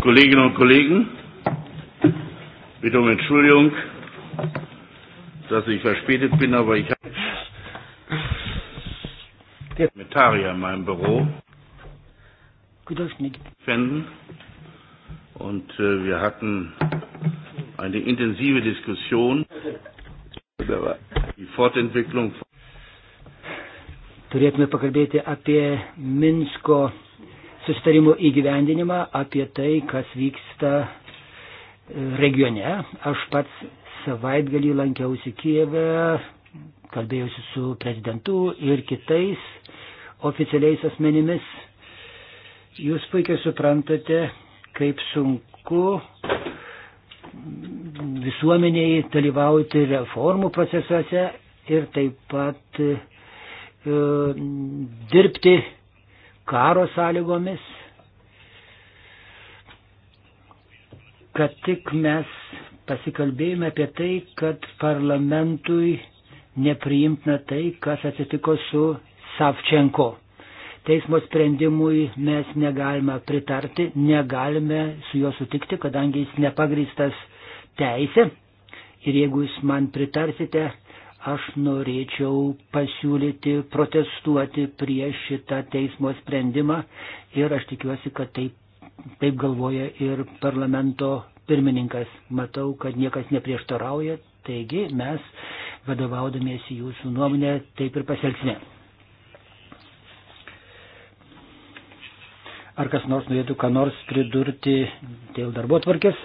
Kolleginnen und Kollegen, bitte um Entschuldigung, dass ich verspätet bin, aber ich habe Inventarier in meinem Büro finden. Und äh, wir hatten eine intensive Diskussion über die Fortentwicklung. Turėtume pakalbėti apie Minsko sustarimo įgyvendinimą, apie tai, kas vyksta regione. Aš pats savaitgalį lankiausi Kijeve, kalbėjausi su prezidentu ir kitais oficialiais asmenimis. Jūs puikiai suprantate, kaip sunku visuomeniai dalyvauti reformų procesuose ir taip pat e, dirbti karo sąlygomis, kad tik mes pasikalbėjome apie tai, kad parlamentui nepriimtina tai, kas atsitiko su Savčenko. Teismo sprendimui mes negalime pritarti, negalime su juo sutikti, kadangi jis nepagristas teisė. Ir jeigu jūs man pritarsite, aš norėčiau pasiūlyti protestuoti prieš šitą teismo sprendimą ir aš tikiuosi, kad taip, taip galvoja ir parlamento pirmininkas. Matau, kad niekas neprieštarauja, taigi mes vadovaudomėsi jūsų nuomonę taip ir pasielgsime. Ar kas nors norėtų ką nors pridurti dėl darbo tvarkės?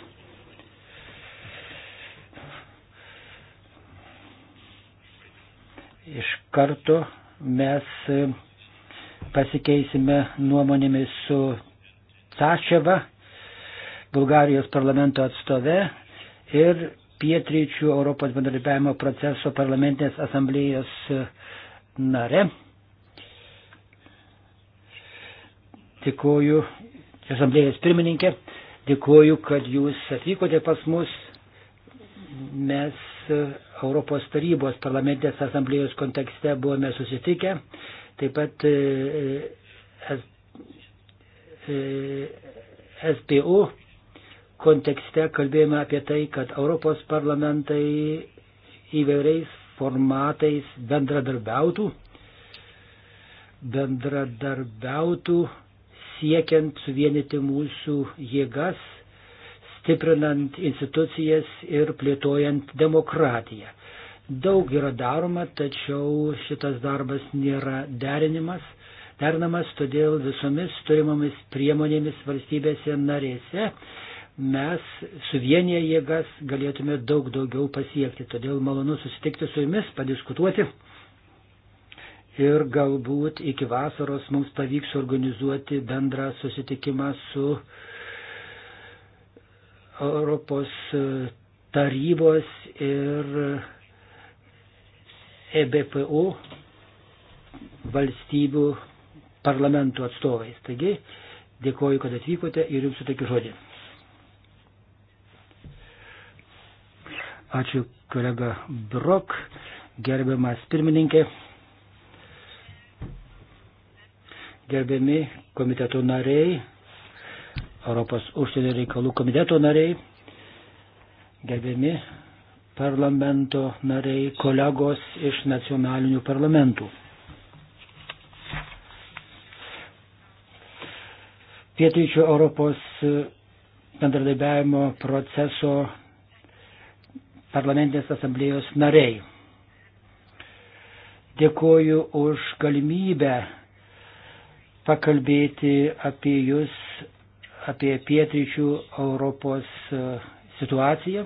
iš karto mes e, pasikeisime nuomonėmis su Cačeva, Bulgarijos parlamento atstove ir Pietryčių Europos bendradarbiavimo proceso parlamentinės asamblėjos e, nare. Dėkuoju, asamblėjos pirmininkė, dėkuoju, kad jūs atvykote pas mus. Mes Europos tarybos parlamentės asamblėjos kontekste buvome susitikę. Taip pat e, e, SPU e, kontekste kalbėjome apie tai, kad Europos parlamentai įvairiais formatais bendradarbiautų, bendradarbiautų siekiant suvienyti mūsų jėgas stiprinant institucijas ir plėtojant demokratiją. Daug yra daroma, tačiau šitas darbas nėra derinimas, derinamas, todėl visomis turimomis priemonėmis valstybėse narėse mes suvienyje jėgas galėtume daug daugiau pasiekti. Todėl malonu susitikti su jumis, padiskutuoti ir galbūt iki vasaros mums pavyks organizuoti bendrą susitikimą su uh, Europos e, tarybos ir EBPU valstybių parlamentų atstovais. Taigi, dėkoju, kad atvykote ir jums suteikiu žodį. Ačiū kolega Brok, gerbiamas pirmininkė, gerbiami komiteto nariai, Europos užsienio reikalų komiteto nariai, gerbiami parlamento nariai, kolegos iš nacionalinių parlamentų. Pietryčių Europos bendradarbiavimo proceso parlamentinės asamblėjos nariai. Dėkuoju už galimybę pakalbėti apie jūs apie pietryčių Europos e, situaciją.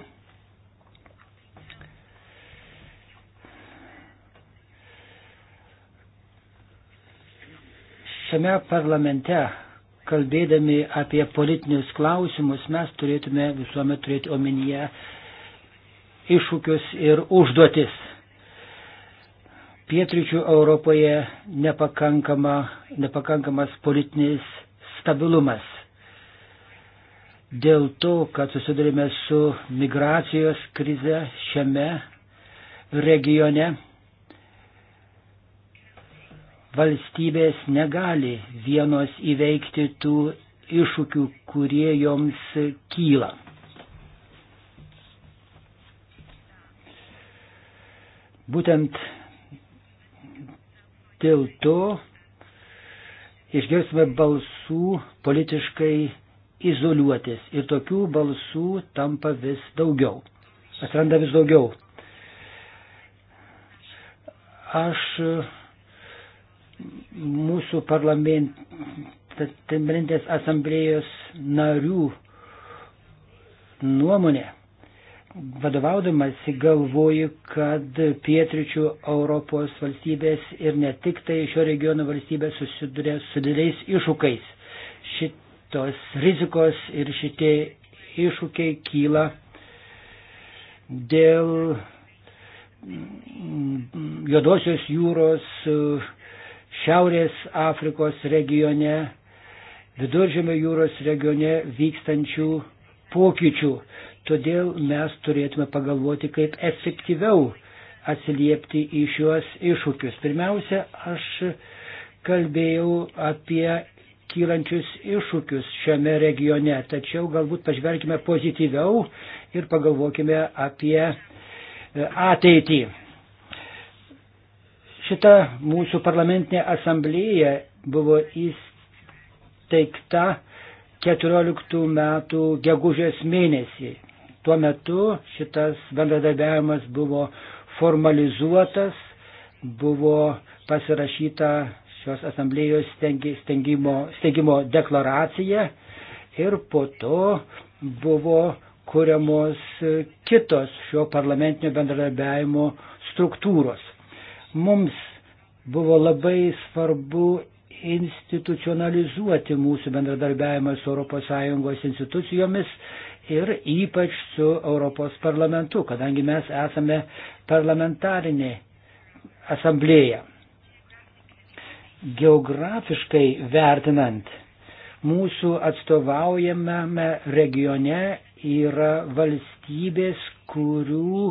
Šiame parlamente, kalbėdami apie politinius klausimus, mes turėtume visuomet turėti omenyje iššūkius ir užduotis. Pietryčių Europoje nepakankama, nepakankamas politinis stabilumas dėl to, kad susidurime su migracijos krize šiame regione, valstybės negali vienos įveikti tų iššūkių, kurie joms kyla. Būtent dėl to išgirsime balsų politiškai izoliuotis ir tokių balsų tampa vis daugiau, atsiranda vis daugiau. Aš mūsų parlamentės asamblėjos narių nuomonė, vadovaudamasi galvoju, kad pietričių Europos valstybės ir ne tik tai šio regiono valstybės susiduria su dideliais iššūkais. Šit tos rizikos ir šitie iššūkiai kyla dėl mm, Jodosios jūros Šiaurės Afrikos regione, Viduržėmio jūros regione vykstančių pokyčių. Todėl mes turėtume pagalvoti, kaip efektyviau atsiliepti į šiuos iššūkius. Pirmiausia, aš kalbėjau apie kylančius iššūkius šiame regione. Tačiau galbūt pažvelgime pozityviau ir pagalvokime apie e, ateitį. Šita mūsų parlamentinė asamblėja buvo įsteigta 14 metų gegužės mėnesį. Tuo metu šitas bendradarbiavimas buvo formalizuotas, buvo pasirašyta šios asamblėjos stengimo, steigimo deklaraciją ir po to buvo kuriamos kitos šio parlamentinio bendradarbiavimo struktūros. Mums buvo labai svarbu institucionalizuoti mūsų bendradarbiavimą su ES institucijomis ir ypač su Europos parlamentu, kadangi mes esame parlamentarinė asamblėja geografiškai vertinant, mūsų atstovaujamame regione yra valstybės, kurių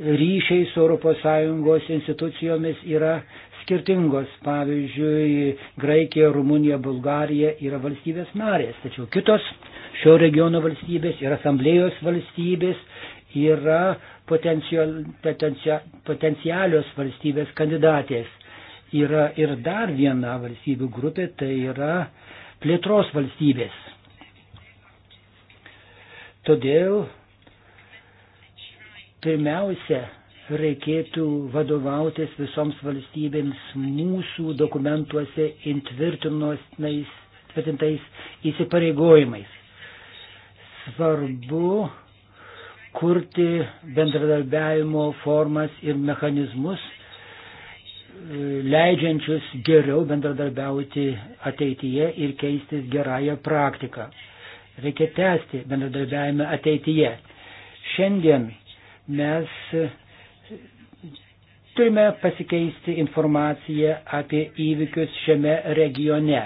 ryšiai su ES institucijomis yra skirtingos. Pavyzdžiui, Graikija, Rumunija, Bulgarija yra valstybės narės, tačiau kitos šio regiono valstybės ir asamblėjos valstybės yra potencialios valstybės kandidatės yra ir dar viena valstybių grupė, tai yra plėtros valstybės. Todėl pirmiausia reikėtų vadovautis visoms valstybėms mūsų dokumentuose tvirtintais įsipareigojimais. Svarbu kurti bendradarbiavimo formas ir mechanizmus leidžiančius geriau bendradarbiauti ateityje ir keistis gerąją praktiką. Reikia tęsti bendradarbiavimą ateityje. Šiandien mes turime pasikeisti informaciją apie įvykius šiame regione.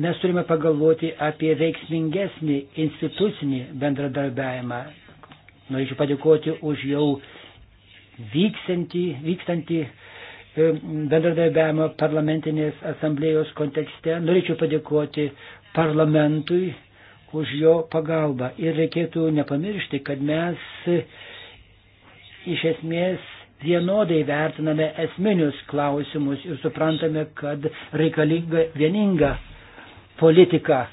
Mes turime pagalvoti apie veiksmingesnį institucinį bendradarbiavimą. Norėčiau padėkoti už jau vykstantį, vykstantį bendradarbiavimo parlamentinės asamblėjos kontekste. Norėčiau padėkoti parlamentui už jo pagalbą. Ir reikėtų nepamiršti, kad mes iš esmės vienodai vertiname esminius klausimus ir suprantame, kad reikalinga vieninga politika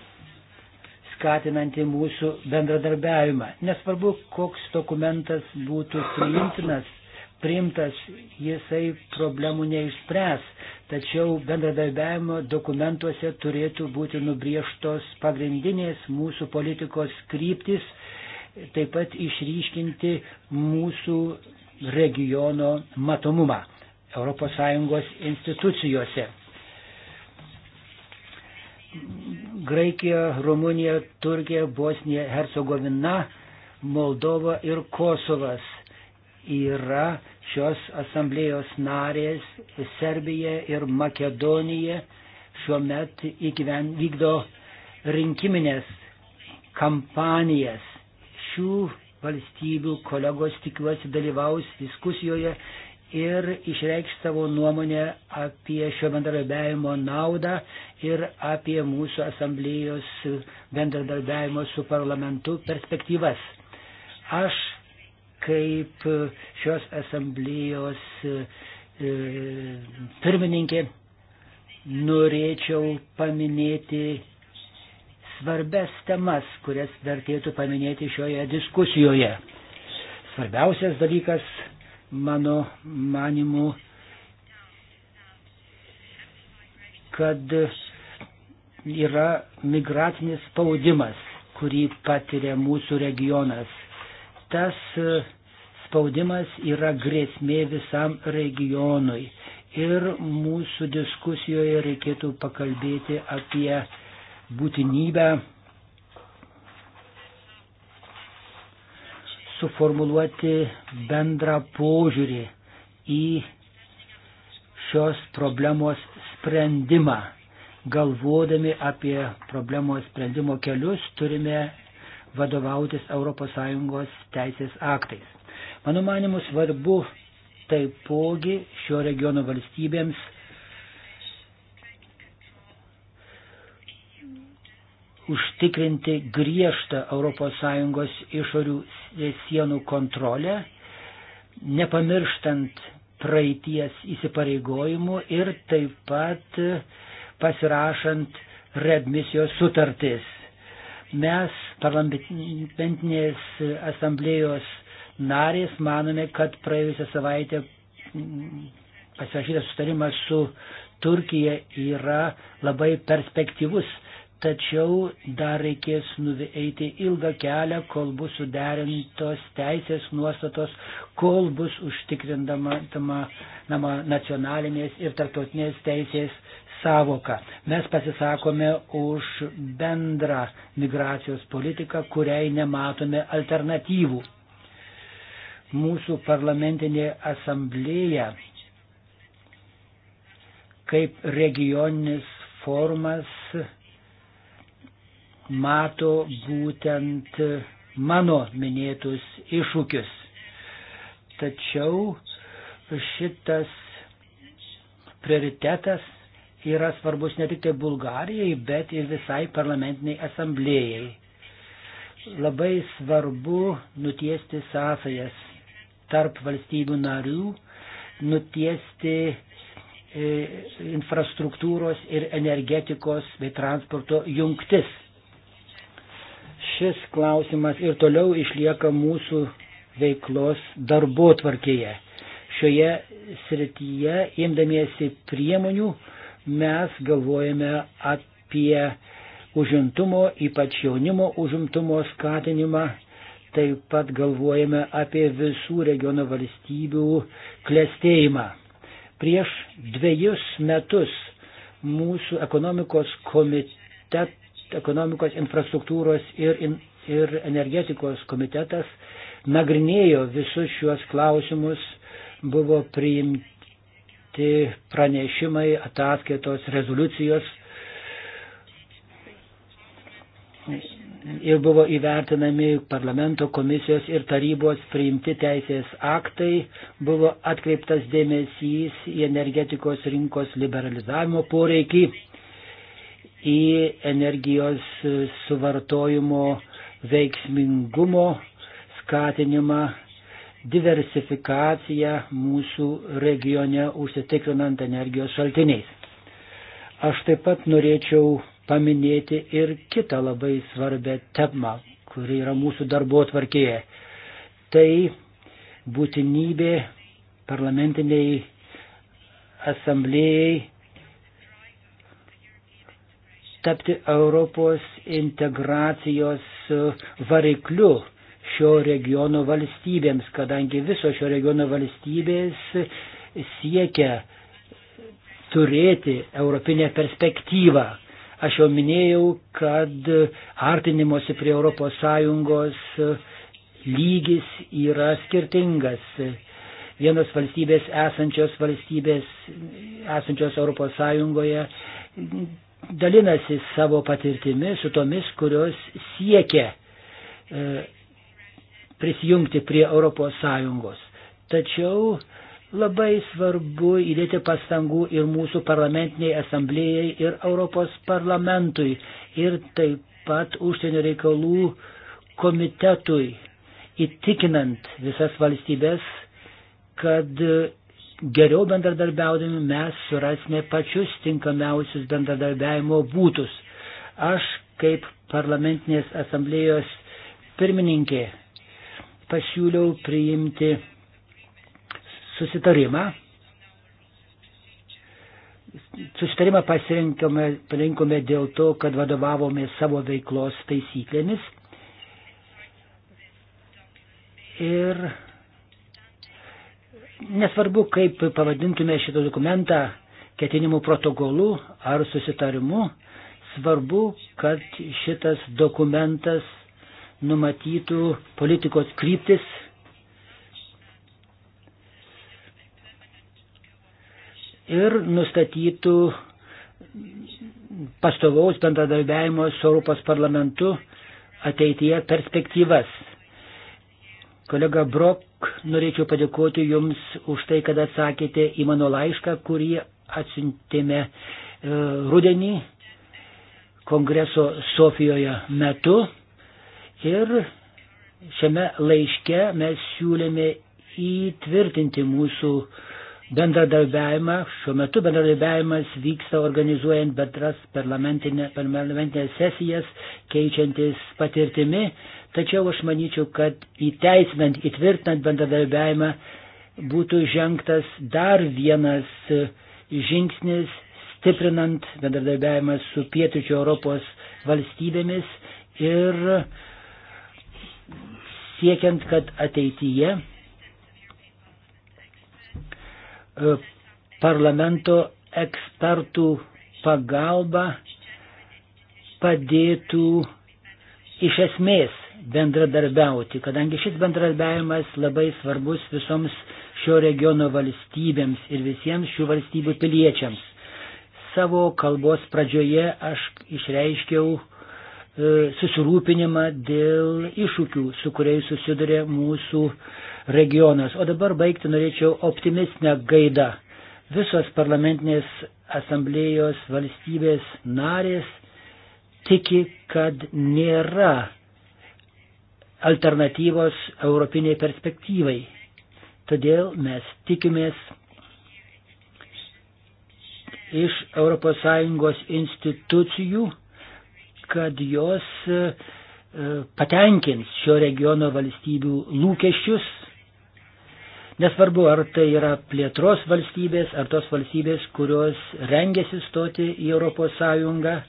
skatinanti mūsų bendradarbiavimą. Nesvarbu, koks dokumentas būtų priimtinas, priimtas, jisai problemų neišspręs, tačiau bendradarbiavimo dokumentuose turėtų būti nubriežtos pagrindinės mūsų politikos kryptis, taip pat išryškinti mūsų regiono matomumą ES institucijose. Graikija, Rumunija, Turkija, Bosnija, Hercegovina, Moldova ir Kosovas yra šios asamblėjos narės Serbija ir Makedonija šiuo metu įgyven vykdo rinkiminės kampanijas. Šių valstybių kolegos tikiuosi dalyvaus diskusijoje ir išreikš savo nuomonę apie šio bendradarbiavimo naudą ir apie mūsų asamblėjos bendradarbiavimo su parlamentu perspektyvas. Aš kaip šios asamblėjos e, e, pirmininkė norėčiau paminėti svarbes temas, kurias vertėtų paminėti šioje diskusijoje. Svarbiausias dalykas, mano manimu, kad yra migracinis spaudimas, kurį patiria mūsų regionas. Tas uh, spaudimas yra grėsmė visam regionui. Ir mūsų diskusijoje reikėtų pakalbėti apie būtinybę suformuluoti bendrą požiūrį į šios problemos sprendimą. Galvodami apie problemos sprendimo kelius turime vadovautis ES teisės aktais. Mano manimu svarbu taipogi šio regiono valstybėms užtikrinti griežtą ES išorių sienų kontrolę, nepamirštant praeities įsipareigojimų ir taip pat pasirašant readmisijos sutartis. Mes parlamentinės asamblėjos narės, manome, kad praėjusią savaitę mm, pasirašytas sustarimas su Turkija yra labai perspektyvus, tačiau dar reikės nuveikti ilgą kelią, kol bus suderintos teisės nuostatos, kol bus užtikrindama tama, nama, nacionalinės ir tarptautinės teisės savoka. Mes pasisakome už bendrą migracijos politiką, kuriai nematome alternatyvų mūsų parlamentinė asamblėja kaip regioninis formas mato būtent mano minėtus iššūkius. Tačiau šitas prioritetas yra svarbus ne tik tai Bulgarijai, bet ir visai parlamentiniai asamblėjai. Labai svarbu nutiesti sąsajas tarp valstybių narių, nutiesti e, infrastruktūros ir energetikos bei transporto jungtis. Šis klausimas ir toliau išlieka mūsų veiklos darbo tvarkėje. Šioje srityje, imdamiesi priemonių, mes galvojame apie užimtumo, ypač jaunimo užimtumo skatinimą taip pat galvojame apie visų regiono valstybių klėstėjimą. Prieš dviejus metus mūsų ekonomikos komitet, ekonomikos infrastruktūros ir, in, ir energetikos komitetas nagrinėjo visus šiuos klausimus, buvo priimti pranešimai, ataskaitos, rezoliucijos jau buvo įvertinami parlamento komisijos ir tarybos priimti teisės aktai, buvo atkreiptas dėmesys į energetikos rinkos liberalizavimo poreikį, į energijos suvartojimo veiksmingumo skatinimą, diversifikaciją mūsų regione užsitikrinant energijos šaltiniais. Aš taip pat norėčiau paminėti ir kitą labai svarbę temą, kuri yra mūsų darbo tvarkėje. Tai būtinybė parlamentiniai asamblėjai tapti Europos integracijos varikliu šio regiono valstybėms, kadangi viso šio regiono valstybės siekia turėti europinę perspektyvą. Aš jau minėjau, kad artinimosi prie ES e, lygis yra skirtingas. Vienos valstybės esančios valstybės, esančios ES dalinasi savo patirtimi su tomis, kurios siekia e, prisijungti prie ES. Tačiau Labai svarbu įdėti pastangų ir mūsų parlamentiniai asamblėjai, ir Europos parlamentui, ir taip pat užsienio reikalų komitetui, įtikinant visas valstybės, kad geriau bendradarbiaudami mes surasime pačius tinkamiausius bendradarbiavimo būtus. Aš kaip parlamentinės asamblėjos pirmininkė pasiūliau priimti susitarimą. Susitarimą pasirinkome, pasirinkome dėl to, kad vadovavome savo veiklos taisyklėmis. Ir nesvarbu, kaip pavadintume šitą dokumentą ketinimų protokolu ar susitarimu, svarbu, kad šitas dokumentas numatytų politikos kryptis ir nustatytų pastovaus bendradarbiavimo su Europos parlamentu ateityje perspektyvas. Kolega Brok, norėčiau padėkoti Jums už tai, kad atsakėte į mano laišką, kurį atsintėme e, rudenį kongreso Sofijoje metu. Ir šiame laiške mes siūlėme įtvirtinti mūsų e, bendradarbiavimą. Šiuo metu bendradarbiavimas vyksta organizuojant bendras parlamentinė, parlamentinės sesijas, keičiantis patirtimi. Tačiau aš manyčiau, kad įteisinant, įtvirtinant bendradarbiavimą būtų žengtas dar vienas žingsnis, stiprinant bendradarbiavimą su Pietričio Europos valstybėmis ir siekiant, kad ateityje E, parlamento ekspertų pagalba padėtų iš esmės bendradarbiauti, kadangi šis bendradarbiavimas labai svarbus visoms šio regiono valstybėms ir visiems šių valstybių piliečiams. Savo kalbos pradžioje aš išreiškiau E, susirūpinimą dėl iššūkių, su kuriais susiduria mūsų regionas. O dabar baigti norėčiau optimistinę gaidą. Visos parlamentinės asamblėjos valstybės narės tiki, kad nėra alternatyvos europiniai perspektyvai. Todėl mes tikimės iš ES institucijų kad jos e, e, patenkins šio regiono valstybių lūkesčius. Nesvarbu, ar tai yra plėtros valstybės, ar tos valstybės, kurios rengiasi stoti į ES,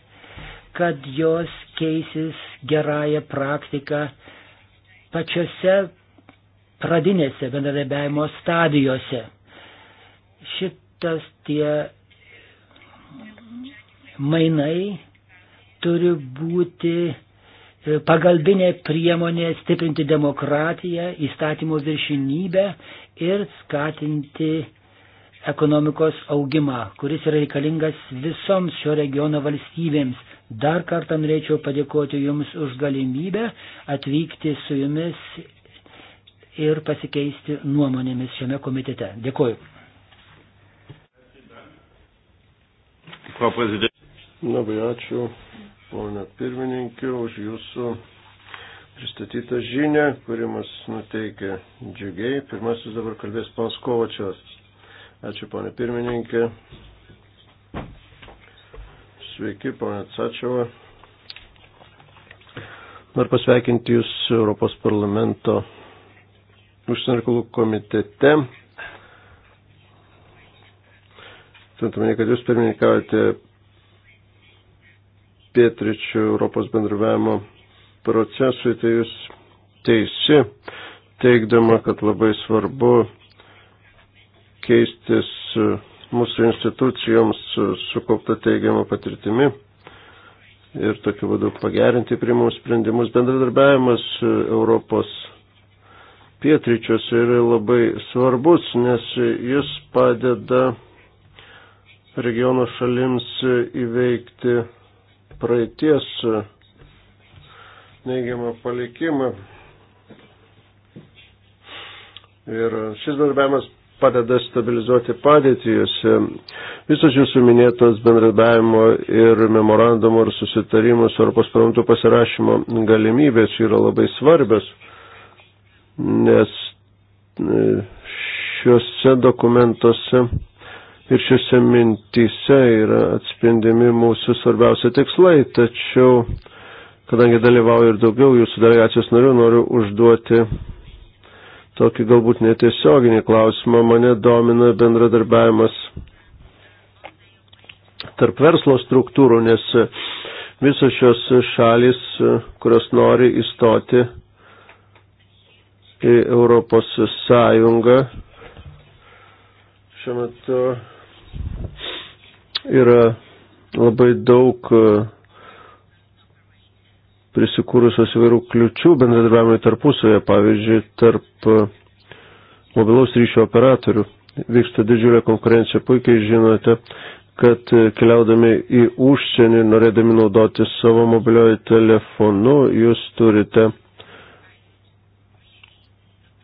kad jos keisis gerąją praktiką pačiose pradinėse bendradarbiavimo stadijose. Šitas tie mainai turi būti e, pagalbinė priemonė stiprinti demokratiją, įstatymų viršinybę ir skatinti ekonomikos augimą, kuris yra reikalingas visoms šio regiono valstybėms. Dar kartą norėčiau padėkoti Jums už galimybę atvykti su Jumis ir pasikeisti nuomonėmis šiame komitete. Dėkuoju. Labai ačiū ponė pirmininkė, už jūsų pristatytą žinę, kuri mus nuteikia džiugiai. Pirmasis dabar kalbės pons Kovačios. Ačiū, ponė pirmininkė. Sveiki, ponė Cačiova. Noriu pasveikinti Jūs Europos parlamento užsienio reikalų komitete. Turintumėne, kad Jūs pirmininkavote pietričių Europos bendravimo procesui, tai jūs teisi, teikdama, kad labai svarbu keistis mūsų institucijoms sukaupta teigiama patirtimi ir tokiu būdu pagerinti priimamus sprendimus. Bendradarbiavimas Europos pietryčiuose yra labai svarbus, nes jis padeda regiono šalims įveikti praeities e, neigiamą palikimą. Ir šis bendravimas padeda stabilizuoti padėtį jose. Visos jūsų minėtos bendradavimo ir memorandumo ir susitarimo su Europos parlamentu pasirašymo galimybės yra labai svarbios, nes e, šiuose dokumentuose ir šiuose mintyse yra atspindimi mūsų svarbiausia tikslai, tačiau kadangi dalyvauju ir daugiau jūsų delegacijos narių, noriu užduoti tokį galbūt netiesioginį klausimą. Mane domina bendradarbiavimas tarp verslo struktūrų, nes visos šios šalis, kurios nori įstoti į Europos Sąjungą, šiuo metu Yra labai daug e, prisikūrusios įvairių kliučių bendradarbiavimui tarpusoje, pavyzdžiui, tarp e, mobilaus ryšio operatorių. Vyksta didžiulė konkurencija, puikiai žinote, kad e, keliaudami į užsienį, norėdami naudotis savo mobiliojų telefonu, jūs turite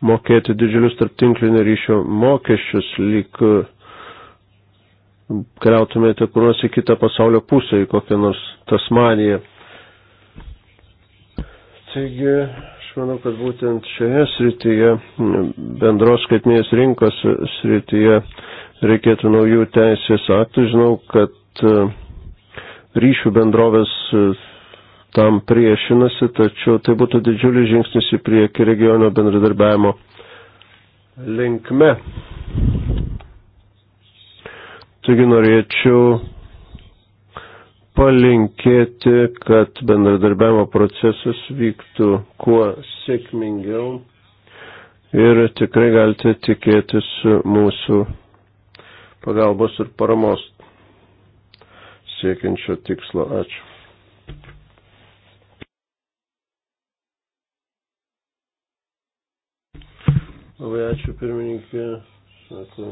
mokėti didžiulius tarptinklinio ryšio mokesčius, lyg keliautumėte kur nors į kitą pasaulio pusę, į kokią nors Tasmaniją. Taigi, aš manau, kad būtent šioje srityje, bendros skaitmės rinkos srityje, reikėtų naujų teisės aktų. Žinau, kad e, ryšių bendrovės e, tam priešinasi, tačiau tai būtų didžiulis žingsnis į priekį regionio bendradarbiavimo linkme. Taigi norėčiau palinkėti, kad bendradarbiavimo procesas vyktų kuo sėkmingiau ir tikrai galite tikėtis mūsų pagalbos ir paramos siekiančio tikslo. Ačiū. Labai ačiū pirmininkė, sako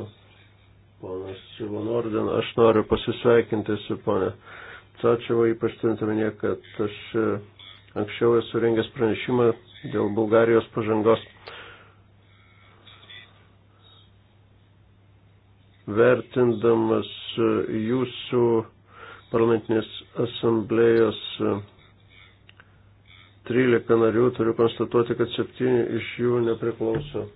ponas Silvan Orden. Aš noriu pasisveikinti su ponė Cačiava, ypač turint omenyje, kad aš e, anksčiau esu rengęs pranešimą dėl Bulgarijos pažangos. Vertindamas e, jūsų parlamentinės asamblėjos 13 e, narių, turiu konstatuoti, kad 7 iš jų nepriklauso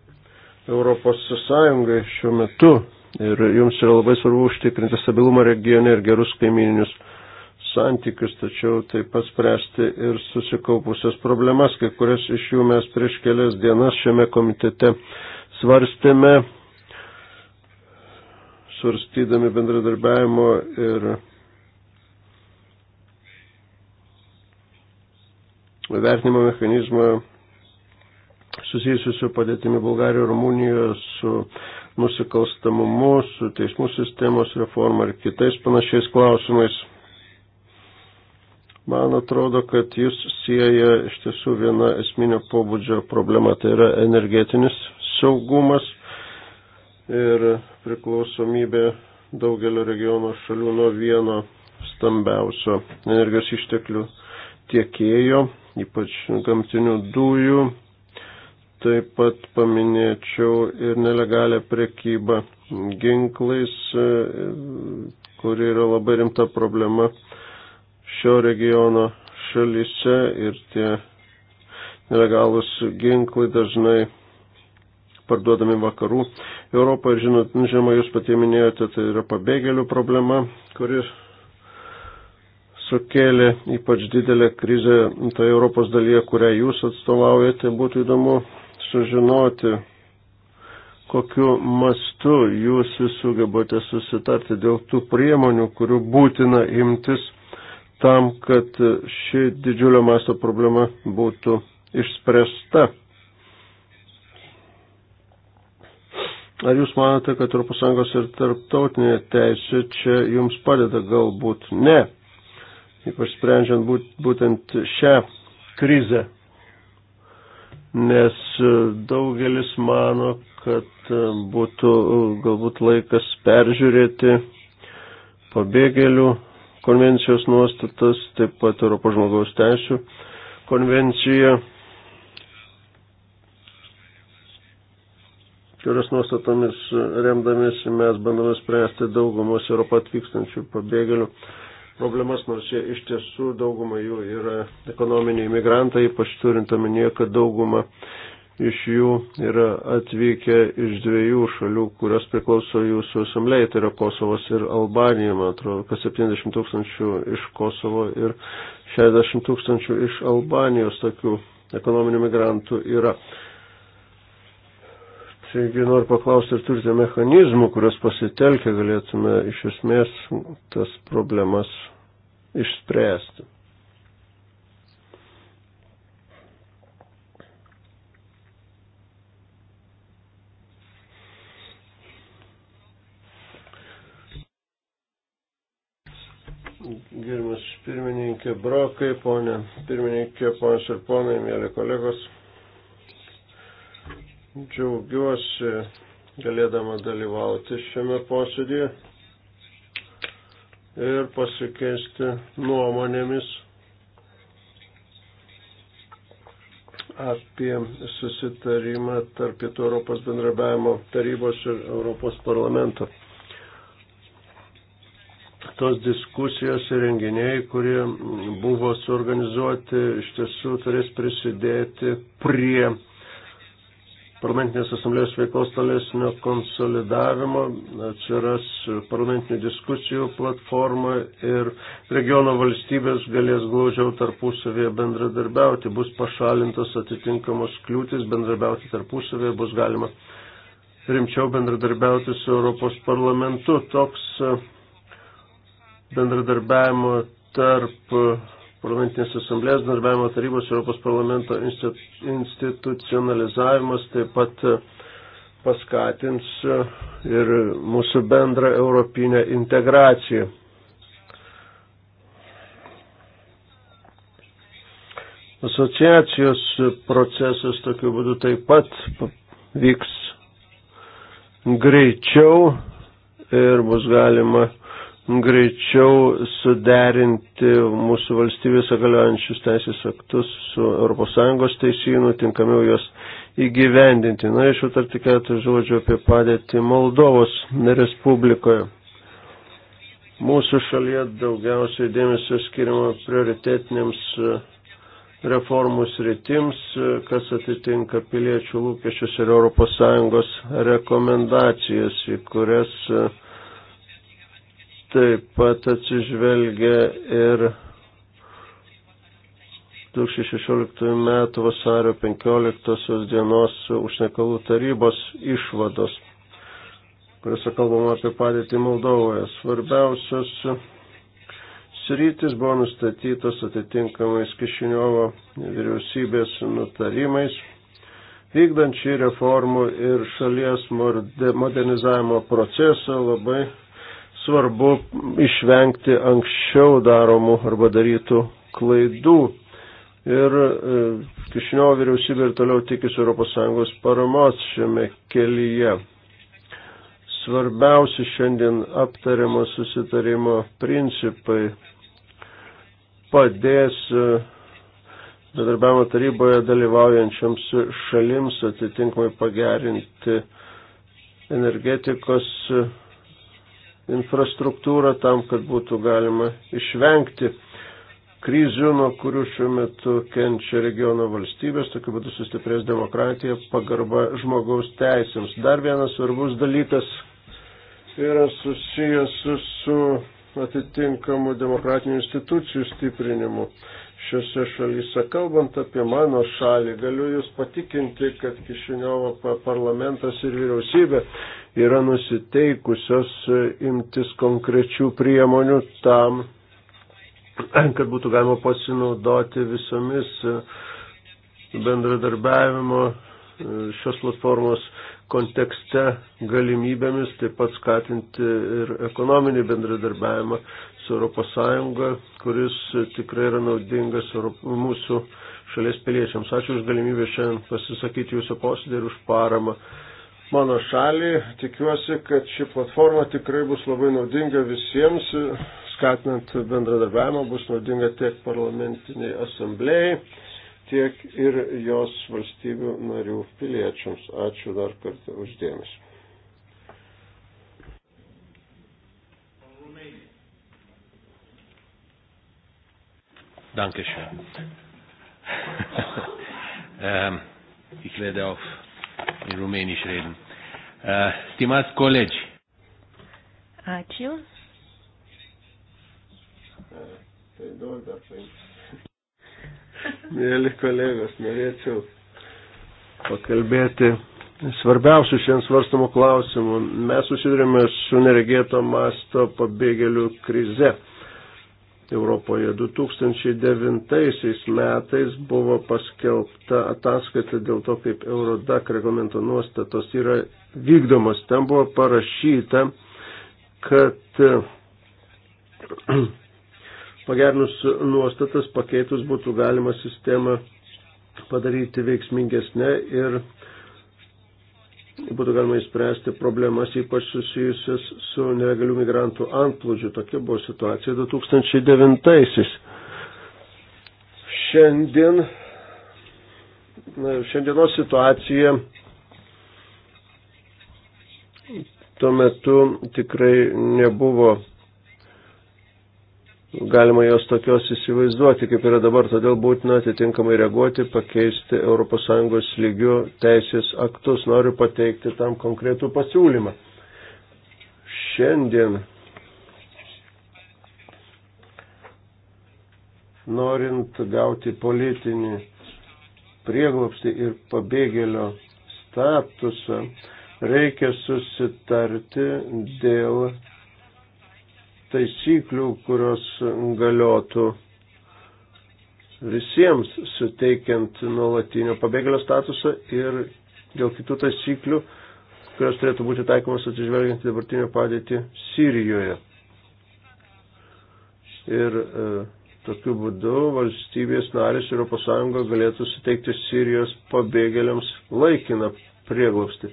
Europos Sąjungai šiuo metu. Ir jums yra labai svarbu užtikrinti stabilumą regione ir gerus kaimininius santykius, tačiau taip pat spręsti ir susikaupusias problemas, kai kurias iš jų mes prieš kelias dienas šiame komitete svarstėme, svarstydami bendradarbiavimo ir vertinimo mechanizmą susijusiu su padėtimi Bulgarijoje, Rumunijoje, su nusikalstamumu, su teismų sistemos reforma ir kitais panašiais klausimais. Man atrodo, kad jis sieja iš tiesų vieną esminio pobūdžio problemą, tai yra energetinis saugumas ir priklausomybė daugelio regiono šalių nuo vieno stambiausio energijos išteklių tiekėjo, ypač gamtinių dujų Taip pat paminėčiau ir nelegalę prekybą ginklais, e, kuri yra labai rimta problema šio regiono šalyse ir tie nelegalus ginklai dažnai parduodami vakarų Europoje. Žinot, nu, žinoma, jūs patie minėjote, tai yra pabėgėlių problema, kuri sukėlė ypač didelę krizę toje Europos dalyje, kurią jūs atstovaujate. Būtų įdomu sužinoti, kokiu mastu jūs sugebate susitarti dėl tų priemonių, kurių būtina imtis tam, kad ši didžiulio masto problema būtų išspręsta. Ar jūs manote, kad ES ir tarptautinė teisė čia jums padeda? Galbūt ne. Ypač sprendžiant būt, būtent šią krizę nes e, daugelis mano, kad e, būtų e, galbūt laikas peržiūrėti pabėgėlių konvencijos nuostatas, taip pat Europos žmogaus teisų konvencija, kurios nuostatomis remdamėsi mes bandome spręsti daugumos Europą atvykstančių pabėgėlių problemas, nors jie iš tiesų dauguma jų yra ekonominiai imigrantai, ypač turint omenyje, kad dauguma iš jų yra atvykę iš dviejų šalių, kurios priklauso jūsų asamblėjai, tai yra Kosovas ir Albanija, man atrodo, kas 70 tūkstančių iš Kosovo ir 60 tūkstančių iš Albanijos tokių ekonominių migrantų yra. Taigi noriu paklausti, ar turite mechanizmų, kurios pasitelkę galėtume iš esmės tas problemas išspręsti. Gerimas pirmininkė Brokai, ponė pirmininkė, ponės ir ponai, mėly kolegos. Džiaugiuosi galėdama dalyvauti šiame posėdėje ir pasikeisti nuomonėmis apie susitarimą tarp Pietų Europos bendrabiavimo tarybos ir Europos parlamento. Tos diskusijos ir renginiai, kurie buvo suorganizuoti, iš tiesų turės prisidėti prie parlamentinės asamblėjos veiklos tolesnio konsolidavimo, atsiras parlamentinių diskusijų platforma ir regiono valstybės galės glaudžiau tarpusavėje bendradarbiauti, bus pašalintos atitinkamos kliūtis bendradarbiauti tarpusavėje, bus galima rimčiau bendradarbiauti su Europos parlamentu. Toks bendradarbiavimo tarp parlamentinės asamblės, darbiavimo tarybos, Europos parlamento institucionalizavimas taip pat e, paskatins e, ir mūsų bendrą europinę integraciją. Asociacijos procesas tokiu būdu taip pat vyks greičiau ir bus galima uh, greičiau suderinti mūsų valstybėse galiojančius teisės aktus su ES teisynu, tinkamiau juos įgyvendinti. Norėčiau tarti keletą žodžių apie padėtį Moldovos Respublikoje. Mūsų šalyje daugiausiai dėmesio skiriama prioritetinėms e, reformų sritims, e, kas atitinka piliečių lūkesčius ir ES rekomendacijas, į kurias uh, taip pat atsižvelgia ir 2016 metų vasario 15 dienos užsiekalų tarybos išvados, kuriuose kalbama apie padėtį Moldovoje. Svarbiausios sritis buvo nustatytos atitinkamais Kišiniovo vyriausybės nutarimais, vykdant šį reformų ir šalies modernizavimo procesą labai svarbu išvengti anksčiau daromų arba darytų klaidų. Ir e, Kišinio vyriausybė ir toliau tikisi ES paramos šiame kelyje. Svarbiausi šiandien aptariamo susitarimo principai padės e, bedarbiavimo taryboje dalyvaujančiams šalims atitinkamai pagerinti energetikos infrastruktūrą tam, kad būtų galima išvengti krizių, nuo kurių šiuo metu kenčia regiono valstybės, tokiu būdu sustiprės demokratija, pagarba žmogaus teisėms. Dar vienas svarbus dalykas yra susijęs su, su atitinkamu demokratinių institucijų stiprinimu šiuose šalyse. Kalbant apie mano šalį, galiu Jūs patikinti, kad Kišiniovo parlamentas ir vyriausybė yra nusiteikusios e, imtis konkrečių priemonių tam, kad būtų galima pasinaudoti visomis e, bendradarbiavimo e, šios platformos kontekste galimybėmis, taip pat skatinti ir ekonominį bendradarbiavimą su ES, kuris tikrai yra naudingas mūsų šalies piliečiams. Ačiū už galimybę šiandien pasisakyti jūsų posėdį ir už paramą mano šalį. Tikiuosi, kad ši platforma tikrai bus labai naudinga visiems, skatinant bendradarbiavimą, bus naudinga tiek parlamentiniai asamblėjai, tiek ir jos valstybių narių piliečiams. Ačiū dar kartą uždėmesi. Dankeschön. ähm, ich werde auf in Rumänisch reden. Äh, stimați colegi. Ačiū. Mėly kolegos, norėčiau pakalbėti svarbiausių šiandien svarstamų klausimų. Mes susidurėme su neregėto masto pabėgėlių krize. Europoje. 2009 metais buvo paskelbta ataskaita dėl to, kaip Eurodak reglamento nuostatos yra vykdomos. Ten buvo parašyta, kad pagernus nuostatas pakeitus būtų galima sistemą padaryti veiksmingesnę ir būtų galima įspręsti problemas ypač susijusias su nelegalių migrantų antplūdžiu. Tokia buvo situacija 2009-aisiais. Šiandien, na, šiandienos situacija tuo metu tikrai nebuvo galima jos tokios įsivaizduoti, kaip yra dabar, todėl būtina atitinkamai reaguoti, pakeisti ES lygių teisės aktus. Noriu pateikti tam konkretų pasiūlymą. Šiandien, norint gauti politinį prieglopstį ir pabėgėlio statusą, reikia susitarti dėl taisyklių, kurios galiotų visiems suteikiant nuolatinio pabėgėlio statusą ir dėl kitų taisyklių, kurios turėtų būti taikomas atsižvelgiant į dabartinę padėtį Sirijoje. Ir e, tokiu būdu valstybės narės Europos Sąjunga galėtų suteikti Sirijos pabėgėliams laikiną prieglobstį.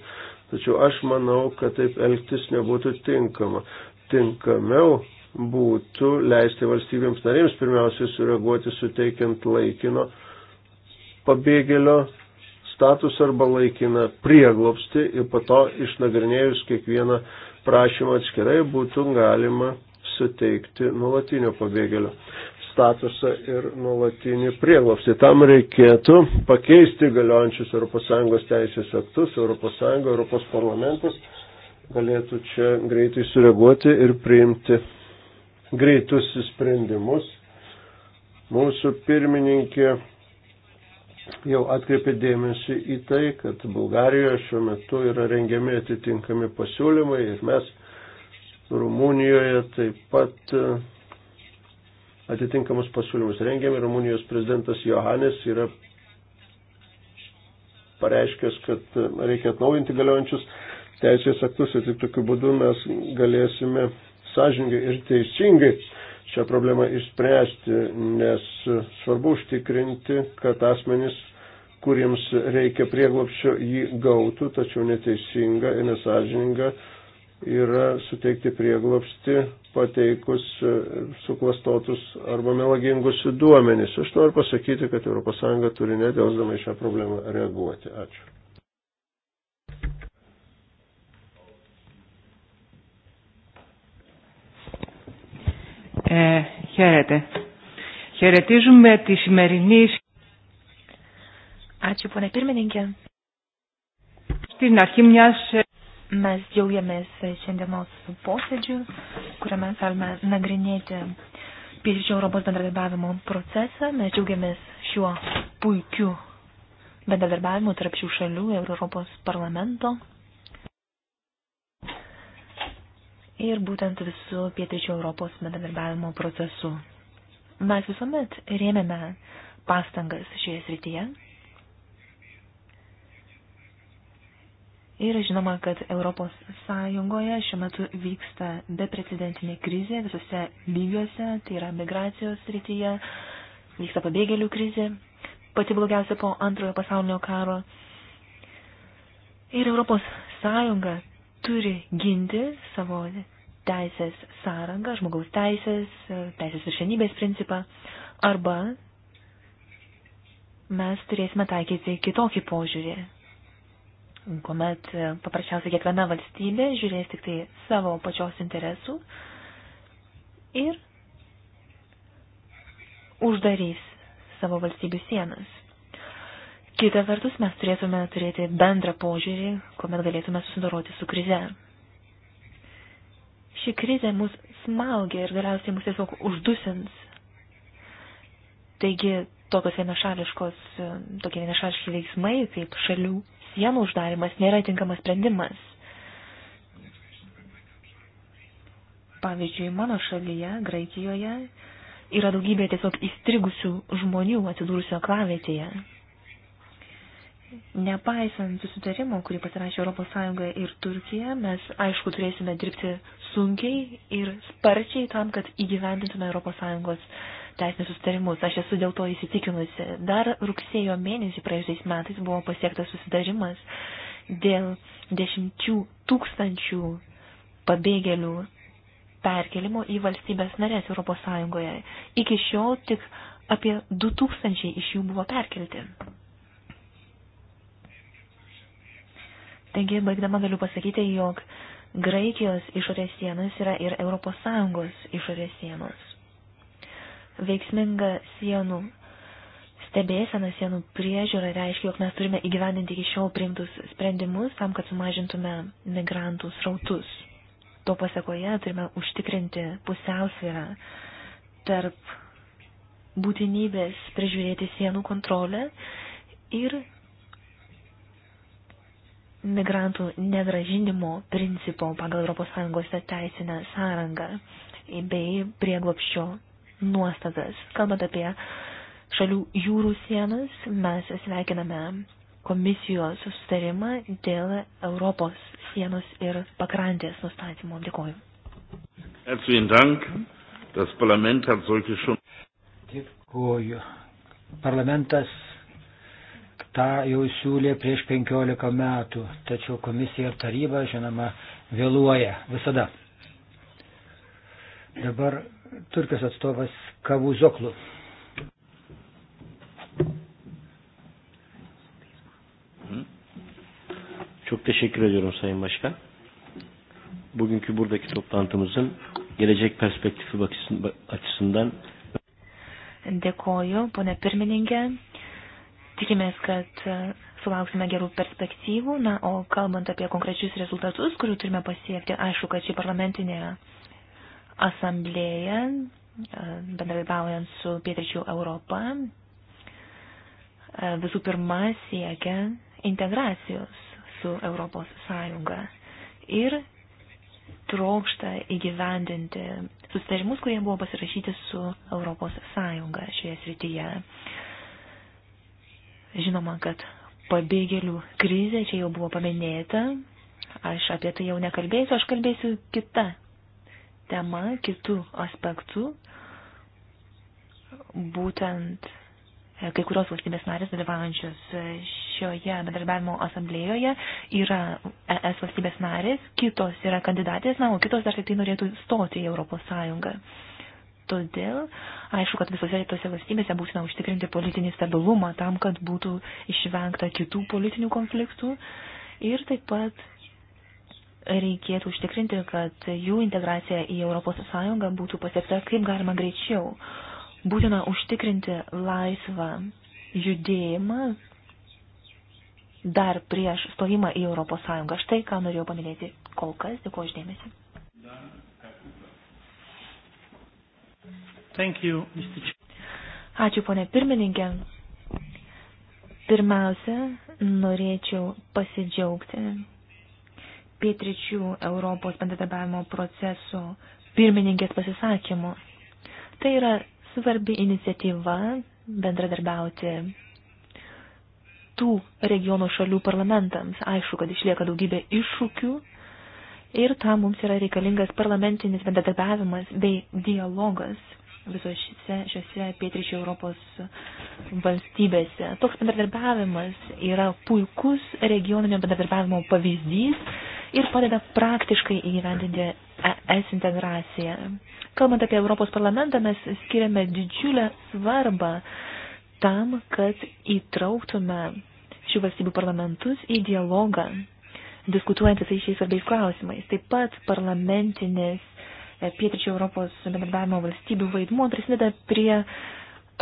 Tačiau aš manau, kad taip elgtis nebūtų tinkama tinkamiau būtų leisti valstybėms narėms pirmiausiai sureaguoti suteikiant laikino pabėgėlio status arba laikiną prieglopsti ir po to išnagrinėjus kiekvieną prašymą atskirai būtų galima suteikti nuolatinio pabėgėlio statusą ir nuolatinį prieglopstį. Tam reikėtų pakeisti galiojančius ES teisės aktus, ES, ES parlamentas galėtų čia greitai sureaguoti ir priimti greitus sprendimus. Mūsų pirmininkė jau atkreipė dėmesį į tai, kad Bulgarijoje šiuo metu yra rengiami atitinkami pasiūlymai ir mes Rumunijoje taip pat e, atitinkamus pasiūlymus rengiam. Rumunijos prezidentas Johanis yra pareiškęs, kad e, reikia atnaujinti galiojančius teisės aktus ir tik tokiu būdu mes galėsime sąžingai ir teisingai šią problemą išspręsti, nes svarbu užtikrinti, kad asmenys, kuriems reikia prieglopščio, jį gautų, tačiau neteisinga ir nesažininga yra suteikti prieglopsti pateikus suklastotus arba melagingus duomenys. Aš noriu pasakyti, kad ES turi nedėlsdama į šią problemą reaguoti. Ačiū. Ε, χαίρετε. Χαιρετίζουμε τη σημερινή... Ačiū, ponė pirmininkė. Στην αρχή μιας... Mes džiaugiamės šiandienos posėdžių, kuriame galime nagrinėti Pietričio Europos bendradarbiavimo procesą. Mes džiaugiamės šiuo puikiu bendradarbiavimu tarp šių šalių ir Europos parlamento. ir būtent visų pietričio Europos bendradarbiavimo procesu. Mes visuomet rėmėme pastangas šioje srityje. Ir žinoma, kad Europos Sąjungoje šiuo metu vyksta beprecedentinė krizė visose lygiuose, tai yra migracijos srityje, vyksta pabėgėlių krizė, pati blogiausia po antrojo pasaulinio karo. Ir Europos Sąjunga turi ginti savo teisės sąrangą, žmogaus teisės, teisės viršenybės principą, arba mes turėsime taikyti kitokį požiūrį, kuomet paprasčiausiai kiekviena valstybė žiūrės tik tai savo pačios interesų ir uždarys savo valstybių sienas. Kita vertus, mes turėtume turėti bendrą požiūrį, kuomet galėtume susidoroti su krize. Ši krizė mus smalgia ir galiausiai mus tiesiog uždusins. Taigi, tokios vienašališkos, tokie vienašališki veiksmai, kaip šalių sienų uždarimas, nėra tinkamas sprendimas. Pavyzdžiui, mano šalyje, Graikijoje, yra daugybė tiesiog įstrigusių žmonių atsidūrusio klavietėje Nepaisant susitarimo, kurį pasirašė ES ir Turkija, mes aišku turėsime dirbti sunkiai ir sparčiai tam, kad įgyvendintume ES teisinės susitarimus. Aš esu dėl to įsitikinusi. Dar rugsėjo mėnesį praėjusiais metais buvo pasiektas susitarimas dėl dešimčių tūkstančių pabėgėlių perkelimo į valstybės narės ES. Iki šiol tik apie 2000 iš jų buvo perkelti. Taigi, baigdama galiu pasakyti, jog Graikijos išorės sienas yra ir ES išorės sienos. Veiksminga sienų stebėsena, sienų priežiūra reiškia, jog mes turime įgyvendinti iki šiol priimtus sprendimus tam, kad sumažintume migrantų srautus. To pasakoje turime užtikrinti pusiausvyrą tarp būtinybės prižiūrėti sienų kontrolę ir migrantų negražinimo principo pagal ES teisinę sąrangą bei prieglopščio nuostatas. Kalbant apie šalių jūrų sienas, mes sveikiname komisijos sustarimą dėl Europos sienos ir pakrantės nustatymo. Dėkoju. Dėkoju. Parlamentas tą jau siūlė prieš 15 metų, tačiau komisija ir taryba, žinoma, vėluoja visada. Dabar Turkijos atstovas Kavuzoklu. Çok teşekkür ediyorum Sayın Başkan. Bugünkü buradaki toplantımızın gelecek perspektifi açısından. Dėkoju, ponia pirmininkė. Tikimės, kad e, sulauksime gerų perspektyvų, na, o kalbant apie konkrečius rezultatus, kurių turime pasiekti, aišku, kad ši parlamentinė asamblėja, e, bendradarbiaujant su Pietričių Europą, e, visų pirma siekia integracijos su Europos Sąjunga ir trokšta įgyvendinti susitarimus, kurie buvo pasirašyti su Europos Sąjunga šioje srityje. Žinoma, kad pabėgėlių krizė čia jau buvo paminėta. Aš apie tai jau nekalbėsiu, aš kalbėsiu kitą tema, kitų aspektų. Būtent e, kai kurios valstybės narės dalyvaujančios šioje bendradarbiavimo asamblėjoje yra ES valstybės narės, kitos yra kandidatės, na, o kitos dar tik tai norėtų stoti į Europos Sąjungą. Todėl, aišku, kad visose tose valstybėse būtina užtikrinti politinį stabilumą tam, kad būtų išvengta kitų politinių konfliktų ir taip pat reikėtų užtikrinti, kad jų integracija į ES būtų pasiekta kaip galima greičiau. Būtina užtikrinti laisvą judėjimą dar prieš stojimą į ES. Štai ką norėjau paminėti kol kas. Dėkuoju uždėmesi. Thank you, Mr. Ačiū, ponė pirmininkė. Pirmiausia, norėčiau pasidžiaugti pietričių Europos bendradarbiavimo proceso pirmininkės pasisakymu. Tai yra svarbi iniciatyva bendradarbiauti tų regionų šalių parlamentams. Aišku, kad išlieka daugybė iššūkių ir tam mums yra reikalingas parlamentinis bendradarbiavimas bei dialogas visose šiose pietričio Europos valstybėse. Toks bendradarbiavimas yra puikus regioninio bendradarbiavimo pavyzdys ir padeda praktiškai įgyvendinti ES integraciją. Kalbant apie Europos parlamentą, mes skiriame didžiulę svarbą tam, kad įtrauktume šių valstybių parlamentus į dialogą, diskutuojant visais šiais svarbiais klausimais. Taip pat parlamentinės E, pietričių Europos bendradarbiavimo valstybių vaidmuo prisideda prie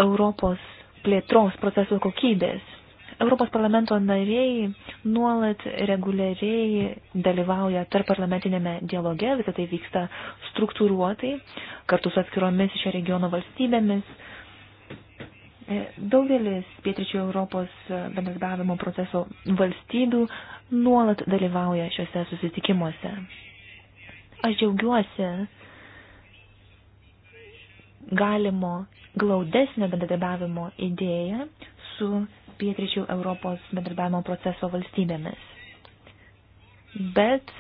Europos plėtros proceso kokybės. Europos parlamento nariai nuolat reguliariai dalyvauja tarp parlamentinėme dialoge, visą tai vyksta struktūruotai, kartu su atskiromis šio regiono valstybėmis. E, daugelis pietričių Europos bendradarbiavimo proceso valstybių nuolat dalyvauja šiuose susitikimuose. Aš džiaugiuosi, galimo glaudesnio bendradarbiavimo idėją su pietryčių Europos bendradarbiavimo proceso valstybėmis. Bet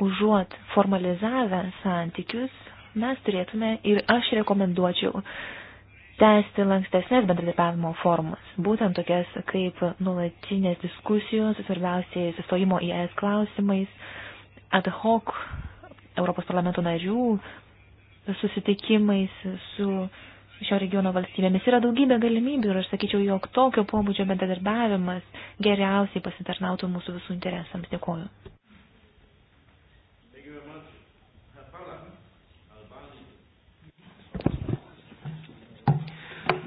užuot formalizavę santykius, mes turėtume ir aš rekomenduočiau tęsti lankstesnės bendradarbiavimo formas, būtent tokias kaip nuolatinės diskusijos, svarbiausiai sustojimo į ES klausimais, ad hoc Europos parlamento narių susitikimais su šio regiono valstybėmis. Yra daugybė galimybių ir aš sakyčiau, jog tokio pobūdžio bendradarbiavimas geriausiai pasitarnautų mūsų visų interesams. Dėkoju.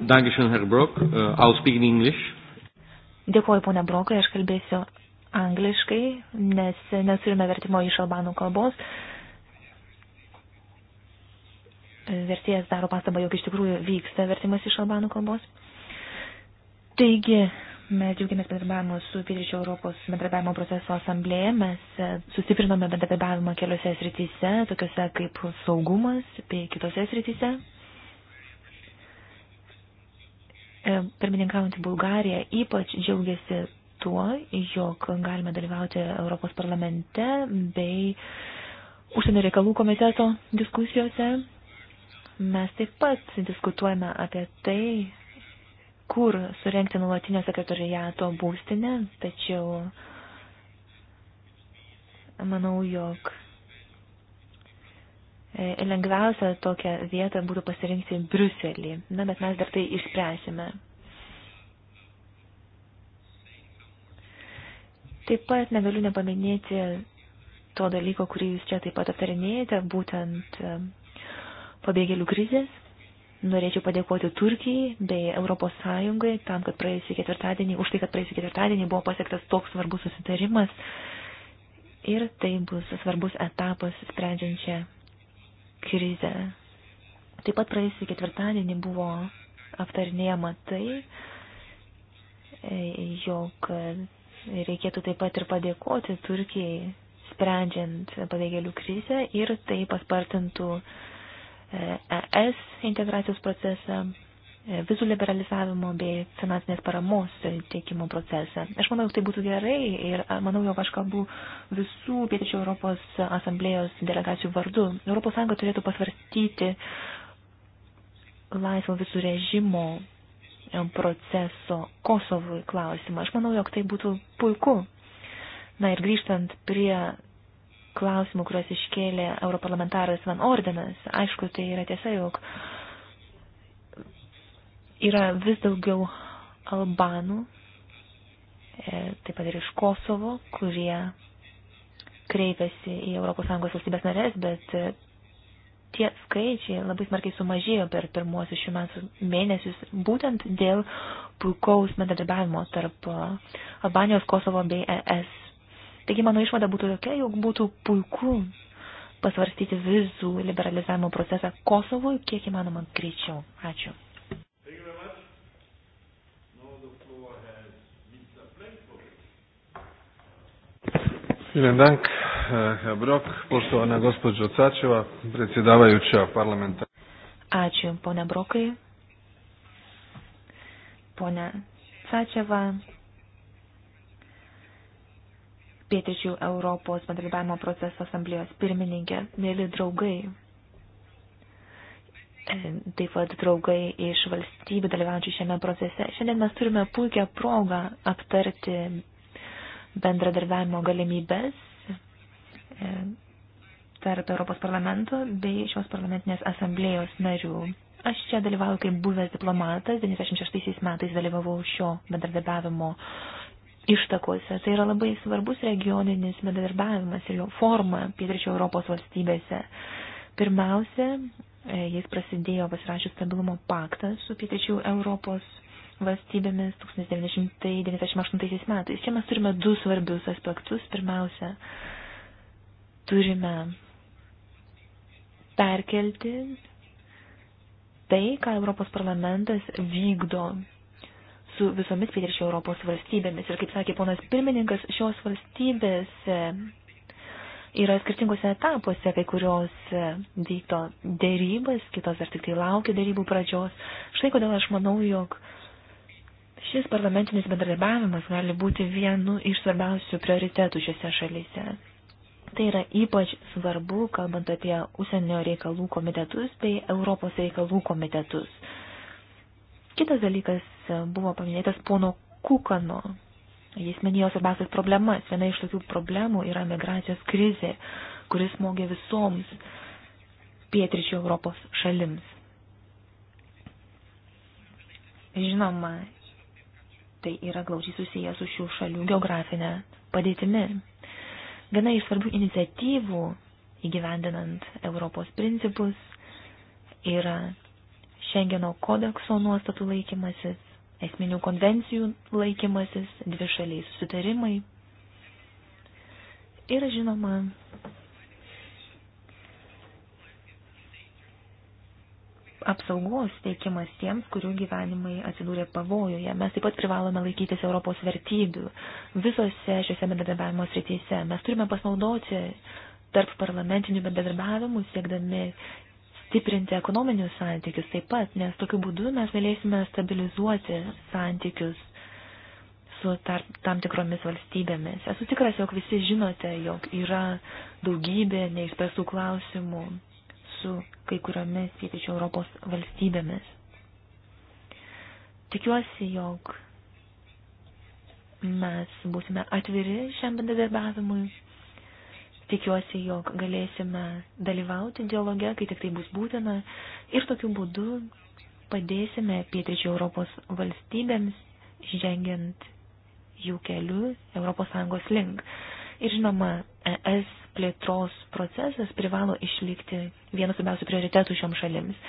Dankeschön, Herr Brock. Uh, I'll speak in English. Dėkuoju, ponia Brokai, aš kalbėsiu angliškai, nes neturime vertimo iš albanų kalbos. Uh, vertėjas daro pastabą, jog iš tikrųjų vyksta vertimas iš albanų kalbos. Taigi, mes džiaugiamės bendradarbiavimo su Pietričio Europos bendradarbiavimo proceso asamblėje. Mes e, sustiprinome bendradarbiavimą keliose srityse, tokiuose kaip saugumas, bei kitose srityse. E, pirmininkaujantį Bulgariją ypač džiaugiasi tuo, jog galime dalyvauti Europos parlamente bei užsienio reikalų komiteto diskusijose. Mes taip pat diskutuojame apie tai, kur surenkti nuolatinio sekretoriato būstinę, tačiau manau, jog e, lengviausia tokią vietą būtų pasirinkti Briuselį. Na, bet mes dar tai išspręsime. Taip pat negaliu nepaminėti to dalyko, kurį jūs čia taip pat aptarinėjate, būtent e, pabėgėlių krizės. Norėčiau padėkoti Turkijai bei Europos Sąjungai tam, kad praėjusį ketvirtadienį, už tai, kad praėjusį ketvirtadienį buvo pasiektas toks svarbus susitarimas. Ir tai bus svarbus etapas sprendžiančią krizę. Taip pat praėjusį ketvirtadienį buvo aptarnėjama tai, jog reikėtų taip pat ir padėkoti Turkijai sprendžiant pabėgėlių krizę ir tai paspartintų uh, ES integracijos procesą, e, vizų liberalizavimo bei finansinės paramos teikimo procesą. Aš manau, tai būtų gerai ir manau, jog aš kalbu visų Pietričio Europos asamblėjos delegacijų vardu. Europos Sąjunga turėtų pasvarstyti laisvo visų režimo e, proceso Kosovui klausimą. Aš manau, jog tai būtų puiku. Na ir grįžtant prie klausimų, kuriuos iškėlė europarlamentaras Van Ordenas. Aišku, tai yra tiesa, jog yra vis daugiau albanų, e, taip pat ir iš Kosovo, kurie kreipiasi į ES valstybės narės, bet e, tie skaičiai labai smarkiai sumažėjo per pirmuosius šių metų mėnesius, būtent dėl puikaus bendradarbiavimo tarp e, Albanijos, Kosovo bei ES Taigi mano išvada būtų tokia, jog būtų puiku pasvarstyti vizų liberalizavimo procesą Kosovui kiek įmanoma greičiau. Ačiū. Vielen Dank, eh, Herr Brok, poštovana gospođo Cačeva, predsjedavajuća parlamenta. Ačiū, pone Brokai. Pone Cačeva, Pietričių Europos bendradarbiavimo proceso asamblėjos pirmininkė, mėly draugai, e, taip pat draugai iš valstybių dalyvaujančių šiame procese. Šiandien mes turime puikią progą aptarti bendradarbiavimo galimybės e, tarp Europos parlamento bei šios parlamentinės asamblėjos narių. Aš čia dalyvauju kaip buvęs diplomatas, 96 metais dalyvavau šio bendradarbiavimo uh, ištakose. Tai yra labai svarbus regioninis bendradarbiavimas ir jo forma pietričio Europos valstybėse. Pirmiausia, e, jis prasidėjo pasirašius stabilumo paktą su pietričių Europos valstybėmis 1998 metais. Čia mes turime du svarbius aspektus. Pirmiausia, turime perkelti tai, ką Europos parlamentas vykdo su visomis pietričio Europos valstybėmis. Ir kaip sakė ponas pirmininkas, šios valstybės e, yra skirtingose etapuose, kai kurios e, vykdo dėrybas, kitos dar tik tai laukia dėrybų pradžios. Štai kodėl aš manau, jog šis parlamentinis bendradarbiavimas gali būti vienu iš svarbiausių prioritetų šiuose šalyse. Tai yra ypač svarbu, kalbant apie užsienio reikalų komitetus bei Europos reikalų komitetus. Kitas dalykas e, buvo paminėtas pono Kukano. Jis minėjo svarbiausias problemas. Viena iš tokių problemų yra migracijos krizė, kuris smogė visoms pietričių Europos šalims. Žinoma, tai yra glaučiai susijęs su šių šalių geografinė padėtimi. Viena iš svarbių iniciatyvų įgyvendinant Europos principus yra Šengeno kodekso nuostatų laikymasis, esminių konvencijų laikymasis, dvišaliai susitarimai ir, žinoma, apsaugos teikimas tiems, kurių gyvenimai atsidūrė pavojuje. Mes taip pat privalome laikytis Europos vertybių visose šiuose bendradarbiavimo srityse. Mes turime pasinaudoti tarp parlamentinių bendradarbiavimų, siekdami stiprinti ekonominius santykius taip pat, nes tokiu būdu mes galėsime stabilizuoti santykius su tar, tam tikromis valstybėmis. Esu tikras, jog visi žinote, jog yra daugybė neišspręstų klausimų su kai kuriomis pietryčių Europos valstybėmis. Tikiuosi, jog mes būsime atviri šiam bendradarbiavimui Tikiuosi, jog galėsime dalyvauti dialoge, kai tik tai bus būtina, ir tokiu būdu padėsime pietričių Europos valstybėms, žengiant jų keliu ES link. Ir žinoma, ES plėtros procesas privalo išlikti vienas svarbiausių prioritetų šioms šalims.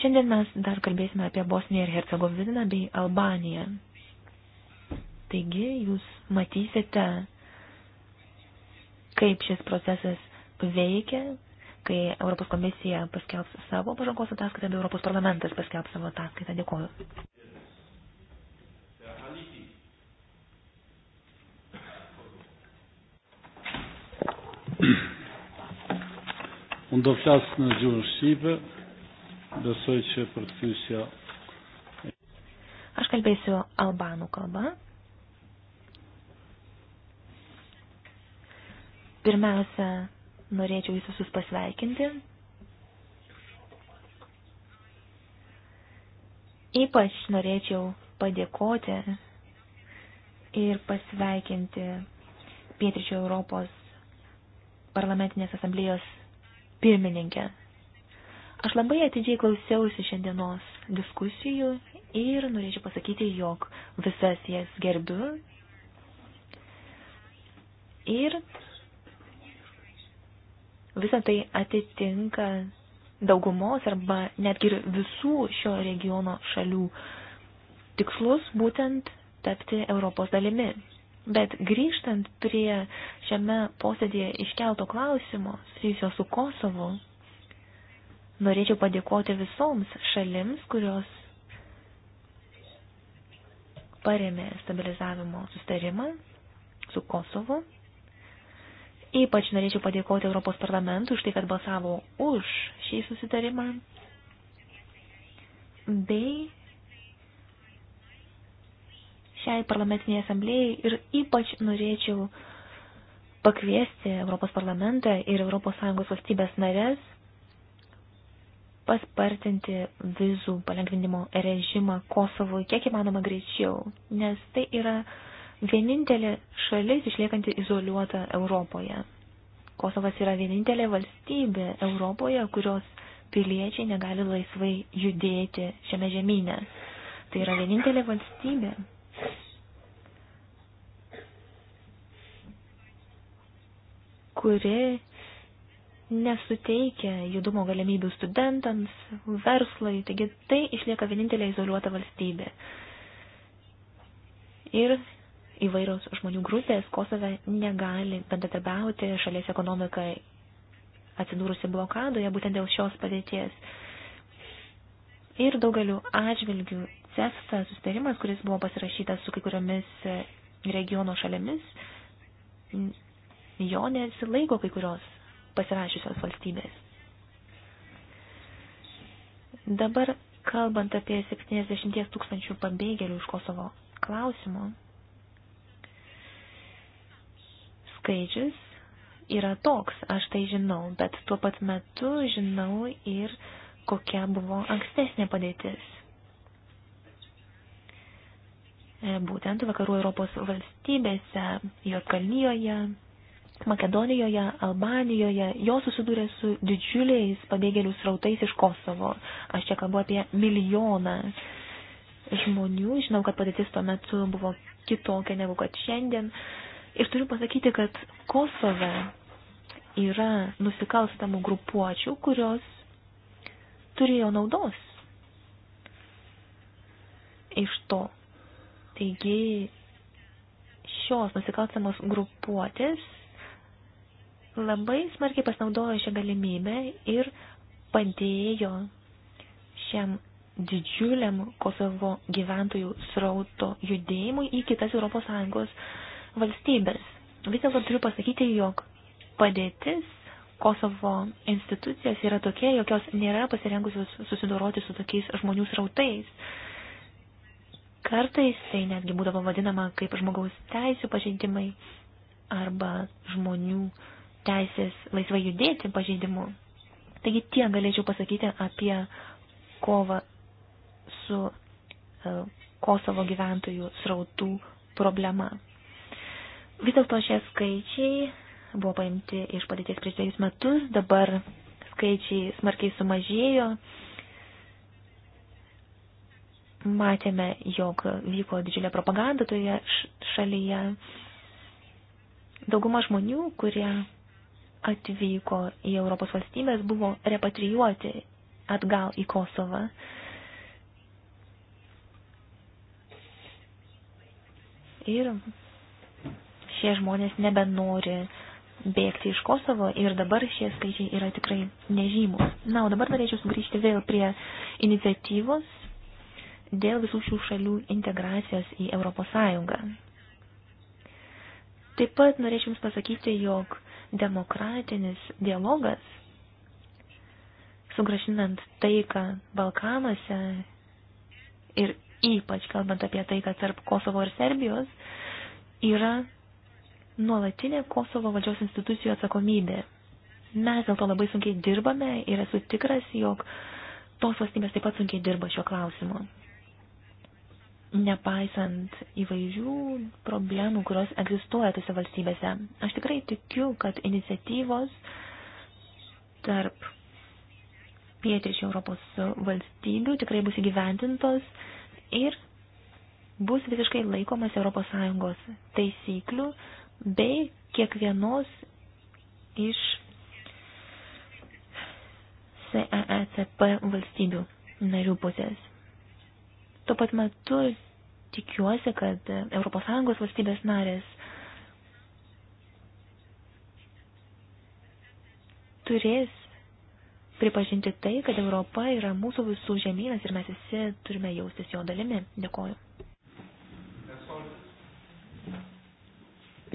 Šiandien mes dar kalbėsime apie Bosniją ir Hercegoviną bei Albaniją. Taigi jūs matysite kaip šis procesas veikia, kai Europos komisija paskelbs savo pažangos ataskaitą, bei Europos parlamentas paskelbs savo ataskaitą. Dėkuoju. Unë do flasë në gjurë Shqipe, besoj që përthysja. Aš kalbėsiu albanų kalbą. Pirmiausia, norėčiau jūs visus pasveikinti. Ypač norėčiau padėkoti ir pasveikinti Pietričio Europos parlamentinės asamblėjos pirmininkę. Aš labai atidžiai klausiausi šiandienos diskusijų ir norėčiau pasakyti, jog visas jas gerbiu ir Visą tai atitinka daugumos arba netgi visų šio regiono šalių tikslus būtent tapti Europos dalimi. Bet grįžtant prie šiame posėdėje iškelto klausimo susijusio su Kosovu, norėčiau padėkoti visoms šalims, kurios paremė stabilizavimo sustarimą su Kosovu Ypač norėčiau padėkoti Europos parlamentui už tai, kad balsavo už šį susitarimą, bei šiai parlamentiniai asamblėjai ir ypač norėčiau pakviesti Europos parlamentą ir Europos Sąjungos valstybės narės paspartinti vizų palengvinimo režimą Kosovui kiek įmanoma greičiau, nes tai yra vienintelė šalis išliekanti izoliuota Europoje. Kosovas yra vienintelė valstybė Europoje, kurios piliečiai negali laisvai judėti šiame žemynė. Tai yra vienintelė valstybė. kuri nesuteikia judumo galimybių studentams, verslai, taigi tai išlieka vienintelė izoliuota valstybė. Ir įvairios žmonių grupės Kosove negali bendradarbiauti šalies ekonomikai atsidūrusi blokadoje būtent dėl šios padėties. Ir daugeliu atžvilgių CEFTA susitarimas, kuris buvo pasirašytas su kai kuriomis regiono šalimis, jo nesilaiko kai kurios pasirašiusios valstybės. Dabar, kalbant apie 70 tūkstančių pabėgėlių iš Kosovo klausimų, skaičius yra toks, aš tai žinau, bet tuo pat metu žinau ir kokia buvo ankstesnė padėtis. E, būtent vakarų Europos valstybėse, Jotkalnyjoje, Makedonijoje, Albanijoje, jos susidūrė su didžiuliais pabėgėlių srautais iš Kosovo. Aš čia kalbu apie milijoną žmonių. Žinau, kad padėtis tuo metu buvo kitokia negu kad šiandien. Uh, Ir turiu pasakyti, kad Kosove yra nusikalstamų grupuočių, kurios turėjo naudos iš to. Taigi šios nusikalstamos grupuotės labai smarkiai pasinaudojo šią galimybę ir padėjo šiam didžiuliam Kosovo gyventojų srauto judėjimui į kitas ES valstybės. Vis dėlto turiu pasakyti, jog padėtis Kosovo institucijas yra tokia, jog jos nėra pasirengusios susidoroti su tokiais žmonių srautais. Kartais tai netgi būdavo vadinama kaip žmogaus teisų pažeidimai arba žmonių teisės laisvai judėti pažeidimu. Taigi tie galėčiau pasakyti apie kovą su e, Kosovo gyventojų srautų problema. Vis dėlto šie skaičiai buvo paimti iš padėties prieš dviejus metus, dabar skaičiai smarkiai sumažėjo. Matėme, jog vyko didžiulė propaganda toje šalyje. Dauguma žmonių, kurie atvyko į Europos valstybės, buvo repatrijuoti atgal į Kosovą. Ir šie žmonės nebenori bėgti iš Kosovo ir dabar šie skaičiai yra tikrai nežymus. Na, o dabar norėčiau sugrįžti vėl prie iniciatyvos dėl visų šių šalių integracijos į Europos Sąjungą. Taip pat norėčiau Jums pasakyti, jog demokratinis dialogas, sugražinant taiką Balkanuose ir ypač kalbant apie taiką tarp Kosovo ir Serbijos, yra nuolatinė Kosovo valdžios institucijų atsakomybė. Mes dėl to labai sunkiai dirbame ir esu tikras, jog tos valstybės taip pat sunkiai dirba šiuo klausimu. Nepaisant įvairių problemų, kurios egzistuoja tose valstybėse, aš tikrai tikiu, kad iniciatyvos tarp pietričių Europos valstybių tikrai bus įgyventintos ir bus visiškai laikomas ES taisyklių bei kiekvienos iš CECP e valstybių narių pusės. Tuo pat metu tikiuosi, kad ES valstybės narės turės pripažinti tai, kad Europa yra mūsų visų žemynas ir mes visi turime jaustis jo dalimi. Dėkoju.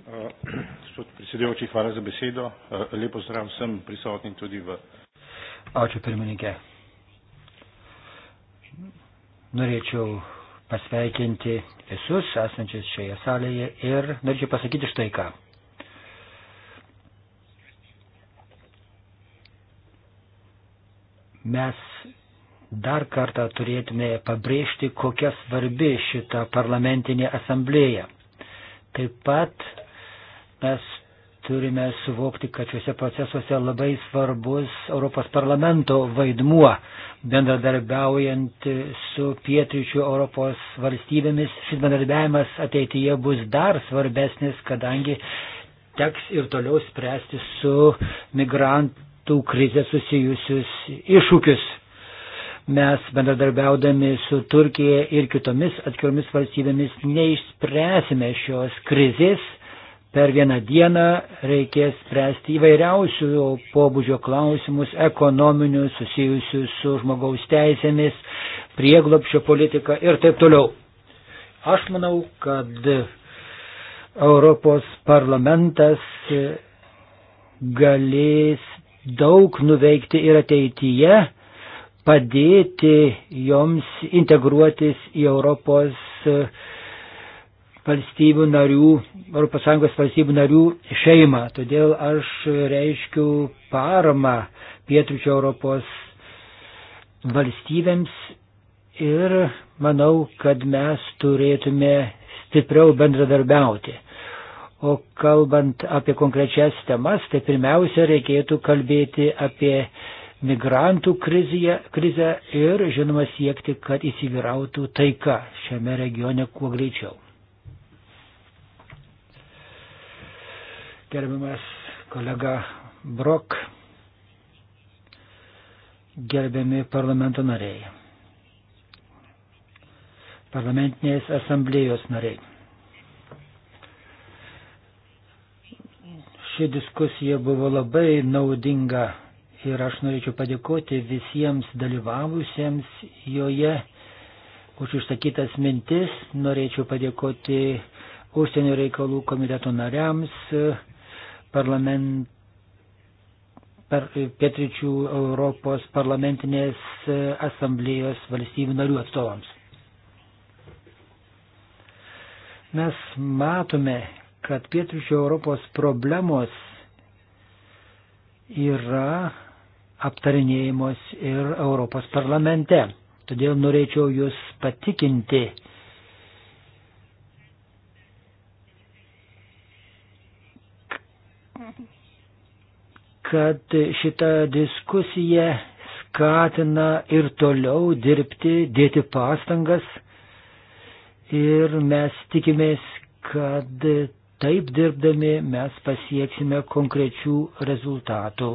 Gospod predsedujoči, hvala za besedo. Eh, Lepo zdrav vsem prisotnim tudi v. Ačiū pirmininkė. Norėčiau pasveikinti visus esančius šioje salėje ir norėčiau pasakyti štai ką. Mes dar kartą turėtume pabrėžti, kokia svarbi šita parlamentinė asamblėja. Taip pat Mes turime suvokti, kad šiuose procesuose labai svarbus Europos parlamento vaidmuo, bendradarbiaujant su pietryčių Europos valstybėmis. Šis bendradarbiavimas ateityje bus dar svarbesnis, kadangi teks ir toliau spręsti su migrantų krize susijusius iššūkius. Mes bendradarbiaudami su Turkija ir kitomis atskiromis valstybėmis neišspręsime šios krizės per vieną dieną reikės spręsti įvairiausių pobūdžio klausimus, ekonominius, susijusius su žmogaus teisėmis, prieglopščio politika ir taip toliau. Aš manau, kad Europos parlamentas galės daug nuveikti ir ateityje, padėti joms integruotis į Europos uh, valstybių narių, ES valstybių narių šeimą. Todėl aš reiškiu paramą pietričio Europos valstybėms ir manau, kad mes turėtume stipriau bendradarbiauti. O kalbant apie konkrečias temas, tai pirmiausia reikėtų kalbėti apie migrantų krizę, krizę ir, žinoma, siekti, kad įsivyrautų taika šiame regione kuo greičiau. gerbiamas kolega Brok, gerbiami parlamento nariai, parlamentinės asamblėjos nariai. Ši diskusija buvo labai naudinga ir aš norėčiau padėkoti visiems dalyvavusiems joje už išsakytas mintis. Norėčiau padėkoti užsienio reikalų komiteto nariams, parlament, per pietričių Europos parlamentinės e, asamblėjos valstybių narių atstovams. Mes matome, kad pietričių Europos problemos yra aptarinėjimos ir Europos parlamente. Todėl norėčiau Jūs patikinti, kad šita diskusija skatina ir toliau dirbti, dėti pastangas ir mes tikimės, kad taip dirbdami mes pasieksime konkrečių rezultatų.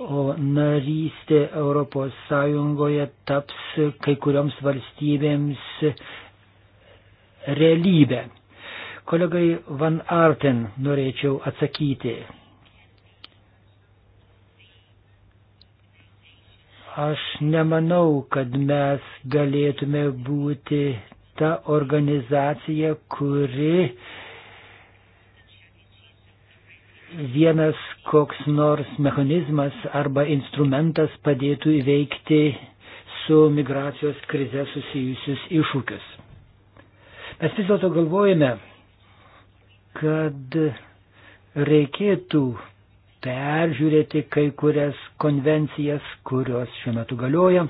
O narystė Europos Sąjungoje taps kai kurioms valstybėms realybė. Kolegai Van Arten norėčiau atsakyti. Aš nemanau, kad mes galėtume būti ta organizacija, kuri vienas koks nors mechanizmas arba instrumentas padėtų įveikti su migracijos krize susijusius iššūkius. Mes vis dėlto galvojame, kad reikėtų peržiūrėti kai kurias konvencijas, kurios šiuo metu galioja.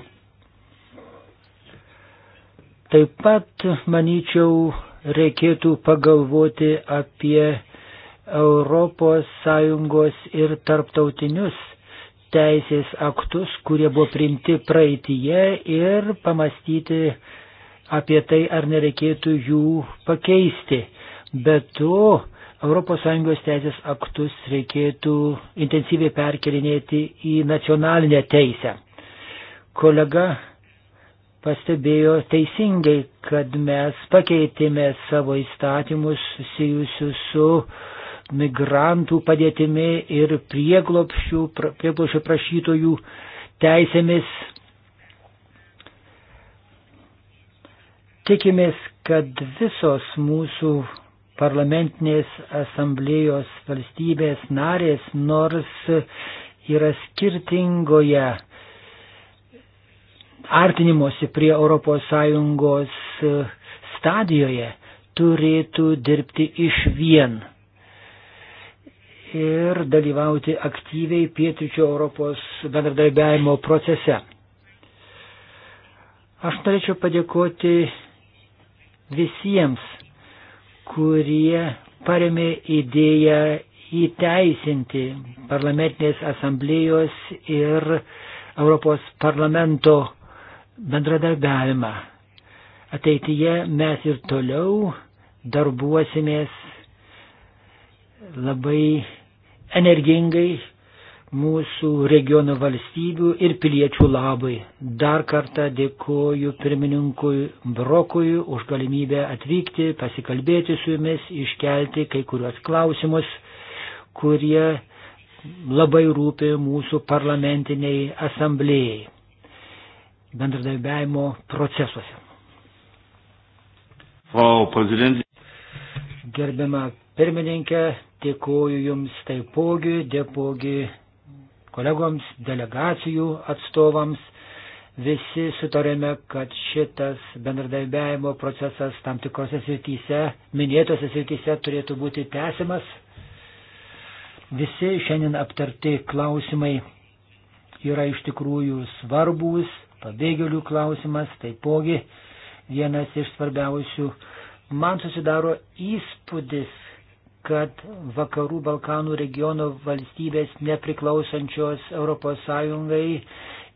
Taip pat, manyčiau, reikėtų pagalvoti apie ES ir tarptautinius teisės aktus, kurie buvo priimti praeitie ir pamastyti apie tai, ar nereikėtų jų pakeisti. Bet to ES teisės aktus reikėtų intensyviai perkelinėti į nacionalinę teisę. Kolega pastebėjo teisingai, kad mes pakeitėme savo įstatymus susijusius su migrantų padėtimi ir prieglopšių, prieglopšių prašytojų teisėmis. Tikimės, kad visos mūsų parlamentinės asamblėjos valstybės narės, nors yra skirtingoje artinimuose prie ES stadijoje, turėtų dirbti iš vien ir dalyvauti aktyviai pietričio Europos bendradarbiavimo procese. Aš norėčiau padėkoti visiems kurie paremė idėją įteisinti parlamentinės asamblėjos ir Europos parlamento bendradarbiavimą. Ateityje mes ir toliau darbuosimės labai energingai, mūsų regiono valstybių ir piliečių labai. Dar kartą dėkoju pirmininkui Brokui už galimybę atvykti, pasikalbėti su jumis, iškelti kai kuriuos klausimus, kurie labai rūpi mūsų parlamentiniai asamblėjai bendradarbiavimo procesuose. Frau Präsidentin. Gerbiama pirmininkė, dėkoju Jums taipogi, dėpogi kolegoms, delegacijų atstovams. Visi sutarėme, kad šitas bendradarbiavimo procesas tam tikrose srityse, minėtose srityse turėtų būti tęsiamas. Visi šiandien aptarti klausimai yra iš tikrųjų svarbus, pabėgėlių klausimas taipogi vienas iš svarbiausių. Man susidaro įspūdis, kad vakarų Balkanų regiono valstybės nepriklausančios ES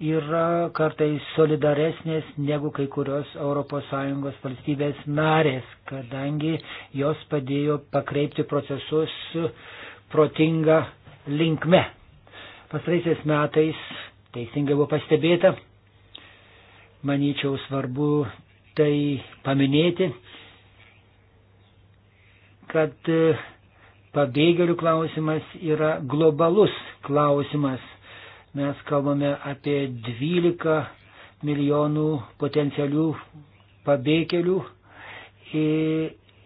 yra kartais solidaresnės negu kai kurios ES valstybės narės, kadangi jos padėjo pakreipti procesus protinga linkme. Pastraisiais metais, teisingai buvo pastebėta, manyčiau svarbu tai paminėti, kad Pabėgėlių klausimas yra globalus klausimas. Mes kalbame apie 12 milijonų potencialių pabėgėlių. Ir e,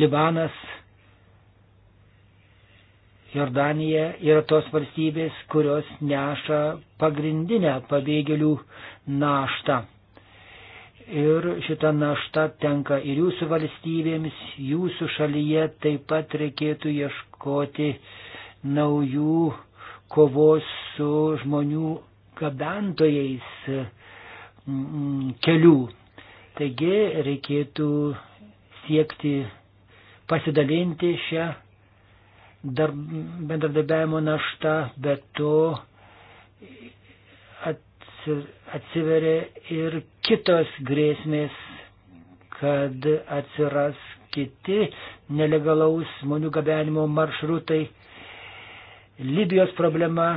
Libanas, Jordanija yra tos valstybės, kurios neša pagrindinę pabėgėlių naštą ir šita našta tenka ir jūsų valstybėms, jūsų šalyje taip pat reikėtų ieškoti naujų kovos su žmonių gabentojais mm, mm, kelių. Taigi reikėtų siekti pasidalinti šią bendradarbiavimo naštą, bet to atsiveria ir kitos grėsmės, kad atsiras kiti nelegalaus žmonių gabenimo maršrutai. Libijos problema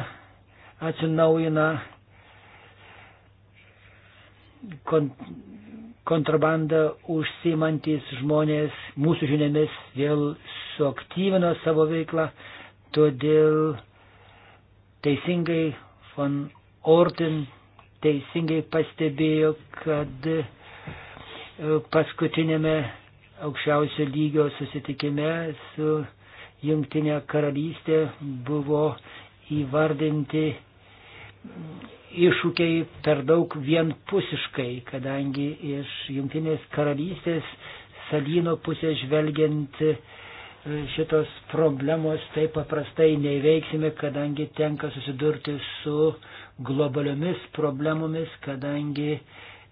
atsinaujina kon kontrabanda užsimantis žmonės mūsų žiniomis vėl suaktyvino savo veiklą, todėl teisingai von Ortin teisingai pastebėjo, kad e, paskutinėme aukščiausio lygio susitikime su Jungtinė karalystė buvo įvardinti iššūkiai per daug vienpusiškai, kadangi iš Junktinės karalystės salino pusės žvelgiant e, šitos problemos taip paprastai neveiksime, kadangi tenka susidurti su globaliomis problemomis, kadangi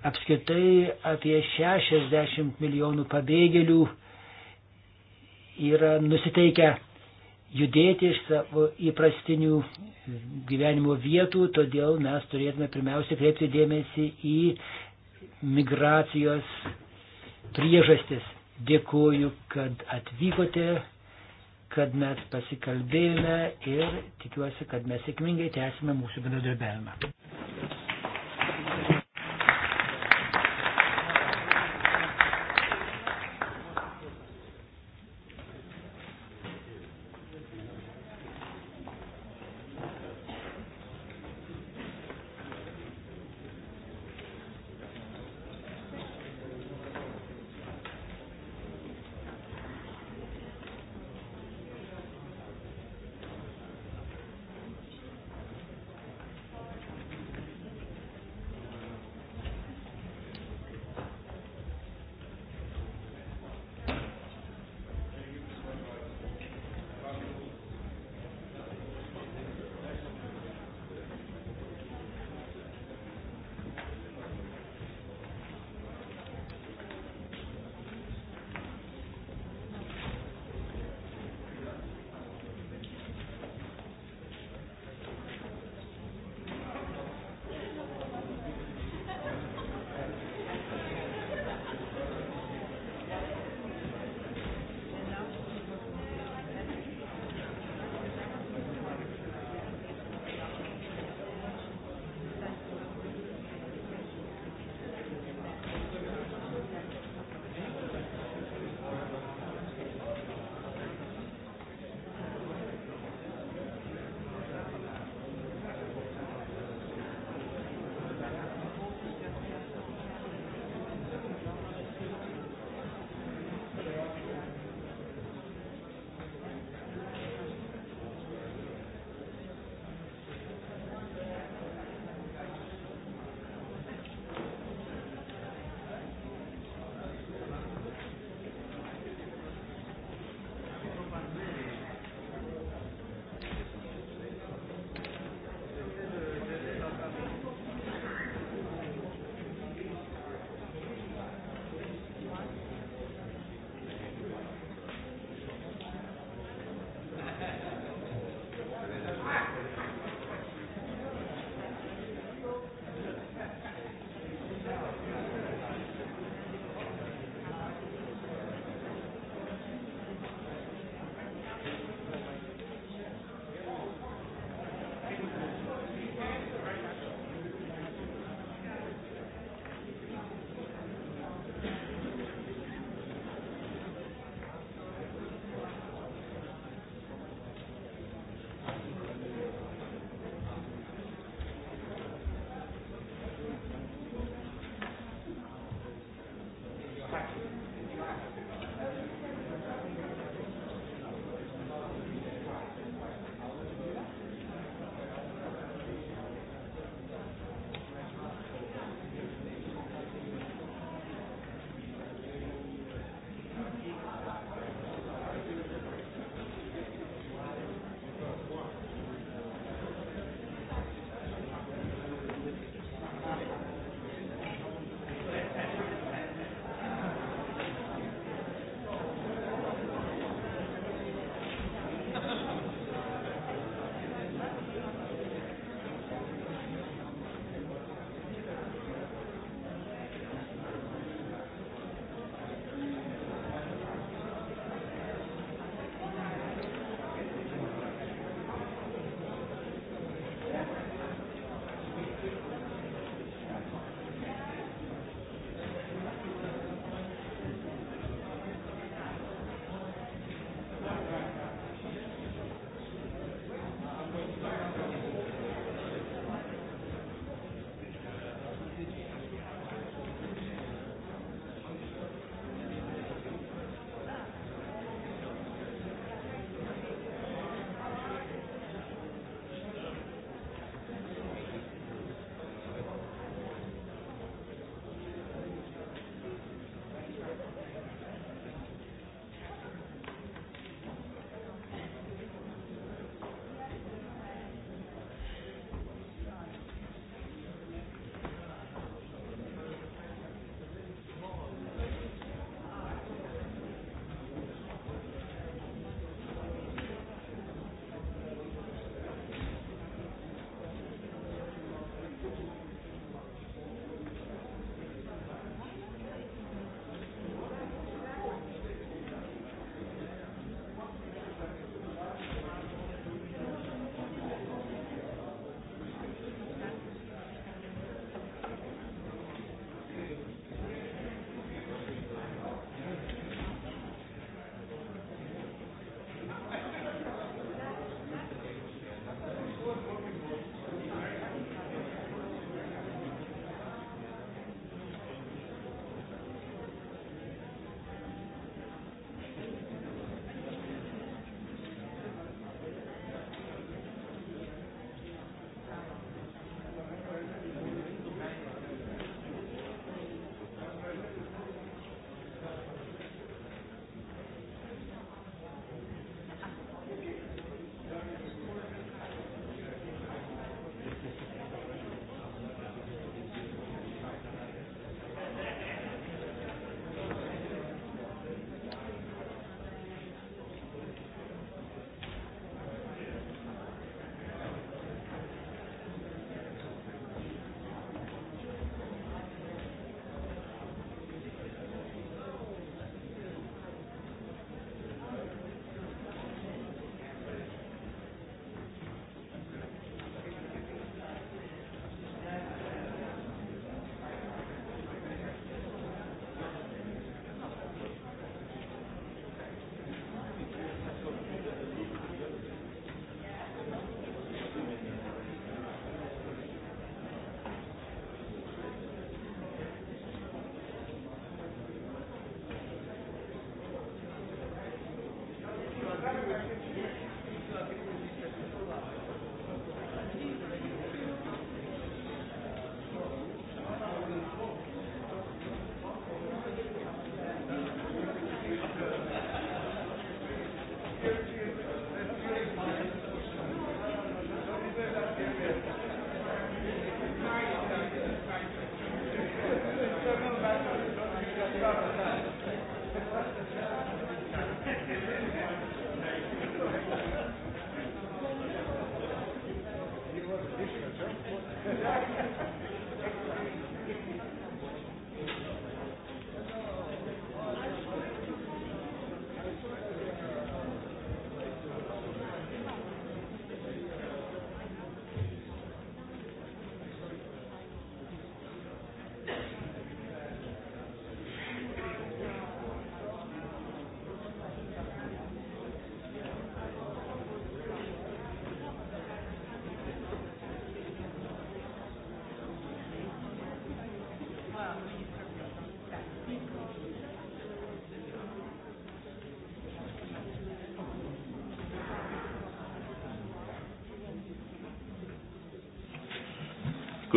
apskritai apie 60 milijonų pabėgėlių yra nusiteikę judėti iš savo įprastinių gyvenimo vietų, todėl mes turėtume pirmiausia kreipti dėmesį į migracijos priežastis. Dėkuoju, kad atvykote kad mes pasikalbėjome ir tikiuosi, kad mes sėkmingai tęsime mūsų bendradarbiavimą.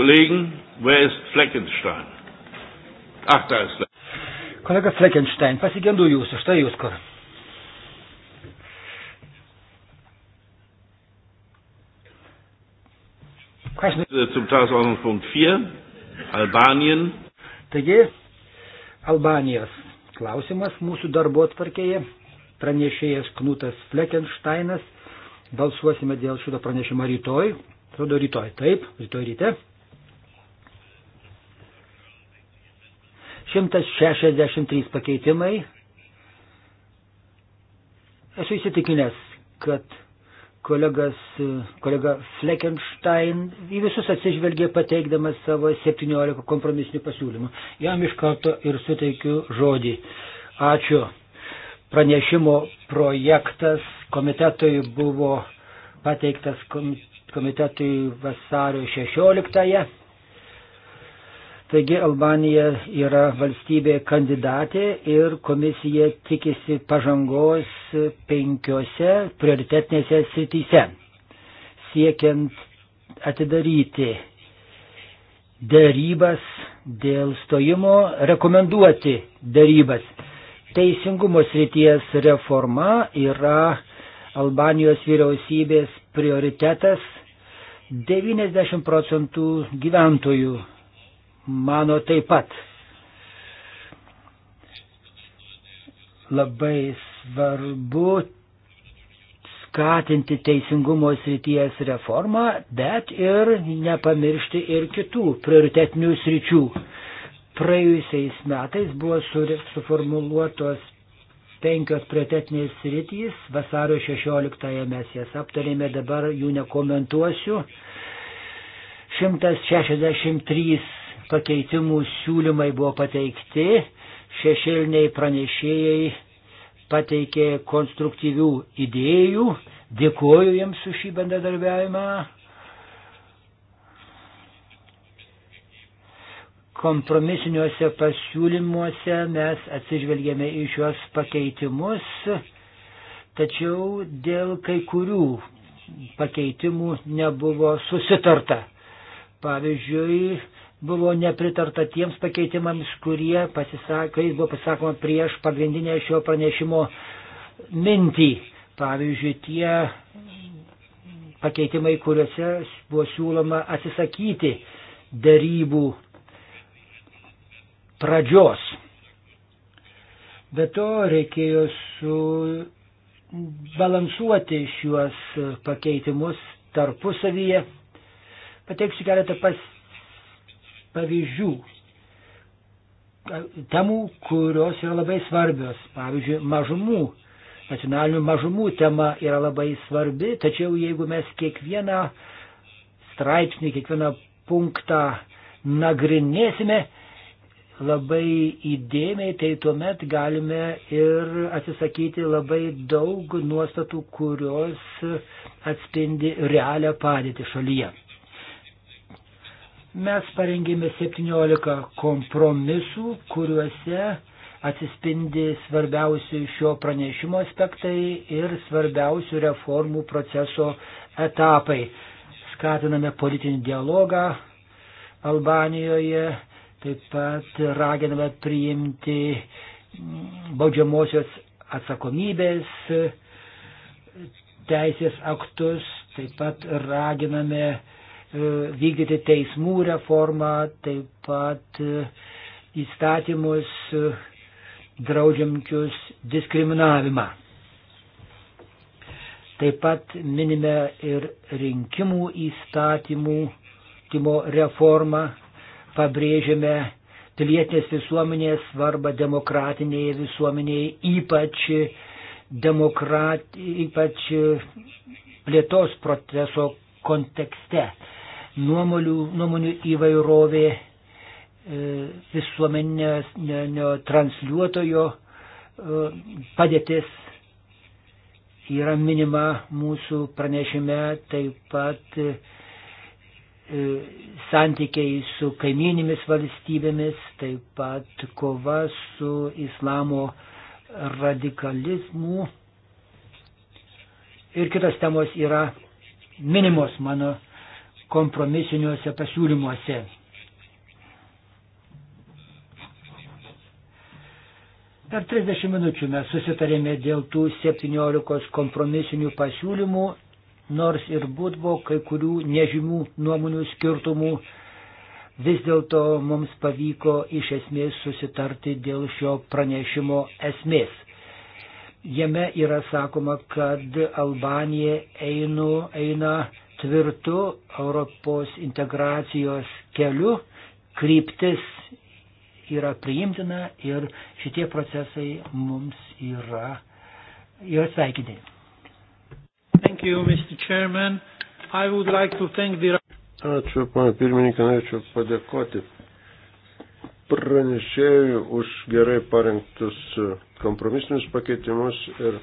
Kollegen, wer ist Fleckenstein? Ach, da ist Fleckenstein. Kolega Fleckenstein, pasigendu jūsų, štai jūs kur. Äh, zum Tagesordnungspunkt 4, Albanien. Taigi, Albanijos klausimas mūsų darbo atvarkėje. Pranešėjas Knutas Fleckensteinas. Balsuosime dėl šito pranešimo rytoj. Atrodo, rytoj taip, rytoj ryte. 163 pakeitimai. Esu įsitikinęs, kad kolegas, kolega Fleckenstein į visus atsižvelgė pateikdamas savo 17 kompromisinių pasiūlymų. Jam iš karto ir suteikiu žodį. Ačiū. Pranešimo projektas komitetui buvo pateiktas komitetui vasario 16. -ąją. Taigi Albanija yra valstybė kandidatė ir komisija tikisi pažangos penkiose prioritetinėse srityse, siekiant atidaryti dėrybas dėl stojimo, rekomenduoti dėrybas. Teisingumo srities reforma yra Albanijos vyriausybės prioritetas 90 procentų gyventojų mano taip pat. Labai svarbu skatinti teisingumo srities reformą, bet ir nepamiršti ir kitų prioritetinių sričių. Praėjusiais metais buvo suformuluotos penkios prioritetinės sritys, vasario 16-ąją mes jas aptarėme, dabar jų nekomentuosiu. 163 pakeitimų siūlymai buvo pateikti, šešėliniai pranešėjai pateikė konstruktyvių idėjų, dėkoju jiems už šį bendradarbiavimą. Kompromisiniuose pasiūlymuose mes atsižvelgėme į šios pakeitimus, tačiau dėl kai kurių pakeitimų nebuvo susitarta. Pavyzdžiui, buvo nepritarta tiems pakeitimams, kurie pasisakė, buvo pasisakoma prieš pagrindinę šio pranešimo mintį. Pavyzdžiui, tie pakeitimai, kuriuose buvo siūloma atsisakyti darybų pradžios. Be to reikėjo subalansuoti šiuos pakeitimus tarpusavyje. Pateiksiu keletą pas, pavyzdžių, temų, kurios yra labai svarbios. Pavyzdžiui, mažumų, nacionalinių mažumų tema yra labai svarbi, tačiau jeigu mes kiekvieną straipsnį, kiekvieną punktą nagrinėsime labai įdėmiai, tai tuomet galime ir atsisakyti labai daug nuostatų, kurios atspindi realią padėtį šalyje. Mes parengėme 17 kompromisų, kuriuose atsispindi svarbiausi šio pranešimo aspektai ir svarbiausių reformų proceso etapai. Skatiname politinį dialogą Albanijoje, taip pat raginame priimti baudžiamosios atsakomybės teisės aktus, taip pat raginame E, vykdyti teismų reformą, taip pat e, įstatymus e, draudžiamčius diskriminavimą. Taip pat minime ir rinkimų įstatymų timo reformą, pabrėžiame pilietinės visuomenės svarbą demokratinėje visuomenėje, ypač, demokrat, ypač plėtos proceso kontekste nuomonių, nuomonių įvairovė e, visuomeninio transliuotojo e, padėtis yra minima mūsų pranešime, taip pat e, santykiai su kaiminimis valstybėmis, taip pat kova su islamo radikalizmu. Ir kitos temos yra minimos mano kompromisiniuose pasiūlymuose. Per 30 minučių mes susitarėme dėl tų 17 kompromisinių pasiūlymų, nors ir būdvo kai kurių nežymių nuomonių skirtumų, vis dėlto mums pavyko iš esmės susitarti dėl šio pranešimo esmės. Jame yra sakoma, kad Albanija einu, eina tvirtų Europos integracijos keliu, kryptis yra priimtina ir šitie procesai mums yra, yra sveikini. Like the... Ačiū, pana pirmininkė, norėčiau padėkoti pranešėjui už gerai parengtus kompromisinius pakeitimus ir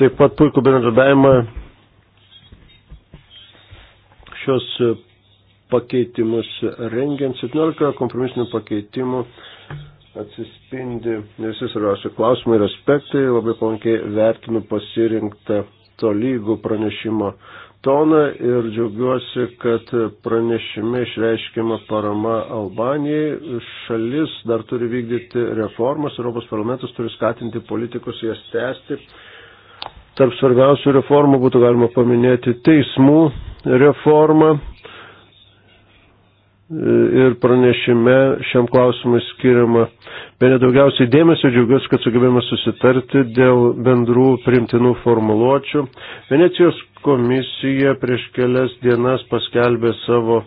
taip pat puikų bendradarbiavimą šios e, pakeitimus rengiant. 17 kompromisinių pakeitimų atsispindi visi svarbiausi klausimai ir aspektai. Labai palankiai vertinu pasirinktą tolygų pranešimo toną ir džiaugiuosi, kad pranešime išreiškiama parama Albanijai. Šalis dar turi vykdyti reformas, Europos parlamentas turi skatinti politikus jas tęsti Tarp svarbiausių reformų būtų galima paminėti teismų reformą ir pranešime šiam klausimui skiriama. Bene daugiausiai dėmesio džiaugiuosi, kad sugebėjome susitarti dėl bendrų primtinų formuluočių. Venecijos komisija prieš kelias dienas paskelbė savo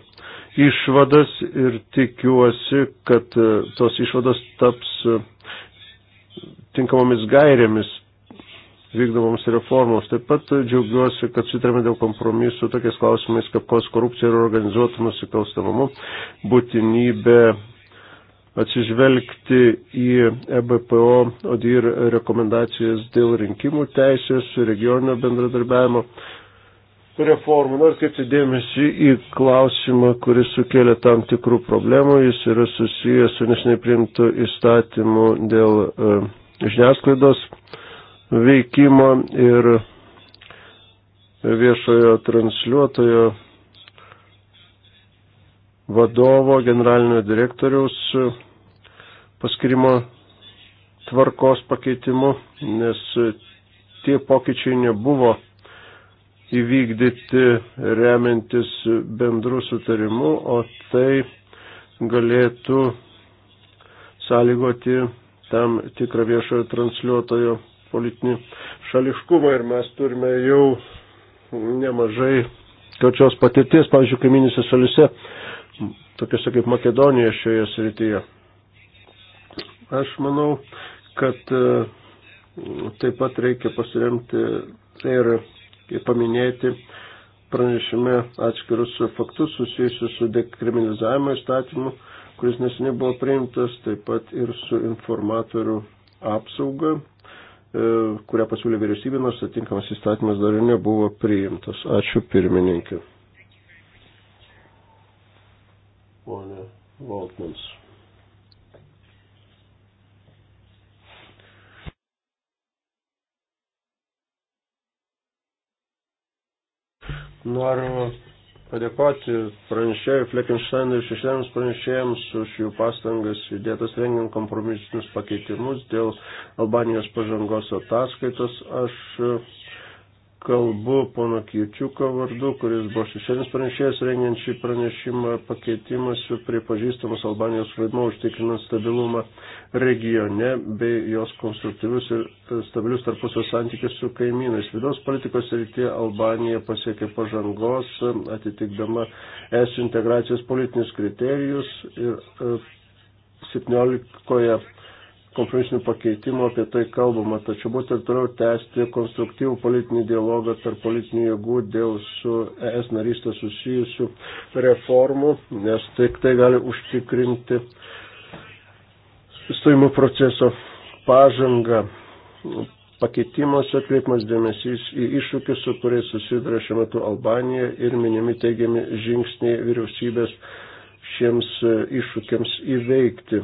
išvadas ir tikiuosi, kad tos išvados taps tinkamomis gairėmis vykdomoms reformoms. Taip pat džiaugiuosi, kad sutarėme dėl kompromisų tokiais klausimais, kaip kos korupcija ir organizuotų nusikalstamumu, būtinybė atsižvelgti į EBPO ODIR rekomendacijas dėl rinkimų teisės, regioninio bendradarbiavimo reformų. Nors kaip įdėmėsi į klausimą, kuris sukėlė tam tikrų problemų, jis yra susijęs su nesnei priimtų įstatymu dėl e, žiniasklaidos. E, veikimo ir viešojo transliuotojo vadovo, generalinio direktoriaus paskirimo tvarkos pakeitimu, nes tie pokyčiai nebuvo įvykdyti remiantis bendrų sutarimų, o tai galėtų sąlygoti tam tikrą viešojo transliuotojo politinį šališkumą ir mes turime jau nemažai tokios patirties, pavyzdžiui, kaiminėse šalise, tokiuose kaip Makedonija šioje srityje. Aš manau, kad e, taip pat reikia pasiremti ir paminėti pranešime atskirus faktus susijusius su dekriminalizavimo įstatymu, kuris nesiniai buvo priimtas, taip pat ir su informatorių apsauga E, kurią pasiūlė vyriausybė, nors atinkamas įstatymas dar nebuvo priimtas. Ačiū pirmininkė. Pone Voltmans. Noriu padėkoti pranešėjui Fleckensteinui ir šešiems pranešėjams už jų pastangas įdėtas rengiant kompromisinius pakeitimus dėl Albanijos pažangos ataskaitos. Aš kalbu pono Kirčiuko vardu, kuris buvo šešėlis pranešėjas rengiant šį pranešimą, pakeitimas pripažįstamas Albanijos vaidmo užtikrinant stabilumą regione bei jos konstruktyvius ir stabilius tarpusio santykius su kaimynais. Vidaus politikos rytie Albanija pasiekė pažangos, atitikdama es integracijos politinius kriterijus ir 17 e, kompromisinių pakeitimų apie tai kalbama, tačiau būtent toliau tęsti konstruktyvų politinį dialogą tarp politinių jėgų dėl su ES narystė susijusių reformų, nes tik tai gali užtikrinti stojimo proceso pažangą. Pakeitimuose atkreipimas dėmesys į iššūkius, su kuriais susiduria šiuo metu Albanija ir minimi teigiami žingsniai vyriausybės šiems iššūkiams įveikti.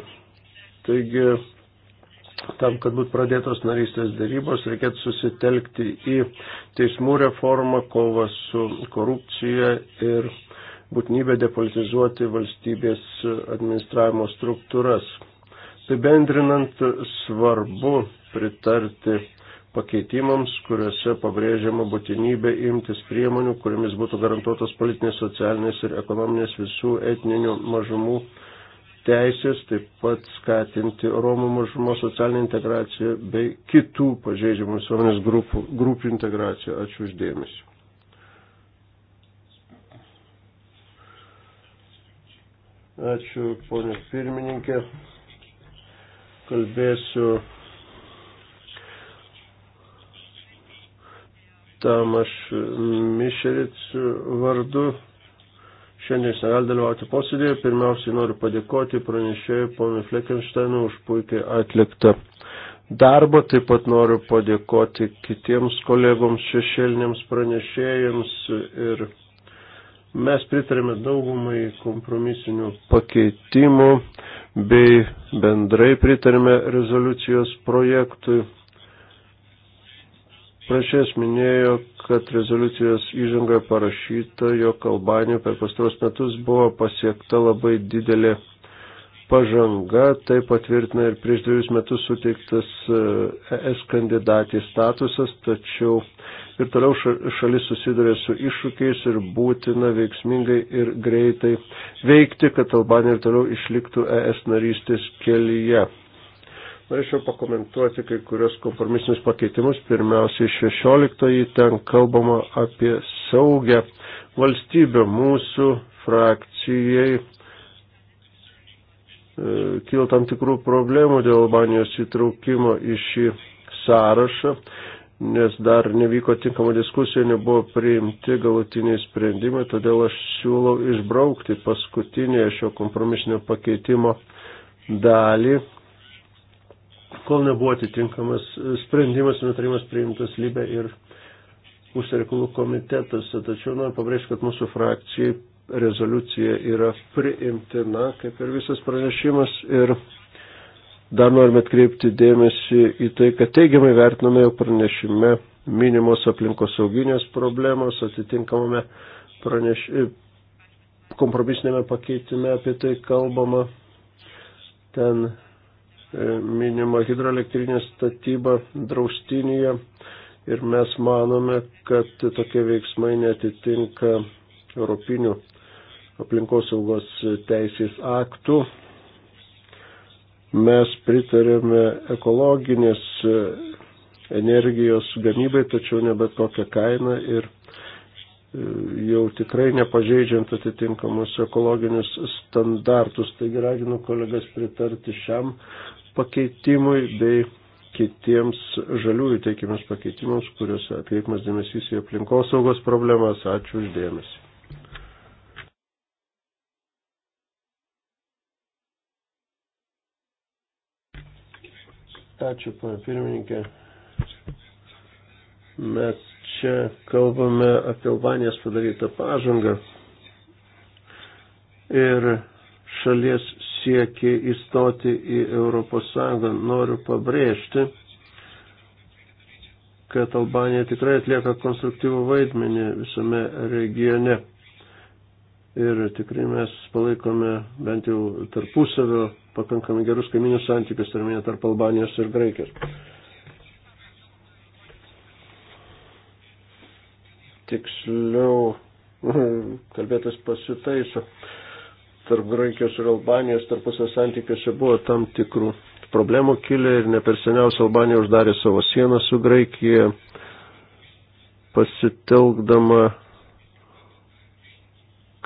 Taigi tam, kad būtų pradėtos narystės darybos, reikėtų susitelkti į teismų reformą, kovą su korupcija ir būtinybę depolitizuoti valstybės administravimo struktūras. Tai bendrinant svarbu pritarti pakeitimams, kuriuose pabrėžiama būtinybė imtis priemonių, kuriamis būtų garantuotos politinės, socialinės ir ekonominės visų etninių mažumų teisės, taip pat skatinti Romų mažumos socialinę integraciją bei kitų pažeidžiamų visuomenės grupų, grupių integraciją. Ačiū uždėmesi. Ačiū, ponė pirmininkė. Kalbėsiu Tamaš Mišeric vardu. Šiandien jis negali dalyvauti posėdėje. Pirmiausiai noriu padėkoti pranešėjai ponui Fleckensteinui už puikiai atliktą darbą. Taip pat noriu padėkoti kitiems kolegoms šešėliniams pranešėjams ir mes pritarėme daugumai kompromisinių pakeitimų bei bendrai pritarėme rezoliucijos projektui. Pranešėjas minėjo, kad rezoliucijos įžangoje parašyta, jog Albanijoje per pastaros metus buvo pasiekta labai didelė pažanga, tai patvirtina ir prieš dviejus metus suteiktas e, ES kandidatės statusas, tačiau ir toliau šalis susiduria su iššūkiais ir būtina veiksmingai ir greitai veikti, kad Albanija ir toliau išliktų ES narystės kelyje. Norėčiau pakomentuoti kai kurios kompromisinius pakeitimus. Pirmiausiai 16-ąjį ten kalbama apie saugę valstybę mūsų frakcijai. E, kilo tam tikrų problemų dėl Albanijos įtraukimo į šį sąrašą, nes dar nevyko tinkama diskusija, nebuvo priimti galutiniai sprendimai, todėl aš siūlau išbraukti paskutinėje šio kompromisinio pakeitimo dalį kol nebuvo atitinkamas sprendimas, nutarimas priimtas lybė ir užsienio reikalų komitetuose. Tačiau noriu pabrėžti, kad mūsų frakcijai rezoliucija yra priimtina, kaip ir visas pranešimas. Ir dar norime atkreipti dėmesį į tai, kad teigiamai vertiname jau pranešime minimos aplinkosauginės problemos atitinkamame praneš... kompromisinėme pakeitime apie tai kalbama. Ten E, minima hidroelektrinės statyba draustinyje ir mes manome, kad tokie veiksmai netitinka europinių aplinkosaugos teisės aktų. Mes pritarėme ekologinės energijos gamybai, tačiau ne bet kokią kainą ir jau tikrai nepažeidžiant atitinkamus ekologinius standartus. Taigi raginu kolegas pritarti šiam pakeitimui bei kitiems žaliųjų teikiamas pakeitimams, kuriuose atkreipimas dėmesys į aplinkosaugos problemas. Ačiū uždėmesi. Ačiū, pana pirmininkė. Mes čia kalbame apie Albanijos padarytą pažangą ir šalies siekį įstoti į Europos Sąjungą. Noriu pabrėžti, kad Albanija tikrai atlieka konstruktyvų vaidmenį visame regione. Ir tikrai mes palaikome bent jau tarpusavio pakankamai gerus kaiminius santykius, tarminė tarp Albanijos ir Graikijos. tiksliau kalbėtas pasitaiso. Tarp Graikijos ir Albanijos tarpusio santykiuose buvo tam tikrų problemų kilę ir ne per seniausiai Albanija uždarė savo sieną su Graikija, pasitelkdama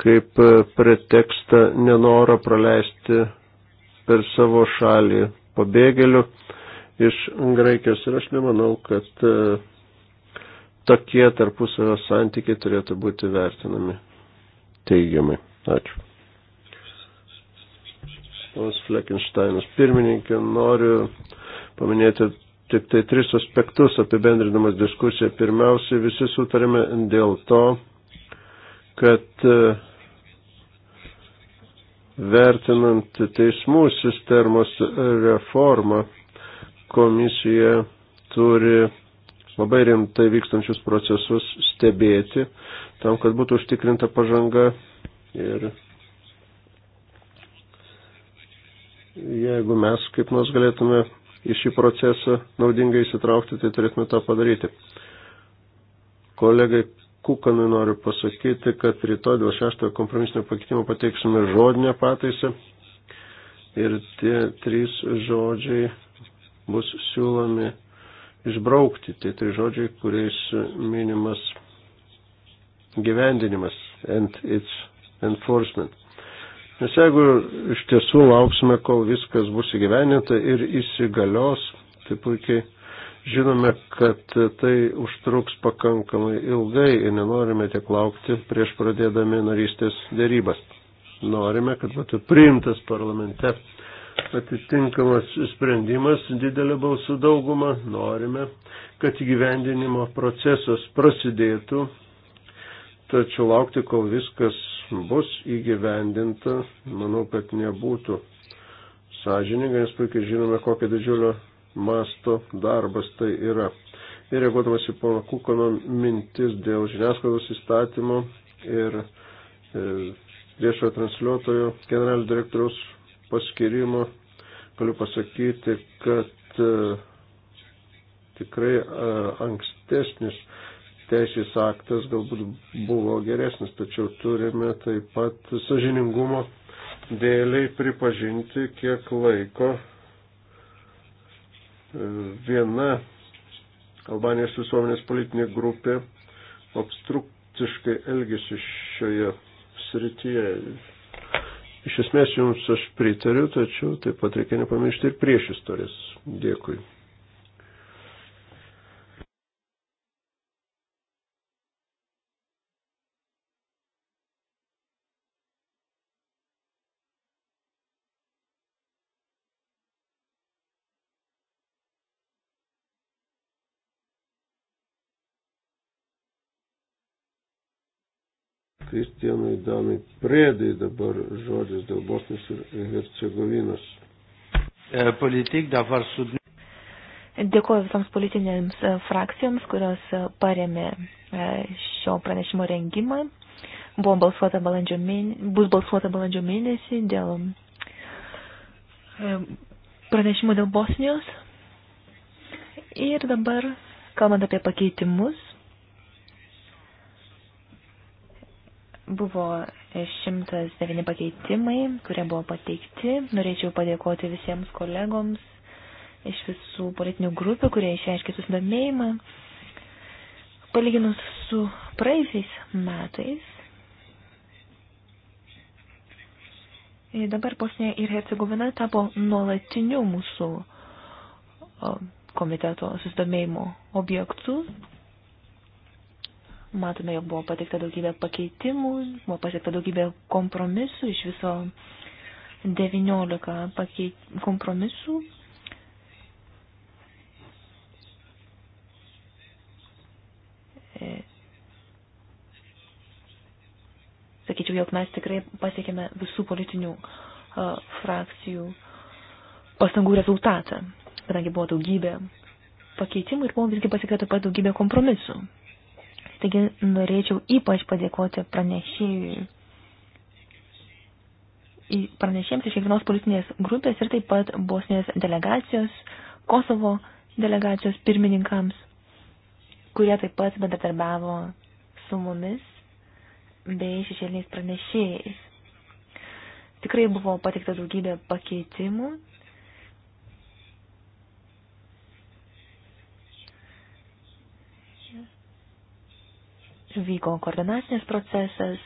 kaip pretekstą nenorą praleisti per savo šalį pabėgėlių iš Graikijos. Ir aš nemanau, kad tokie tarpusavio santykiai turėtų būti vertinami teigiamai. Ačiū. Ponas Fleckensteinas, pirmininkė, noriu paminėti tik tai tris aspektus apibendrinamas diskusiją. Pirmiausia, visi sutarėme dėl to, kad e, vertinant teismų sistemos reformą, komisija turi labai rimtai vykstančius procesus stebėti, tam, kad būtų užtikrinta pažanga ir jeigu mes kaip nors galėtume į šį procesą naudingai įsitraukti, tai turėtume tą padaryti. Kolegai Kukanui noriu pasakyti, kad rytoj dėl šeštojo kompromisinio pakeitimo pateiksime žodinę pataisą ir tie trys žodžiai bus siūlomi išbraukti. Tai tai žodžiai, kuriais minimas gyvendinimas and its enforcement. Nes jeigu iš tiesų lauksime, kol viskas bus įgyveninta ir įsigalios, tai puikiai žinome, kad tai užtruks pakankamai ilgai ir nenorime tiek laukti prieš pradėdami narystės dėrybas. Norime, kad būtų priimtas parlamente atitinkamas sprendimas didelė balsų dauguma. Norime, kad įgyvendinimo procesas prasidėtų, tačiau laukti, kol viskas bus įgyvendinta, manau, kad nebūtų sąžininga, nes puikiai žinome, kokio didžiulio masto darbas tai yra. Ir reaguodamas į pono Kukono mintis dėl žiniasklaidos įstatymo ir e, viešojo transliuotojo generalinio direktoriaus paskirimo galiu pasakyti, kad e, tikrai e, ankstesnis teisės aktas galbūt buvo geresnis, tačiau turime taip pat sažiningumo dėliai pripažinti, kiek laiko e, viena Albanijos visuomenės politinė grupė obstrukciškai elgesi šioje srityje. Iš esmės jums aš pritariu, tačiau taip pat reikia nepamiršti ir prieš istorijas. Dėkui. Kristijanui Danai Prėdai dabar žodis dėl Bosnijos ir Hercegovinos. E, politik dabar sudni. Dėkuoju visoms politinėms e, frakcijoms, kurios e, paremė šio pranešimo rengimą. Buvo balsuota balandžio mėnesį, bus balsuota balandžio mėnesį dėl pranešimų dėl Bosnijos. Ir dabar, kalbant apie pakeitimus, Buvo 109 pakeitimai, kurie buvo pateikti. Norėčiau padėkoti visiems kolegoms iš visų politinių grupių, kurie išreiškė susidomėjimą. Palyginus su praeisiais metais, e, dabar Bosnija ir Hercegovina tapo nuolatiniu mūsų komiteto susidomėjimo objektu Matome, jog buvo pateikta daugybė pakeitimų, buvo pasiekta daugybė kompromisų, iš viso 19 pakeit... kompromisų. E, sakyčiau, jog mes tikrai pasiekėme visų politinių uh, frakcijų pastangų rezultatą, kadangi buvo daugybė pakeitimų ir buvo visgi pasiekta taip pat daugybė kompromisų. Taigi norėčiau ypač padėkoti pranešėjui pranešėjams iš kiekvienos politinės grupės ir taip pat Bosnijos delegacijos, Kosovo delegacijos pirmininkams, kurie taip pat bendradarbiavo su mumis bei šešėliniais pranešėjais. Tikrai buvo pateikta daugybė pakeitimų vyko koordinacinis procesas,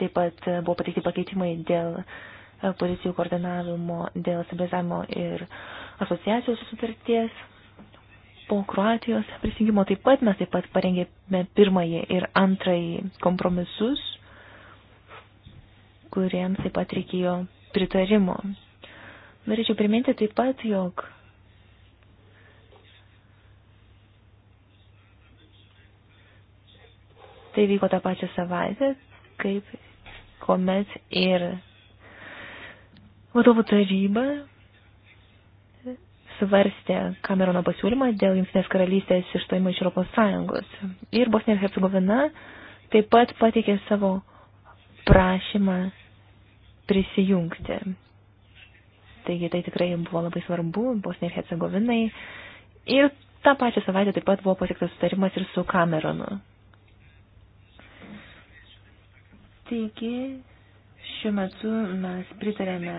taip pat buvo pateikti pakeitimai dėl e, pozicijų koordinavimo, dėl stabilizavimo ir asociacijos sutarties. Po Kroatijos prisijungimo taip pat mes taip pat parengėme pirmąjį ir antrąjį kompromisus, kuriems taip pat reikėjo pritarimo. Norėčiau priminti taip pat, jog Tai vyko tą pačią savaitę, kaip kuomet ir vadovų taryba svarstė Kamerono pasiūlymą dėl Jungtinės karalystės išstojimo iš Europos Sąjungos. Ir Bosnija ir Hercegovina taip pat pateikė savo prašymą prisijungti. Taigi tai tikrai buvo labai svarbu Bosnija ir Hercegovinai. Ir tą pačią savaitę taip pat buvo pasiektas sutarimas ir su Kameronu. Taigi, šiuo metu mes pritarėme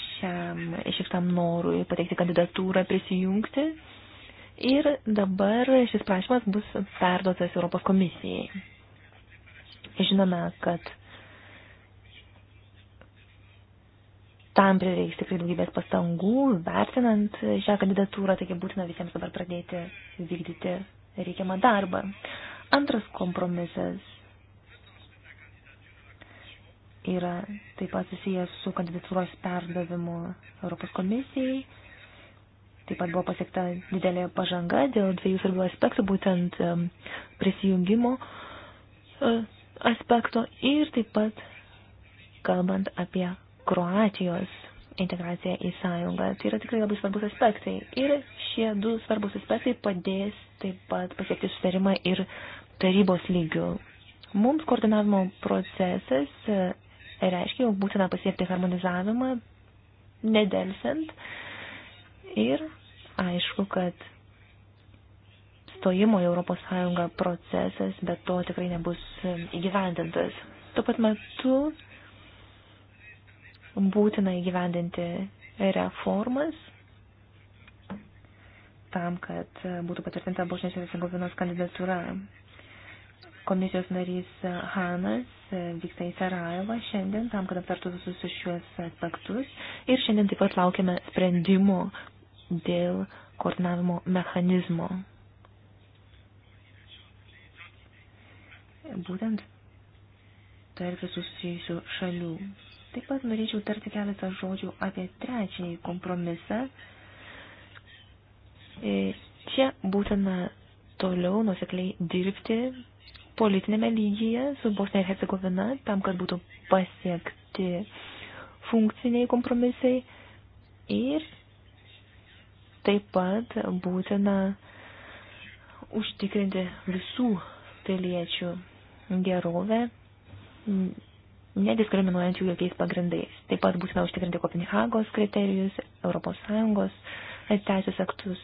šiam išiktam norui pateikti kandidatūrą prisijungti ir dabar šis prašymas bus perduotas Europos komisijai. Žinome, kad tam prireiks tikrai daugybės pastangų, vertinant šią kandidatūrą, taigi būtina visiems dabar pradėti vykdyti reikiamą darbą. Antras kompromisas yra taip pat susijęs su kandidatūros perdavimu Europos komisijai. Taip pat buvo pasiekta didelė pažanga dėl dviejų svarbių aspektų, būtent prisijungimo e, aspekto ir taip pat kalbant apie Kroatijos integraciją į sąjungą. Tai yra tikrai labai svarbus aspektai. Ir šie du svarbus aspektai padės taip pat pasiekti susitarimą ir tarybos lygių. Mums koordinavimo procesas reiškia, jau būtina pasiekti harmonizavimą, nedelsiant. Ir aišku, kad stojimo į Europos Sąjungą procesas, bet to tikrai nebus įgyvendintas. Tuo pat metu būtina įgyvendinti reformas tam, kad būtų patvirtinta Bošnijos ir Hercegovinos kandidatūra Komisijos narys Hanas e, vyksta į Sarajevą šiandien tam, kad aptartų visus šiuos aspektus. Ir šiandien taip pat laukiame sprendimo dėl koordinavimo mechanizmo. Būtent tarp visų susijusių šalių. Taip pat norėčiau tarti keletą žodžių apie trečiąjį kompromisą. E, čia būtina toliau nusekliai dirbti politinėme lygyje su Bosnija ir Hercegovina, tam, kad būtų pasiekti funkciniai kompromisai ir taip pat būtina užtikrinti visų piliečių gerovę, nediskriminuojant jų jokiais pagrindais. Taip pat būtina užtikrinti Kopenhagos kriterijus, ES teisės aktus,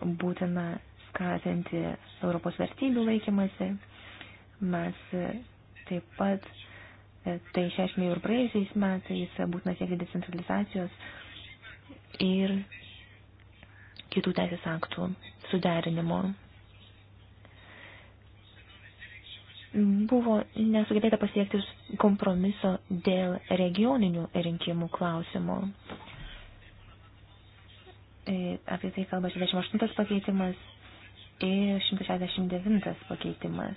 būtina skatinti Europos vertybių laikymasi. Mes taip pat tai šešmė ir praėjusiais metais būtina siekti decentralizacijos ir kitų teisės aktų suderinimo. Buvo nesugebėta pasiekti kompromiso dėl regioninių rinkimų klausimo. E, apie tai kalba 68 pakeitimas ir 169 pakeitimas.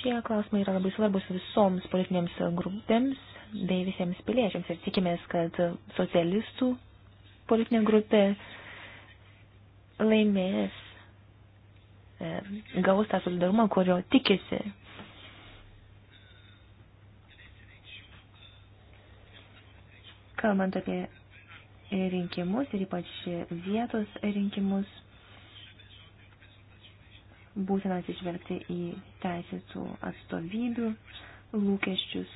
Šie klausimai yra labai svarbus visoms politinėms grupėms bei visiems piliečiams ir tikimės, kad socialistų politinė grupė laimės, e, gaus tą solidarumą, kurio tikisi Kalbant apie rinkimus ir ypač vietos rinkimus, būtina atsižvelgti į teisėtų atstovybių lūkesčius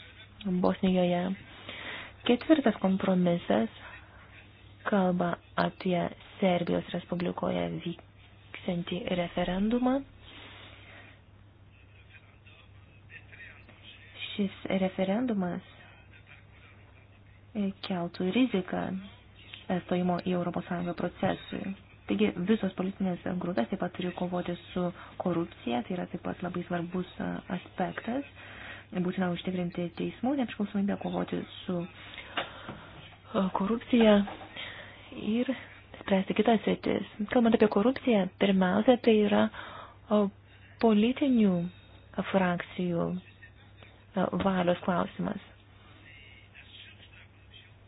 Bosnijoje. Ketvirtas kompromisas kalba apie Serbijos Respublikoje vyksiantį referendumą. Šis referendumas keltų riziką stojimo į ES procesui. Taigi visos politinės grupės taip pat turi kovoti su korupcija, tai yra taip pat labai svarbus aspektas. Būtina užtikrinti teismų nepriklausomybę, kovoti su korupcija ir spręsti kitas sritis. Kalbant apie korupciją, pirmiausia, tai yra politinių frakcijų valios klausimas.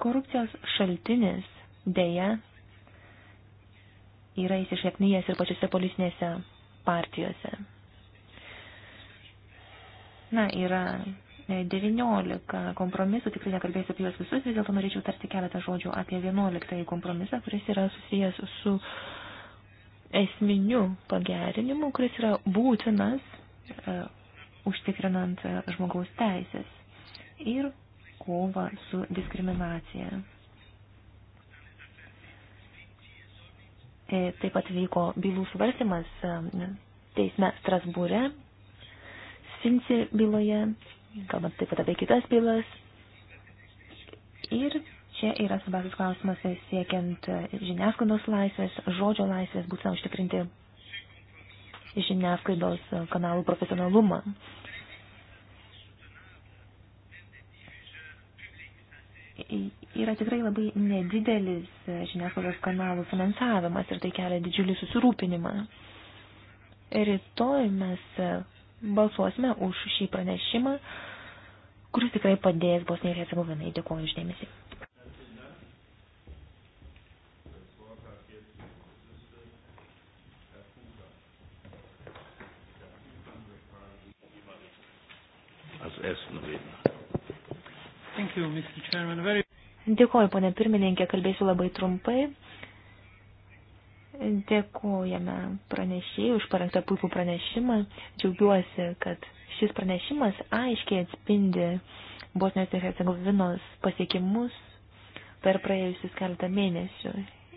Korupcijos šaltinis dėja yra įsišaknyjęs ir pačiose politinėse partijose. Na, yra 19 e, kompromisų, tikrai nekalbėsiu apie juos visus, vis dėlto norėčiau tarti keletą žodžių apie 11 kompromisą, kuris yra susijęs su esminiu pagerinimu, kuris yra būtinas e, užtikrinant e, žmogaus teisės. Ir kovą su diskriminacija. E, taip pat vyko bylų svarstymas e, teisme Strasbūre, Sinci byloje, kalbant taip pat apie kitas bylas. Ir čia yra svarbiausias klausimas e, siekiant žiniasklaidos laisvės, žodžio laisvės, būtent užtikrinti žiniasklaidos kanalų profesionalumą. yra tikrai labai nedidelis e, žiniasklaidos kanalų finansavimas ir tai kelia didžiulį susirūpinimą. Rytoj mes e, balsuosime už šį pranešimą, kuris tikrai padės Bosnijai ir Hercegovinai. Dėkuoju uždėmesi. you, Mr. Chairman. Very... Dėkoju, ponė pirmininkė, kalbėsiu labai trumpai. Dėkojame pranešėjai už parengtą puikų pranešimą. Džiaugiuosi, kad šis pranešimas aiškiai atspindi Bosnijos ir Hercegovinos pasiekimus per praėjusius keletą mėnesių.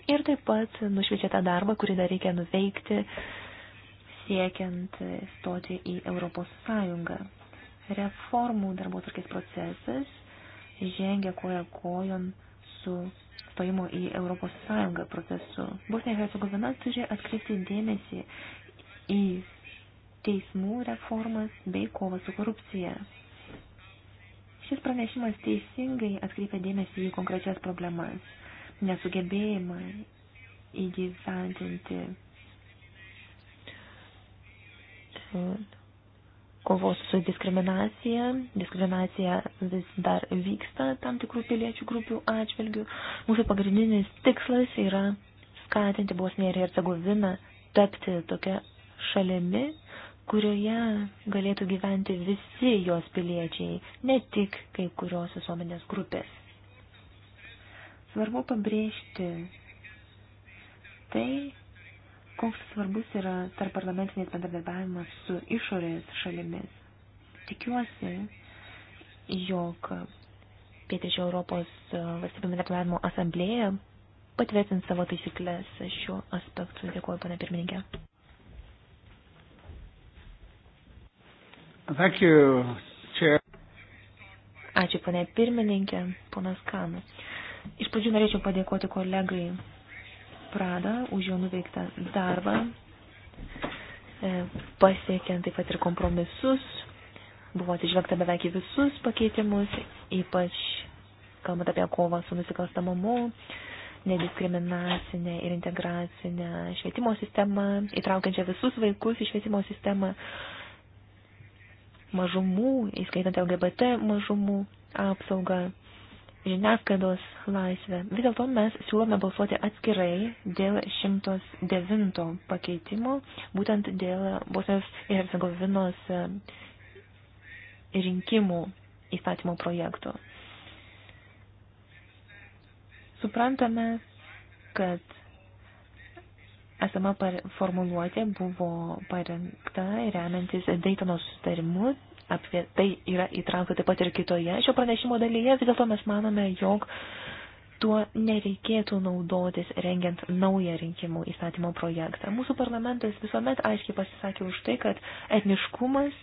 Ir taip pat nušviečia tą darbą, kurį dar reikia nuveikti, siekiant stoti į Europos Sąjungą. Reformų darbo procesas žengia koja kojon su stojimo į Europos Sąjungą procesu. Bosnija Hercegovina turi atkreipti dėmesį į teismų reformas bei kovą su korupcija. Šis pranešimas teisingai atkreipia dėmesį į konkrečias problemas, nesugebėjimą įgyventinti kovos su diskriminacija. Diskriminacija vis dar vyksta tam tikrų piliečių grupių atžvilgių. Mūsų pagrindinis tikslas yra skatinti Bosniją ir Hercegoviną tapti tokia šalimi, kurioje galėtų gyventi visi jos piliečiai, ne tik kai kurios visuomenės grupės. Svarbu pabrėžti tai, koks svarbus yra tarp parlamentinės bendradarbiavimas su išorės šalimis. Tikiuosi, jog Pietričio Europos e, valstybių bendradarbiavimo asamblėje patvirtins savo taisyklės šiuo aspektu. Dėkuoju, pana pirmininkė. Thank you, Chair. Ačiū, ponė pirmininkė, ponas Kanas. Iš pradžių norėčiau padėkoti kolegai Prada už jo nuveiktą darbą, e, pasiekiant taip pat ir kompromisus, buvo atsižvelgta beveik į visus pakeitimus, ypač kalbant apie kovą su nusikalstamumu, nediskriminacinę ir integracinę švietimo sistemą, įtraukiančią visus vaikus į švietimo sistemą, mažumų, įskaitant LGBT mažumų apsaugą žiniasklaidos laisvę. Vis dėlto mes siūlome balsuoti atskirai dėl 109 pakeitimo, būtent dėl Bosnijos ir Hercegovinos e, rinkimų įstatymo projektų. Suprantame, kad esama formuluotė buvo parengta remiantis Daytono sustarimu apie tai yra įtraukta taip pat ir kitoje šio pranešimo dalyje, vis dėlto mes manome, jog tuo nereikėtų naudotis rengiant naują rinkimų įstatymo projektą. Mūsų parlamentas visuomet aiškiai pasisakė už tai, kad etniškumas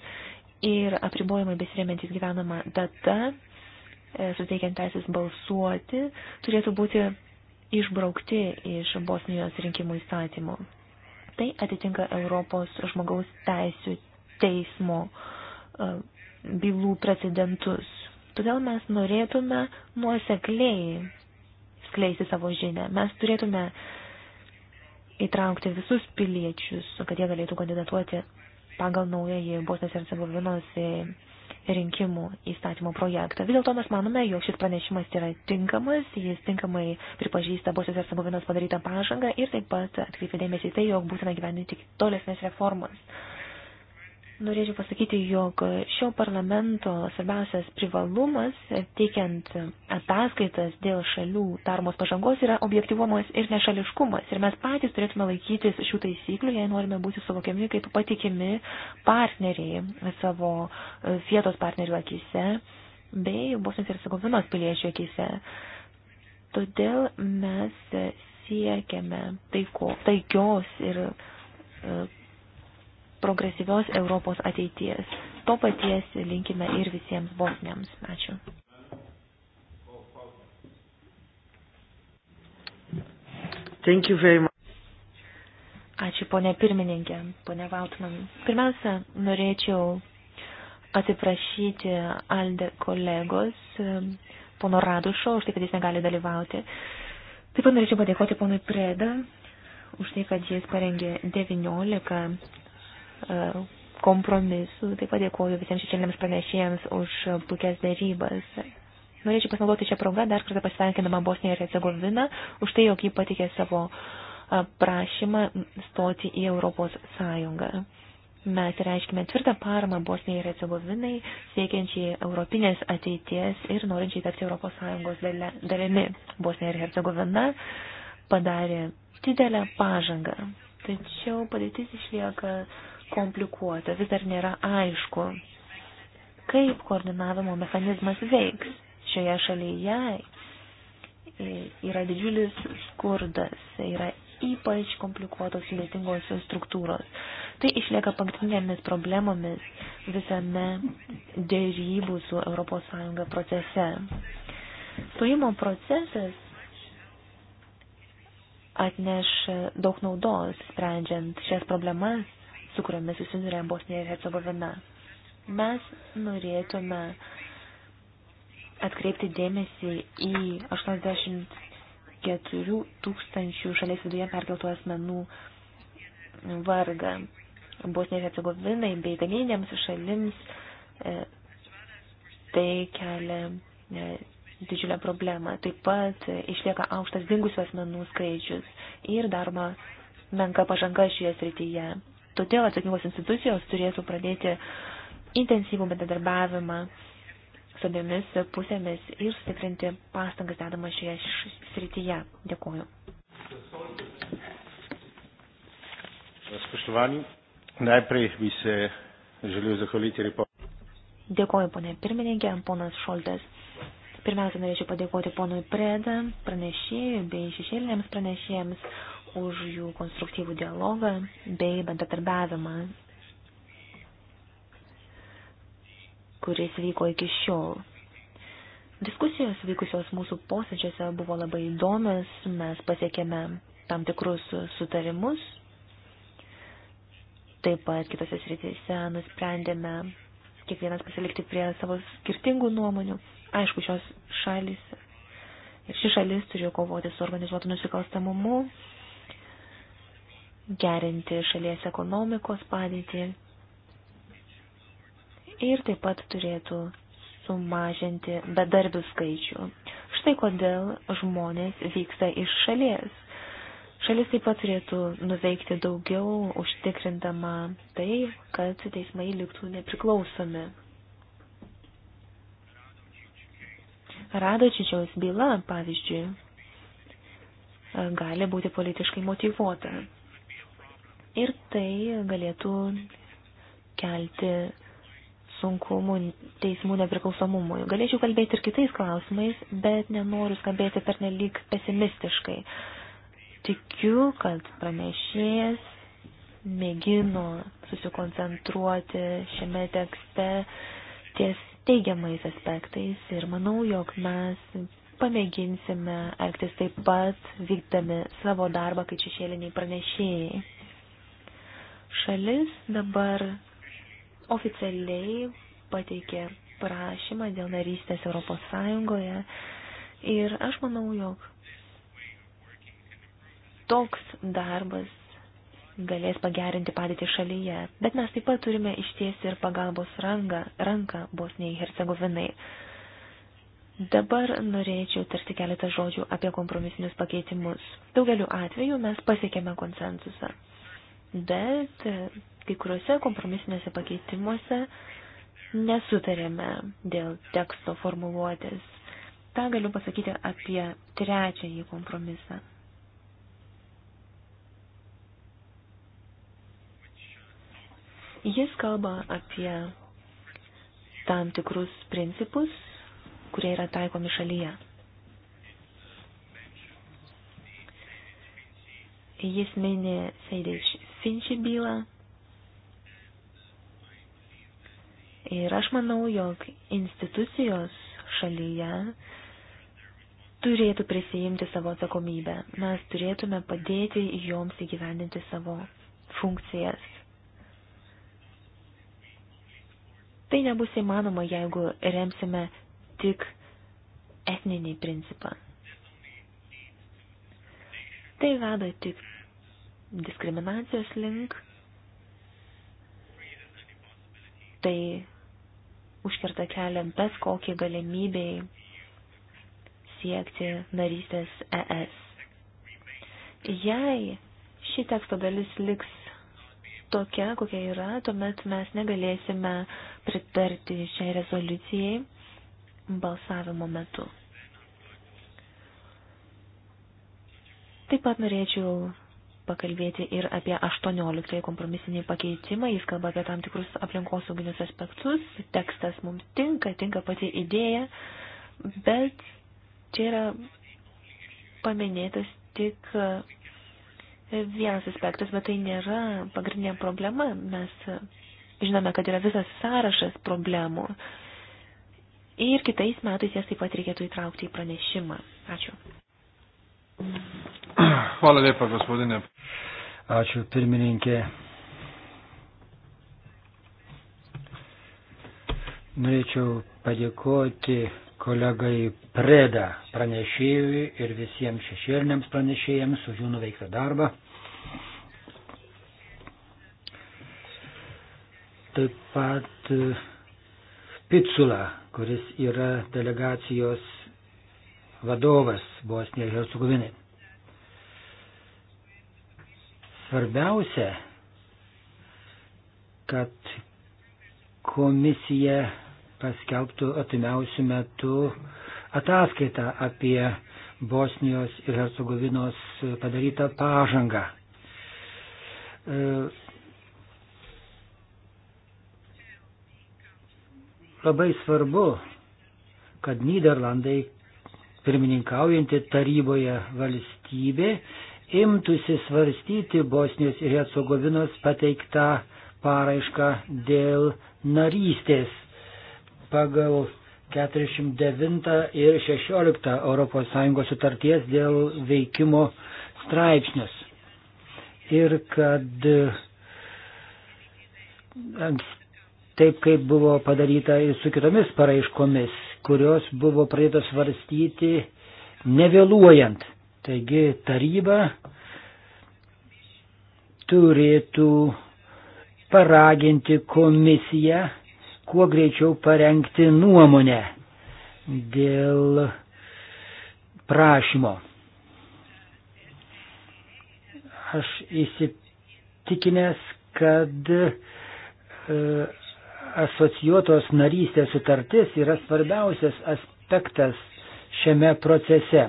ir apribojimai besiremiantis gyvenama data, e, suteikiant teisės balsuoti, turėtų būti išbraukti iš Bosnijos rinkimų įstatymo. Tai atitinka Europos žmogaus teisų teismo uh, bylų precedentus. Todėl mes norėtume nuosekliai skleisti savo žinę. Mes turėtume įtraukti visus piliečius, kad jie galėtų kandidatuoti pagal naująjį Bosnijos ir Cegovinos rinkimų įstatymo projektą. Vis dėlto mes manome, jog šis pranešimas yra tinkamas, jis tinkamai pripažįsta Bosnijos ir Cegovinos padarytą pažangą ir taip pat atkreipia dėmesį į tai, jog būtina gyvendinti tolesnės reformas. Norėčiau pasakyti, jog šio parlamento svarbiausias privalumas, teikiant ataskaitas dėl šalių daromos pažangos, yra objektivumas ir nešališkumas. Ir mes patys turėtume laikytis šių taisyklių, jei norime būti suvokiami kaip patikimi partneriai savo e, vietos partnerių akise bei Bosnijos ir Sagovinos piliečių akise. Todėl mes siekiame taiko, taikios ir e, progresyvios Europos ateities. To paties linkime ir visiems bosniams. Ačiū. Thank you very much. Ačiū, ponė pirmininkė, ponė Vautman. Pirmiausia, norėčiau atsiprašyti Alde kolegos, pono Radušo, už tai, kad jis negali dalyvauti. Taip pat norėčiau padėkoti ponui Preda už tai, kad jis parengė 19 kompromisų. Taip pat dėkuoju visiems šešėlėms pranešėjams už puikias darybas. Norėčiau pasinaudoti šią progą dar kartą pasveikinama Bosniją ir Hercegoviną už tai, jog jį patikė savo prašymą stoti į Europos Sąjungą. Mes reiškime tvirtą paramą Bosnijai ir Hercegovinai, siekiančiai europinės ateities ir norinčiai tapti Europos Sąjungos dalimi. Bosnija ir Hercegovina padarė didelę pažangą, tačiau padėtis išlieka uh, komplikuota, vis dar nėra aišku, kaip koordinavimo mechanizmas veiks. Šioje šalyje yra didžiulis skurdas, yra ypač komplikuotos sudėtingos struktūros. Tai išlieka pagrindinėmis problemomis visame dėrybų su ES procese. Stojimo procesas atneš daug naudos, sprendžiant šias problemas su kuriomis susiduria Bosnija ir Hercegovina. Mes norėtume atkreipti dėmesį į 84 tūkstančių šalies viduje perkeltų asmenų vargą. Bosnijai ir Hercegovinai bei kaimynėms šalims e, tai kelia e, didžiulę problemą. Taip pat e, išlieka aukštas dingusių asmenų skaičius ir daroma menka pažanga šioje srityje. Todėl atsakingos institucijos turėtų pradėti intensyvų bendradarbiavimą su abiemis pusėmis ir stiprinti pastangas dedamas šioje srityje. Dėkuoju. Spoštovani, najprej bi se želel zahvaliti reporterju. Dėkuoju, ponė pirmininkė, ponas Šoltas. Pirmiausia, norėčiau padėkoti ponui Preda, pranešėjui bei šešėliniams pranešėjams už jų konstruktyvų dialogą bei bendradarbiavimą, kuris vyko iki šiol. Diskusijos vykusios mūsų posėdžiuose buvo labai įdomios, mes pasiekėme tam tikrus sutarimus, taip pat kitose srityse nusprendėme kiekvienas pasilikti prie savo skirtingų nuomonių. Aišku, šios šalis ir ši šalis turėjo kovoti su organizuotu nusikalstamumu, gerinti šalies ekonomikos padėtį ir taip pat turėtų sumažinti bedarbių skaičių. Štai kodėl žmonės vyksta iš šalies. Šalis taip pat turėtų nuveikti daugiau, užtikrindama tai, kad teismai liktų nepriklausomi. Radočičiaus byla, pavyzdžiui, gali būti politiškai motivuota ir tai galėtų kelti sunkumų teismų nepriklausomumui. Galėčiau kalbėti ir kitais klausimais, bet nenoriu skambėti per nelik pesimistiškai. Tikiu, kad pranešėjas mėgino susikoncentruoti šiame tekste ties teigiamais aspektais ir manau, jog mes pamėginsime elgtis taip pat, vykdami savo darbą kaip šešėliniai pranešėjai šalis dabar oficialiai pateikė prašymą dėl narystės Europos Sąjungoje ir aš manau, jog toks darbas galės pagerinti padėtį šalyje, bet mes taip pat turime ištiesti ir pagalbos rangą, ranką Bosnijai Hercegovinai. Dabar norėčiau tarti keletą žodžių apie kompromisinius pakeitimus. Daugeliu atveju mes pasiekėme konsensusą bet kai kuriuose kompromisinėse pakeitimuose nesutarėme dėl teksto formuluotės. Ta galiu pasakyti apie trečiąjį kompromisą. Jis kalba apie tam tikrus principus, kurie yra taikomi šalyje. Jis mini Seidėčius Finči bylą. Ir aš manau, jog institucijos šalyje turėtų prisijimti savo atsakomybę. Mes turėtume padėti joms įgyvendinti savo funkcijas. Tai nebus įmanoma, jeigu remsime tik etninį principą. Tai veda tik diskriminacijos link, tai užkerta kelią bet kokį galimybėj siekti narystės ES. Jei ši teksto dalis liks tokia, kokia yra, tuomet mes negalėsime pritarti šiai rezoliucijai balsavimo metu. Taip pat norėčiau pakalbėti ir apie 18 kompromisinį pakeitimą. Jis kalba apie tam tikrus aplinkosauginius aspektus. Tekstas mums tinka, tinka pati idėja, bet čia yra paminėtas tik vienas aspektas, bet tai nėra pagrindinė problema. Mes žinome, kad yra visas sąrašas problemų. Ir kitais metais jas taip pat reikėtų įtraukti į pranešimą. Ačiū. Hvala lijepa, gospodine. Ačiū, pirmininkė. Norėčiau padėkoti kolegai Preda pranešėjui ir visiems šešėliniams pranešėjams už jų nuveiktą darbą. Taip pat Pitsula, kuris yra delegacijos vadovas Bosnijos Hercegovinai. Svarbiausia, kad komisija paskelbtų atimiausių metų ataskaitą apie Bosnijos ir Hercegovinos padarytą pažangą. E, labai svarbu, kad Niderlandai pirmininkaujanti taryboje valstybė imtųsi svarstyti Bosnijos ir Hercegovinos pateiktą paraišką dėl narystės pagal 49 ir 16 ES sutarties dėl veikimo straipsnius. Ir kad e, taip kaip buvo padaryta ir su kitomis paraiškomis, kurios buvo pradėtos svarstyti nevėluojant. Taigi taryba turėtų paraginti komisiją kuo greičiau parengti nuomonę dėl prašymo. Aš įsitikinęs, kad e, asocijuotos narystės sutartis yra svarbiausias aspektas šiame procese.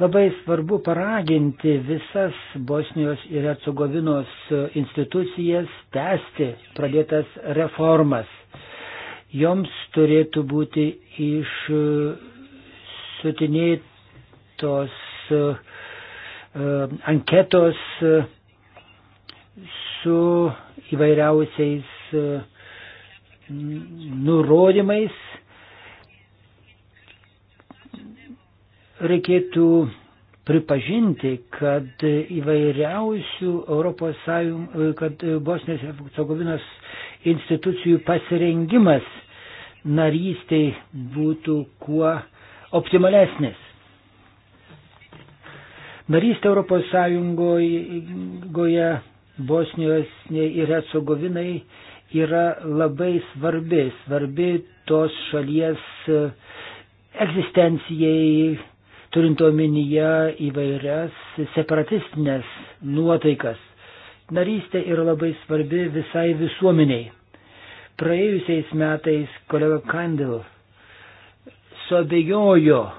Labai svarbu paraginti visas Bosnijos ir Hercegovinos institucijas tęsti pradėtas reformas. Joms turėtų būti išsutinėtos e, anketos e, su įvairiausiais e, nurodymais reikėtų pripažinti, kad įvairiausių Europos Sąjungų, kad Bosnijos ir Hercegovinos institucijų pasirengimas narystiai būtų kuo optimalesnis. Narystė Europos Sąjungoje Bosnijos ir Hercegovinai yra labai svarbi, svarbi tos šalies e, egzistencijai, turint omenyje įvairias separatistinės nuotaikas. Narystė yra labai svarbi visai visuomeniai. Praėjusiais metais kolega Kandil suabejojo e,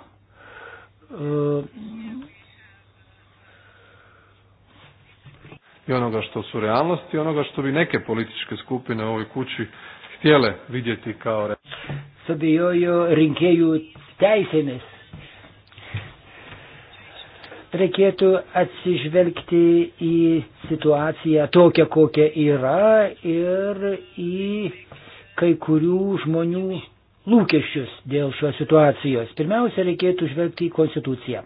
i onoga što su realnosti i onoga što bi neke političke skupine u ovoj kući htjele vidjeti kao realnost. Subijojo rinkėjų teisėmis. Reikėtų atsižvelgti į situaciją tokią, kokia yra ir į kai kurių žmonių lūkesčius dėl šios situacijos. Pirmiausia, reikėtų žvelgti į konstituciją.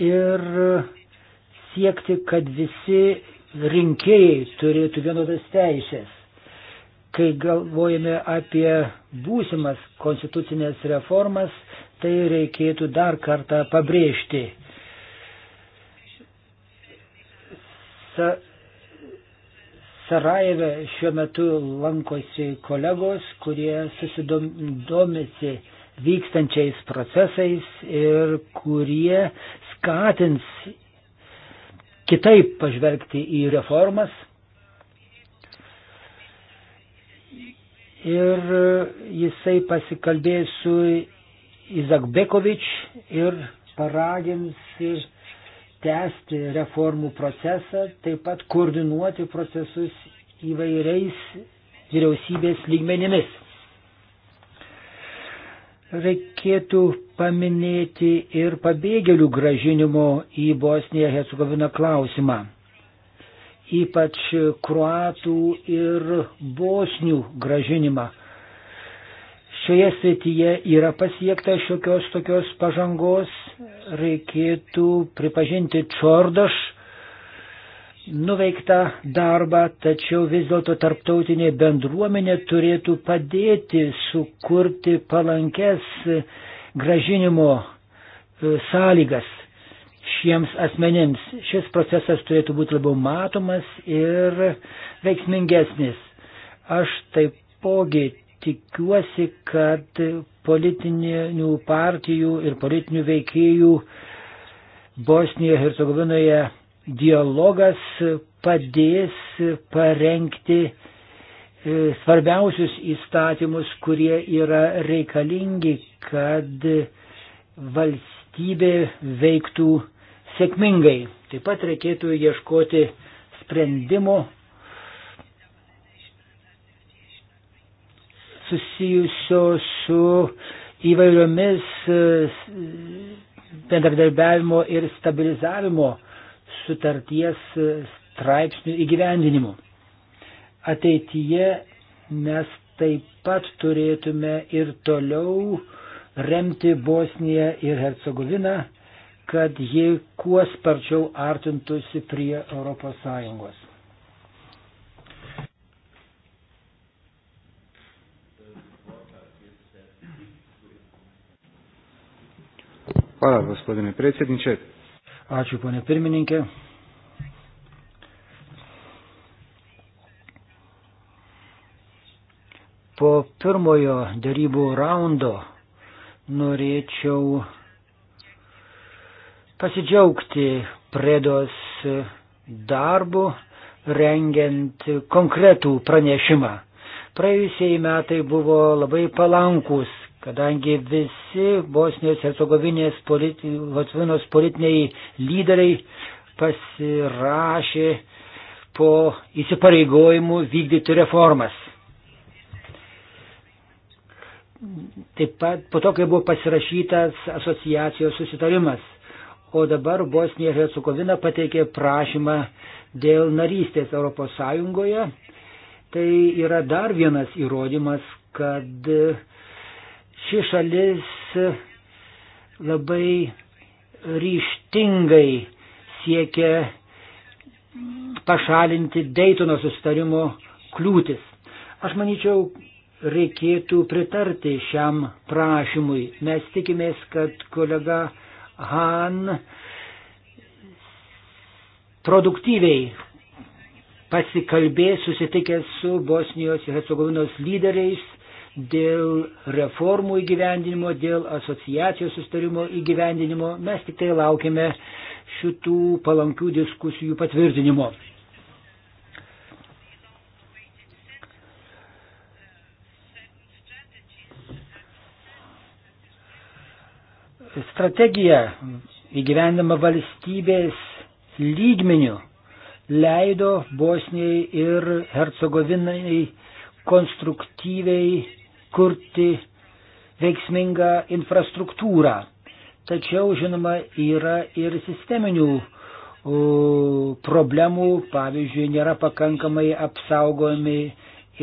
ir siekti, kad visi rinkėjai turėtų vienodas teisės. Kai galvojame apie būsimas konstitucinės reformas, tai reikėtų dar kartą pabrėžti. Sa Sarajeve šiuo metu lankosi kolegos, kurie susidomėsi vykstančiais procesais ir kurie skatins kitaip pažvelgti į reformas. Ir jisai pasikalbės su Izakbekovič ir paragins tęsti reformų procesą, taip pat koordinuoti procesus įvairiais vyriausybės lygmenimis reikėtų paminėti ir pabėgėlių gražinimo į Bosniją Hercegoviną klausimą. Ypač kruatų ir bosnių gražinimą. Šioje srityje yra pasiekta šiokios tokios pažangos, reikėtų pripažinti Čordaš nuveiktą darbą, tačiau vis dėlto tarptautinė bendruomenė turėtų padėti sukurti palankes gražinimo e, sąlygas šiems asmenims. Šis procesas turėtų būti labiau matomas ir veiksmingesnis. Aš taipogi tikiuosi, kad politinių partijų ir politinių veikėjų Bosnijoje, Hercegovinoje dialogas padės parengti e, svarbiausius įstatymus, kurie yra reikalingi, kad valstybė veiktų sėkmingai. Taip pat reikėtų ieškoti sprendimo susijusio su įvairiomis e, bendradarbiavimo ir stabilizavimo sutarties straipsnių įgyvendinimu. Ateityje mes taip pat turėtume ir toliau remti Bosniją ir Hercegoviną, kad ji kuo sparčiau artintųsi prie ES. Hvala gospodine predsjedniče. Ačiū, ponė pirmininkė. Po pirmojo darybų raundo norėčiau pasidžiaugti Predos darbu, rengiant konkretų pranešimą. Praėjusieji metai buvo labai palankus kadangi visi Bosnijos ir Hercegovinės politi, Latvinos politiniai lyderiai pasirašė po įsipareigojimų vykdyti reformas. Taip pat po to, kai buvo pasirašytas asociacijos susitarimas, o dabar Bosnija ir Hercegovina pateikė prašymą dėl narystės Europos Sąjungoje, tai yra dar vienas įrodymas, kad uh, Ši šalis labai ryštingai siekia pašalinti Deitono sustarimo kliūtis. Aš manyčiau, reikėtų pritarti šiam prašymui. Mes tikimės, kad kolega Han produktyviai pasikalbės susitikęs su Bosnijos ir Hercegovinos lyderiais dėl reformų įgyvendinimo, dėl asociacijos sustarimo įgyvendinimo. Mes tik tai laukime šitų palankių diskusijų patvirtinimo. Strategija įgyvendama valstybės lygmenių leido Bosnijai ir Hercegovinai konstruktyviai kurti veiksmingą infrastruktūrą. Tačiau, žinoma, yra ir sisteminių problemų, pavyzdžiui, nėra pakankamai apsaugomi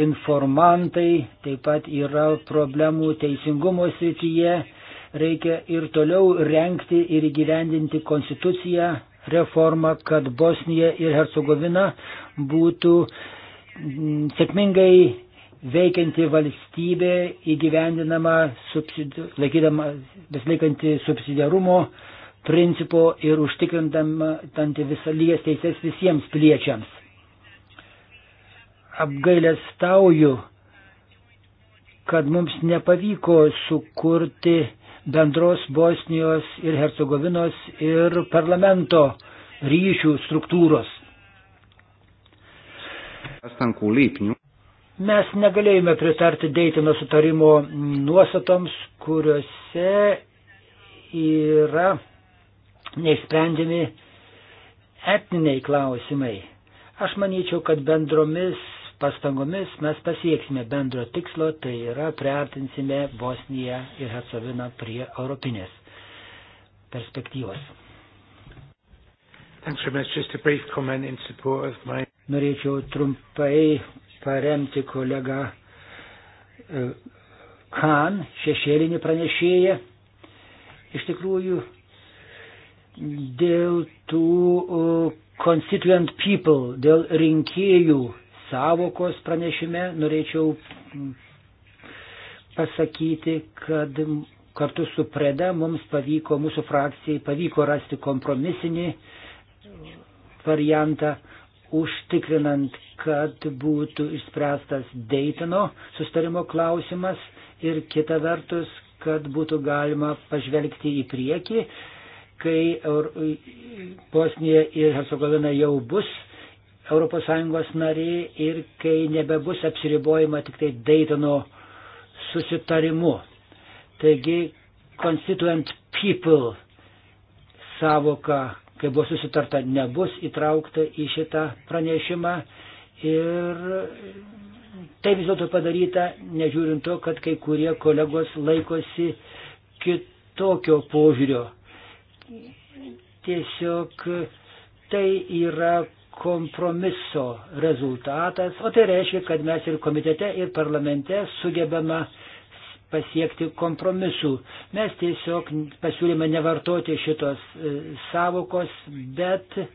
informantai, taip pat yra problemų teisingumo srityje, reikia ir toliau renkti ir įgyvendinti konstituciją reformą, kad Bosnija ir Hercegovina būtų sėkmingai veikianti valstybė įgyvendinama, subsidi... laikydama, beslaikanti subsidiarumo principo ir užtikrintanti visą lygias teises visiems piliečiams. Apgailės tauju, kad mums nepavyko sukurti bendros Bosnijos ir Hercegovinos ir parlamento ryšių struktūros. Sastanku u lipnju Mes negalėjome pritarti Deitino sutarimo nuostatoms, kuriuose yra neįsprendžiami etniniai klausimai. Aš manyčiau, kad bendromis pastangomis mes pasieksime bendro tikslo, tai yra priartinsime Bosniją ir Hercegoviną prie europinės perspektyvos. Norėčiau trumpai paremti kolegą e, Khan, šešėlinį pranešėją. Iš tikrųjų, dėl tų e, constituent people, dėl rinkėjų savokos pranešime norėčiau pasakyti, kad kartu su Preda mums pavyko, mūsų frakcijai pavyko rasti kompromisinį variantą, užtikrinant, kad būtų išspręstas Deitino sustarimo klausimas ir kita vertus, kad būtų galima pažvelgti į priekį, kai Bosnija ir Hercegovina jau bus ES nariai ir kai nebebus apsiribojama tik tai Deitino susitarimu. Taigi, constituent people savoka kai buvo susitarta, nebus įtraukta į šitą pranešimą. Ir tai vis dėlto padaryta, nežiūrint to, kad kai kurie kolegos laikosi kitokio požiūrio. Tiesiog tai yra kompromiso rezultatas, o tai reiškia, kad mes ir komitete, ir parlamente sugebame uh, pasiekti kompromisų. Mes tiesiog pasiūlėme nevartoti šitos e, savokos, bet e,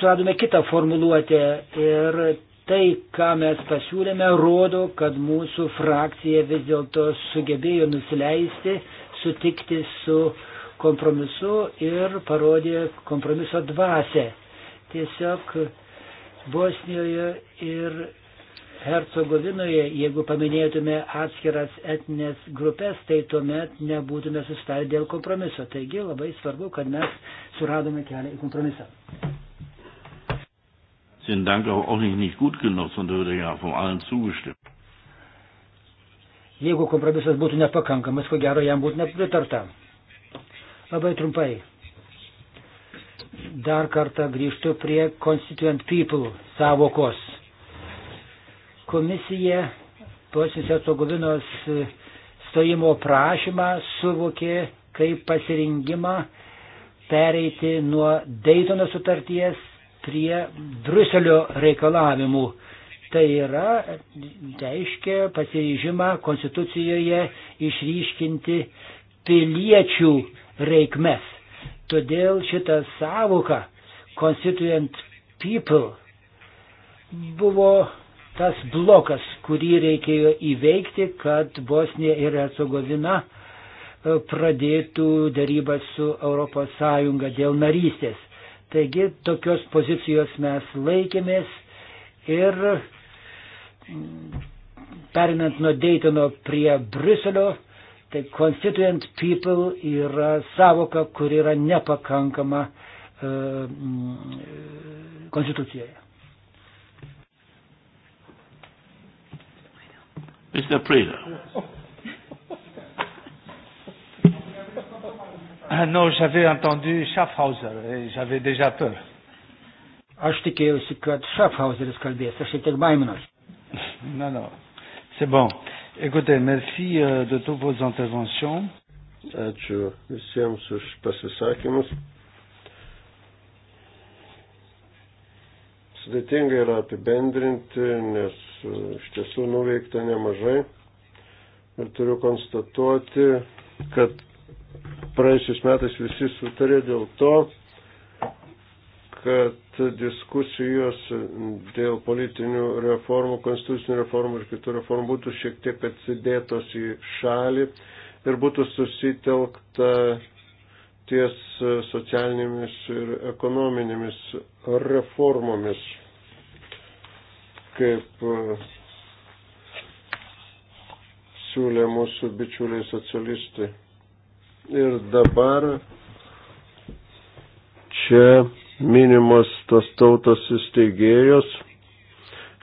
suradome kitą formuluotę ir tai, ką mes pasiūlėme, rodo, kad mūsų frakcija vis dėlto sugebėjo nusileisti, sutikti su kompromisu ir parodė kompromiso dvasę. Tiesiog Bosnijoje ir Hercegovinoje, jeigu paminėtume atskiras etinės grupės, tai tuomet nebūtume sustarę dėl kompromiso. Taigi labai svarbu, kad mes suradome kelią į kompromisą. Vielen Dank auch, auch nicht, nicht gut genutzt und würde ja von allen zugestimmt. Jeigu kompromisas būtų nepakankamas, ko gero jam būtų nepritarta. Labai trumpai dar kartą grįžtu prie Constituent People savokos. Komisija Bosnijos Hercegovinos e, stojimo prašymą suvokė kaip pasirinkimą pereiti nuo Daytono sutarties prie Bruselio reikalavimų. Tai yra, reiškia pasiryžimą konstitucijoje išryškinti piliečių reikmes Todėl šitą savoką Constituent People buvo tas blokas, kurį reikėjo įveikti, kad Bosnija ir Hercegovina e, pradėtų darybas su ES dėl narystės. Taigi tokios pozicijos mes laikėmės ir perinant nuo Daytono prie Briuselio Tai constituent people yra savoka, kuri yra nepakankama uh, konstitucijoje. Mr. Preda. Ah, non, j'avais entendu Schaffhauser et j'avais déjà peur. Aš tikėjausi, kad Schaffhauseris kalbės, aš šiek tiek baiminausi. Non, non, c'est bon. Écoutez, merci euh, de toutes vos interventions. Ačiū visiems už pasisakymus. Sudėtinga yra apibendrinti, nes e, iš tiesų nuveikta nemažai. Ir turiu konstatuoti, kad praėjusiais metais visi sutarė dėl to, kad diskusijos dėl politinių reformų, konstitucinių reformų ir kitų reformų būtų šiek tiek atsidėtos į šalį ir būtų susitelkta ties socialinėmis ir ekonominėmis reformomis, kaip uh, siūlė mūsų bičiuliai socialistai. Ir dabar čia minimos tos tautos įsteigėjos,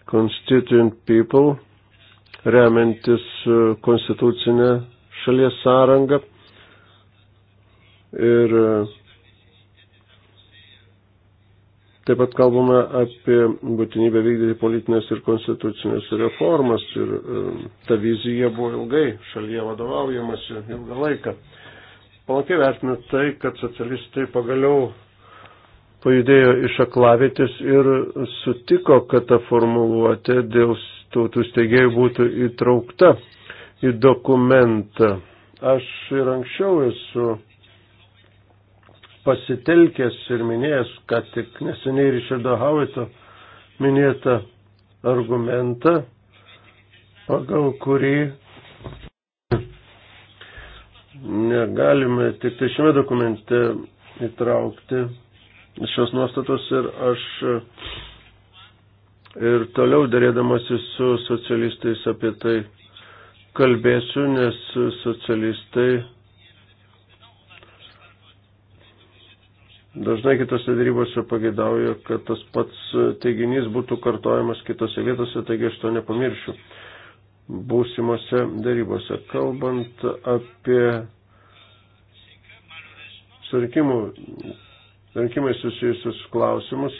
Constituent People, remiantis e, konstitucinę šalies sąrangą. Ir e, Taip pat kalbame apie būtinybę vykdyti politinės ir konstitucinės reformas ir e, ta vizija buvo ilgai šalyje vadovaujamasi ilgą laiką. Palankiai vertinu tai, kad socialistai pagaliau pajudėjo iš aklavėtės ir sutiko, kad ta formuluotė dėl tautų steigėjų būtų įtraukta į dokumentą. Aš ir anksčiau esu pasitelkęs ir minėjęs, kad tik neseniai Richardo Havito minėtą argumentą, pagal kurį negalime tik tai šiame dokumente įtraukti šios nuostatos ir aš ir toliau dėrėdamasi su socialistais apie tai kalbėsiu, nes socialistai dažnai kitose darybose pagėdauja, kad tas pats teiginys būtų kartojamas kitose vietose, taigi aš to nepamiršiu. Būsimose darybose, kalbant apie surinkimų rinkimai susijusius klausimus,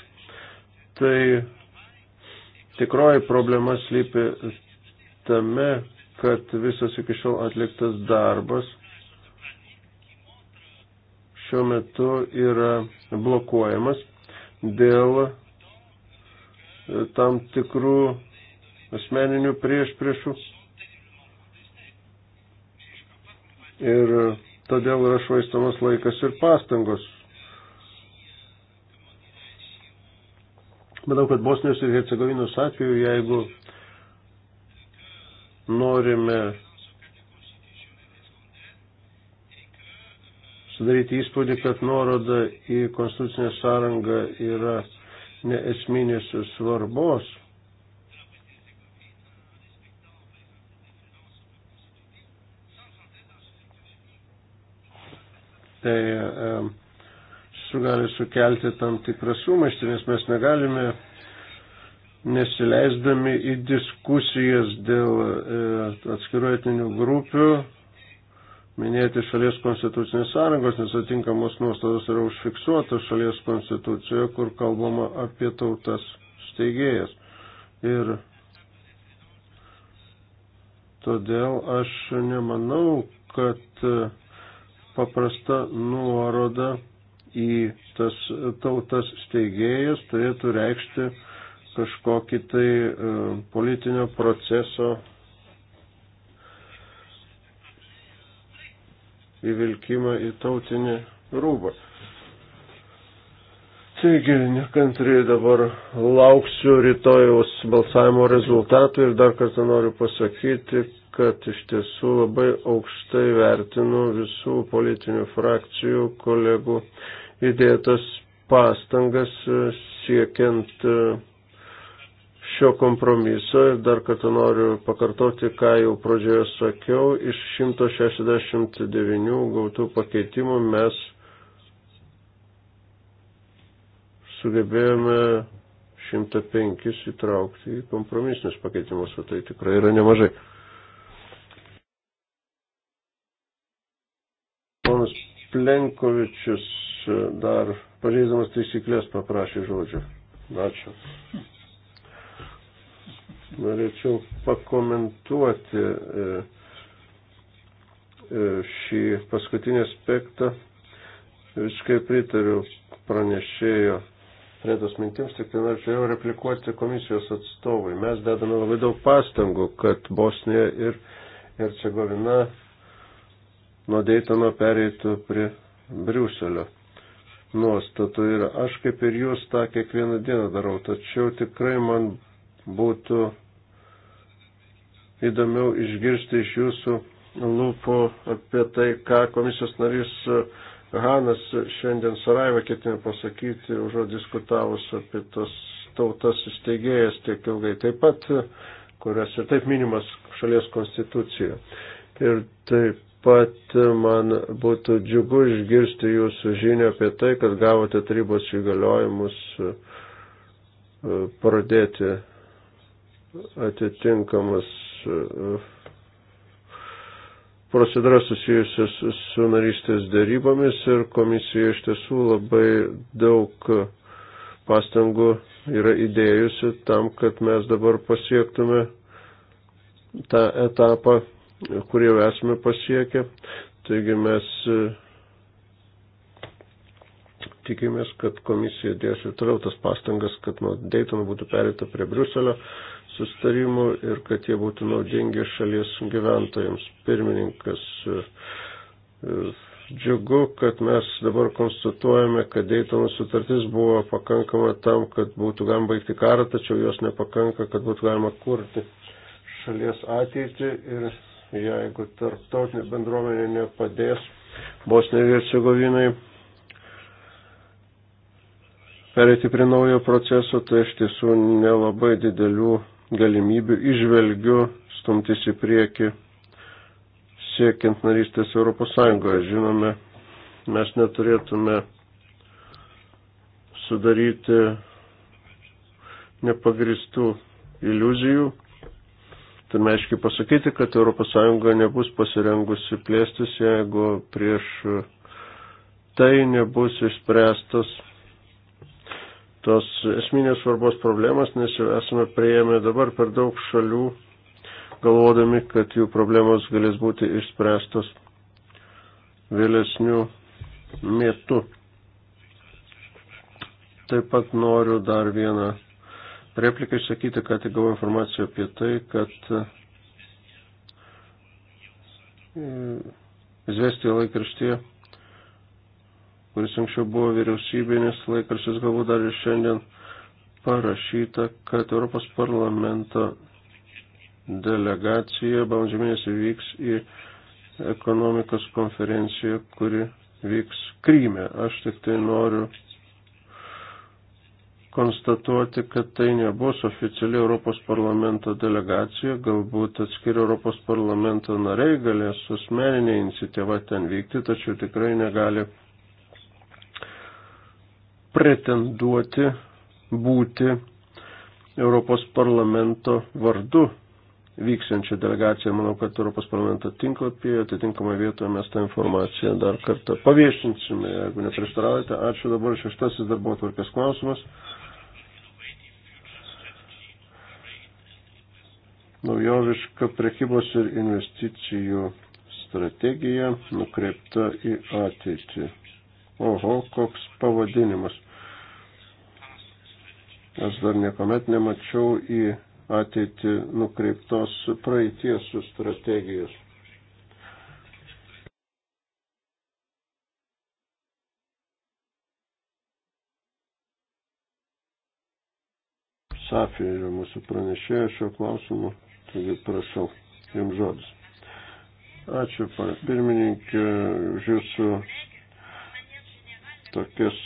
tai tikroji problema slypi tame, kad visas iki šiol atliktas darbas šiuo metu yra blokuojamas dėl e, tam tikrų asmeninių prieš priešų. Ir todėl yra švaistamas laikas ir pastangos. Manau, kad Bosnijos ir Hercegovinos atveju, jeigu norime sudaryti įspūdį, kad nuoroda į konstitucinę sąrangą yra neesminės svarbos. Tai e, gali sukelti tam tikrą sumaištį, nes mes negalime nesileisdami į diskusijas dėl e, atskirų etninių grupių minėti šalies konstitucinės sąrangos, nes atinkamos nuostatos yra užfiksuotos šalies konstitucijoje, kur kalbama apie tautas steigėjas. Ir todėl aš nemanau, kad e, paprasta nuoroda į tas tautas steigėjas turėtų reikšti kažkokį tai e, politinio proceso įvilkimą į tautinį rūbą. Taigi, nekantriai dabar lauksiu rytojaus balsavimo rezultatų ir dar kartą noriu pasakyti, kad iš tiesų labai aukštai vertinu visų politinių frakcijų kolegų įdėtas pastangas e, siekiant e, šio kompromiso ir dar kartą noriu pakartoti, ką jau pradžioje sakiau, iš 169 gautų pakeitimų mes sugebėjome 105 įtraukti į kompromisinius pakeitimus, o tai tikrai yra nemažai. Ponas Plenkovičius e, dar pažeidamas taisyklės paprašė žodžio. Ačiū. Norėčiau pakomentuoti e, e, šį paskutinį aspektą. Visiškai pritariu pranešėjo Redos mintims, tik tai norėčiau replikuoti komisijos atstovui. Mes dedame labai daug pastangų, kad Bosnija ir Hercegovina nuo Deitono pereitų prie Briuselio nuostatų ir aš kaip ir jūs tą kiekvieną dieną darau, tačiau tikrai man būtų įdomiau išgirsti iš jūsų lūpų apie tai, ką komisijos narys uh, Hanas šiandien Saraivą ketina pasakyti, užuot diskutavus apie tas tautas įsteigėjas tiek ilgai taip pat, kurias ir taip minimas šalies konstitucija. Ir taip pat man būtų džiugu išgirsti jūsų žinią apie tai, kad gavote tarybos įgaliojimus e, pradėti atitinkamas e, procedūra susijusias su narystės dėrybomis ir komisija iš tiesų labai daug pastangų yra įdėjusi tam, kad mes dabar pasiektume tą etapą, kurį jau esame pasiekę. Taigi mes tikimės, kad komisija dės ir toliau tas pastangas, kad nuo Daytono būtų perėta prie Bruselio sustarimų ir kad jie būtų naudingi šalies gyventojams. Pirmininkas, e, džiugu, kad mes dabar konstatuojame, kad Daytono sutartis buvo pakankama tam, kad būtų galima baigti karą, tačiau jos nepakanka, kad būtų galima kurti šalies ateitį ir jeigu tarptautinė bendruomenė nepadės Bosnijai ir Hercegovinai perėti prie naujo proceso, tai iš tiesų nelabai didelių galimybių išvelgiu stumtis į priekį siekiant narystės Europos Sąjungoje. Žinome, mes neturėtume sudaryti nepagristų iliuzijų. Turime aiškiai pasakyti, kad ES nebus pasirengusi plėstis, jeigu prieš tai nebus išspręstos tos esminės svarbos problemas, nes jau esame prieėmę dabar per daug šalių, galvodami, kad jų problemos galės būti išspręstos vėlesnių metų. Taip pat noriu dar vieną repliką išsakyti, kad gavau informaciją apie tai, kad e, Izvestija laikraštyje kuris anksčiau buvo vyriausybinis laikraštis, galbūt dar ir šiandien parašyta, kad Europos parlamento delegacija balandžio mėnesį vyks į ekonomikos konferenciją, kuri vyks Kryme. Aš tik tai noriu konstatuoti, kad tai nebus oficiali Europos parlamento delegacija, galbūt atskiri Europos parlamento nariai galės asmeninė iniciatyva ten vykti, tačiau tikrai negali pretenduoti būti Europos parlamento vardu vyksiančią delegaciją. Manau, kad Europos parlamento tinklapyje atitinkamą vietoje mes tą informaciją dar kartą paviešinsime. Jeigu neprieštaraujate, ačiū dabar šeštasis darbo tvarkės klausimas. Naujoviška prekybos ir investicijų strategija nukreipta į ateitį. Oho, koks pavadinimas. Aš dar niekuomet nemačiau į ateitį nukreiptos praeities strategijos. Safija yra mūsų pranešėja šio klausimu, taigi prašau, jums žodis. Ačiū, pirmininkė, už jūsų tokias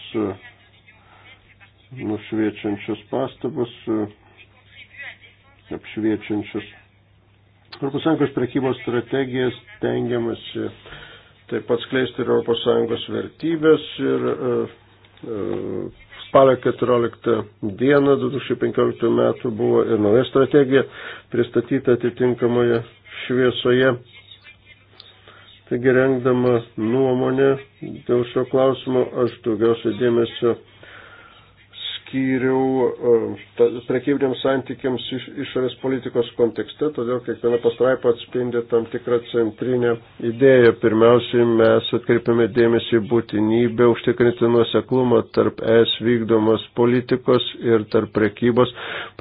nušviečiančias pastabas, e, apšviečiančias. Europos Sąjungos prekybos strategijas tengiamasi taip pat skleisti ir Europos Sąjungos vertybės ir e, e, spalio 14 dieną 2015 metų buvo ir nauja strategija pristatyta atitinkamoje šviesoje. Taigi rengdama nuomonę dėl šio klausimo aš daugiausia dėmesio skyriau e, prekybiniams santykiams iš, išorės politikos kontekste, todėl kiekviena pastraipa atspindi tam tikrą centrinę idėją. Pirmiausiai mes atkreipiame dėmesį būtinybę užtikrinti nuoseklumą tarp es vykdomos politikos ir tarp prekybos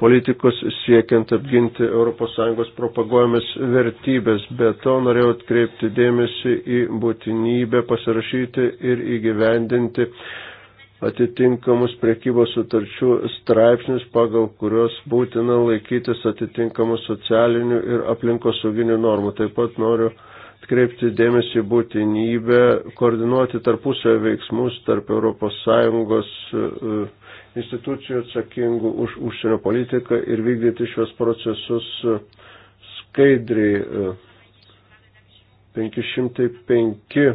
politikos siekiant apginti ES propaguojamas vertybės. Be to norėjau atkreipti dėmesį į būtinybę pasirašyti ir įgyvendinti atitinkamus priekybos sutarčių straipsnius, pagal kurios būtina laikytis atitinkamų socialinių ir aplinkosauginių normų. Taip pat noriu atkreipti dėmesį būtinybę koordinuoti tarpusio veiksmus tarp ES e, institucijų atsakingų už užsienio politiką ir vykdyti šios procesus e, skaidriai. 505 e,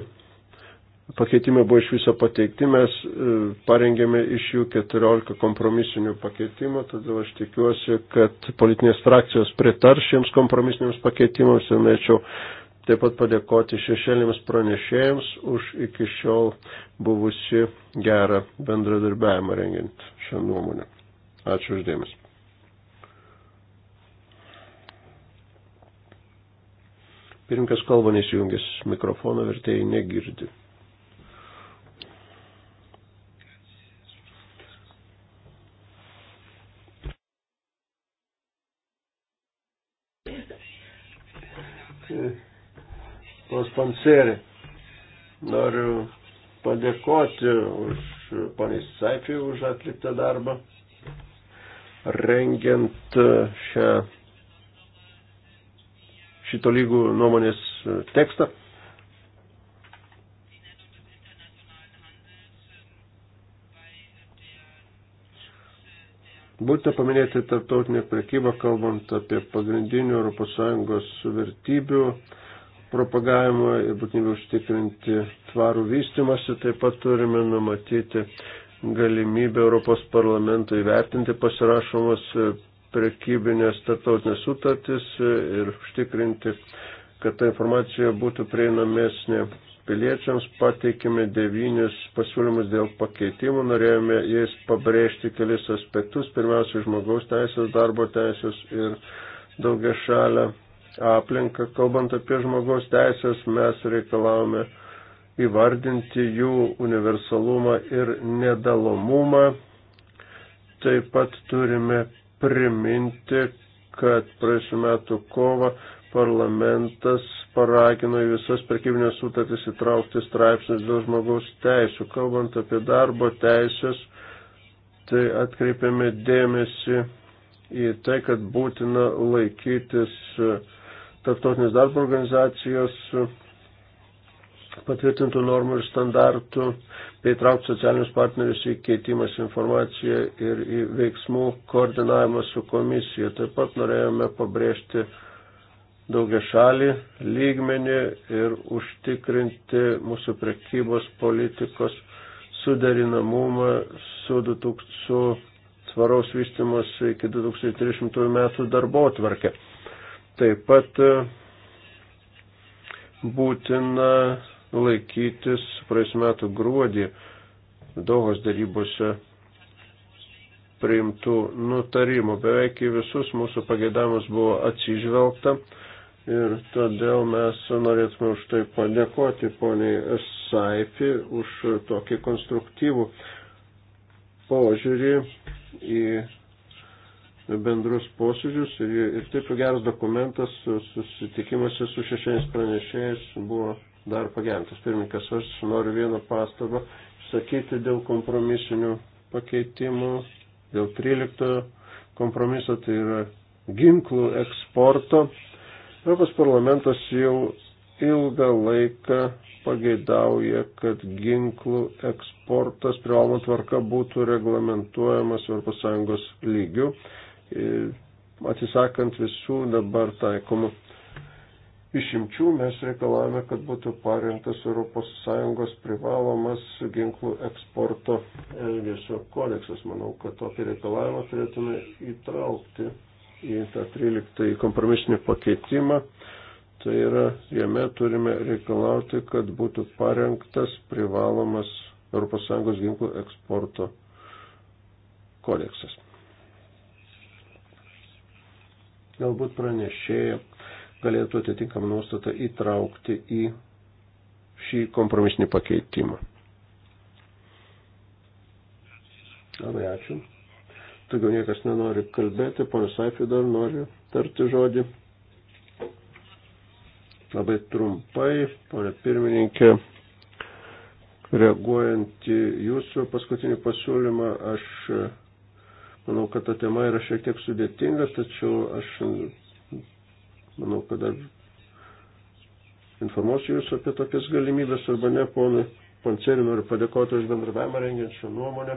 pakeitimai buvo iš viso pateikti, mes e, parengėme iš jų 14 kompromisinių pakeitimų, todėl aš tikiuosi, kad politinės frakcijos pritar šiems kompromisiniams pakeitimams ir norėčiau taip pat padėkoti šešėlėms pranešėjams už iki šiol buvusi gerą bendradarbiavimą rengiant šią nuomonę. Ačiū uždėmesi. Pirinkas kalba nesijungęs mikrofoną, vertėjai negirdi. Panseri. Noriu padėkoti už poniai Saifijai už atliktą darbą, rengiant šią šito lygų nuomonės tekstą. Būtina paminėti tarptautinę prekybą, kalbant apie pagrindinių ES vertybių propagavimo ir būtinybę užtikrinti tvarų vystimąsi. Taip pat turime numatyti galimybę Europos parlamentui vertinti pasirašomas prekybinės tartautinės sutartis ir užtikrinti, kad ta informacija būtų prieinamesnė piliečiams pateikėme devynis pasiūlymus dėl pakeitimų, norėjome jais pabrėžti kelis aspektus, pirmiausia, žmogaus teisės, darbo teisės ir daugia šalia aplinką. Kalbant apie žmogaus teisės, mes reikalavome įvardinti jų universalumą ir nedalomumą. Taip pat turime priminti, kad praėjusiu metu kovo parlamentas paragino į visas prekybinės sutartys įtraukti straipsnius dėl žmogaus teisų. Kalbant apie darbo teisės, tai atkreipiame dėmesį į tai, kad būtina laikytis uh, Tarptautinės darbo organizacijos patvirtintų normų ir standartų, bei traukti socialinius partnerius į keitimas informaciją ir į veiksmų koordinavimą su komisija. Taip pat norėjome pabrėžti daugia šalį lygmenį ir užtikrinti mūsų prekybos politikos suderinamumą su, 2000, su tvaraus vystimas iki 2030 metų darbo tvarkė. Taip pat e, būtina laikytis praeis metų gruodį Dohos darybose priimtų nutarimų. Beveik į visus mūsų pageidavimus buvo atsižvelgta ir todėl mes norėtume už tai padėkoti poniai Saifi už tokį konstruktyvų požiūrį į bendrus posėdžius ir, ir taip geras dokumentas susitikimuose su šešiais pranešėjais buvo dar pagerintas. Pirmininkas, aš noriu vieną pastabą sakyti dėl kompromisinių pakeitimų, dėl 13 kompromiso, tai yra ginklų eksporto. Europos parlamentas jau ilgą laiką pageidauja, kad ginklų eksportas privaloma tvarka būtų reglamentuojamas ES lygių atsisakant visų dabar taikomų išimčių, mes reikalavome, kad būtų parengtas ES privalomas ginklų eksporto elgesio kodeksas. Manau, kad tokį reikalavimą turėtume įtraukti į tą 13 kompromisinį pakeitimą. Tai yra, jame turime reikalauti, kad būtų parengtas privalomas ES ginklų eksporto kodeksas. Galbūt pranešėja galėtų atitinkamą nuostatą įtraukti į šį kompromisinį pakeitimą. Labai ačiū. Daugiau niekas nenori kalbėti, ponas Saifi dar nori tarti žodį. Labai trumpai, ponė pirmininkė, reaguojant į jūsų paskutinį pasiūlymą, aš Manau, kad ta tema yra šiek tiek sudėtinga, tačiau aš manau, kad dar informuosiu Jūs apie tokias galimybės arba ne, ponui Panceri, noriu padėkoti už bendradavimą rengiant šią nuomonę,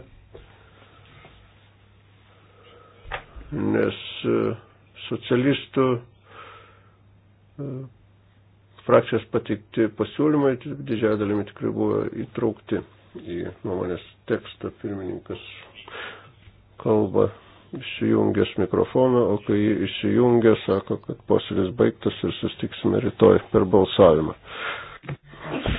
nes e, socialistų e, frakcijos pateikti pasiūlymai didžiąją dalimi tikrai buvo įtraukti į nuomonės tekstą pirmininkas kalba išjungęs mikrofoną, o kai jį išjungia, sako, kad posėdis baigtas ir sustiksime rytoj per balsavimą.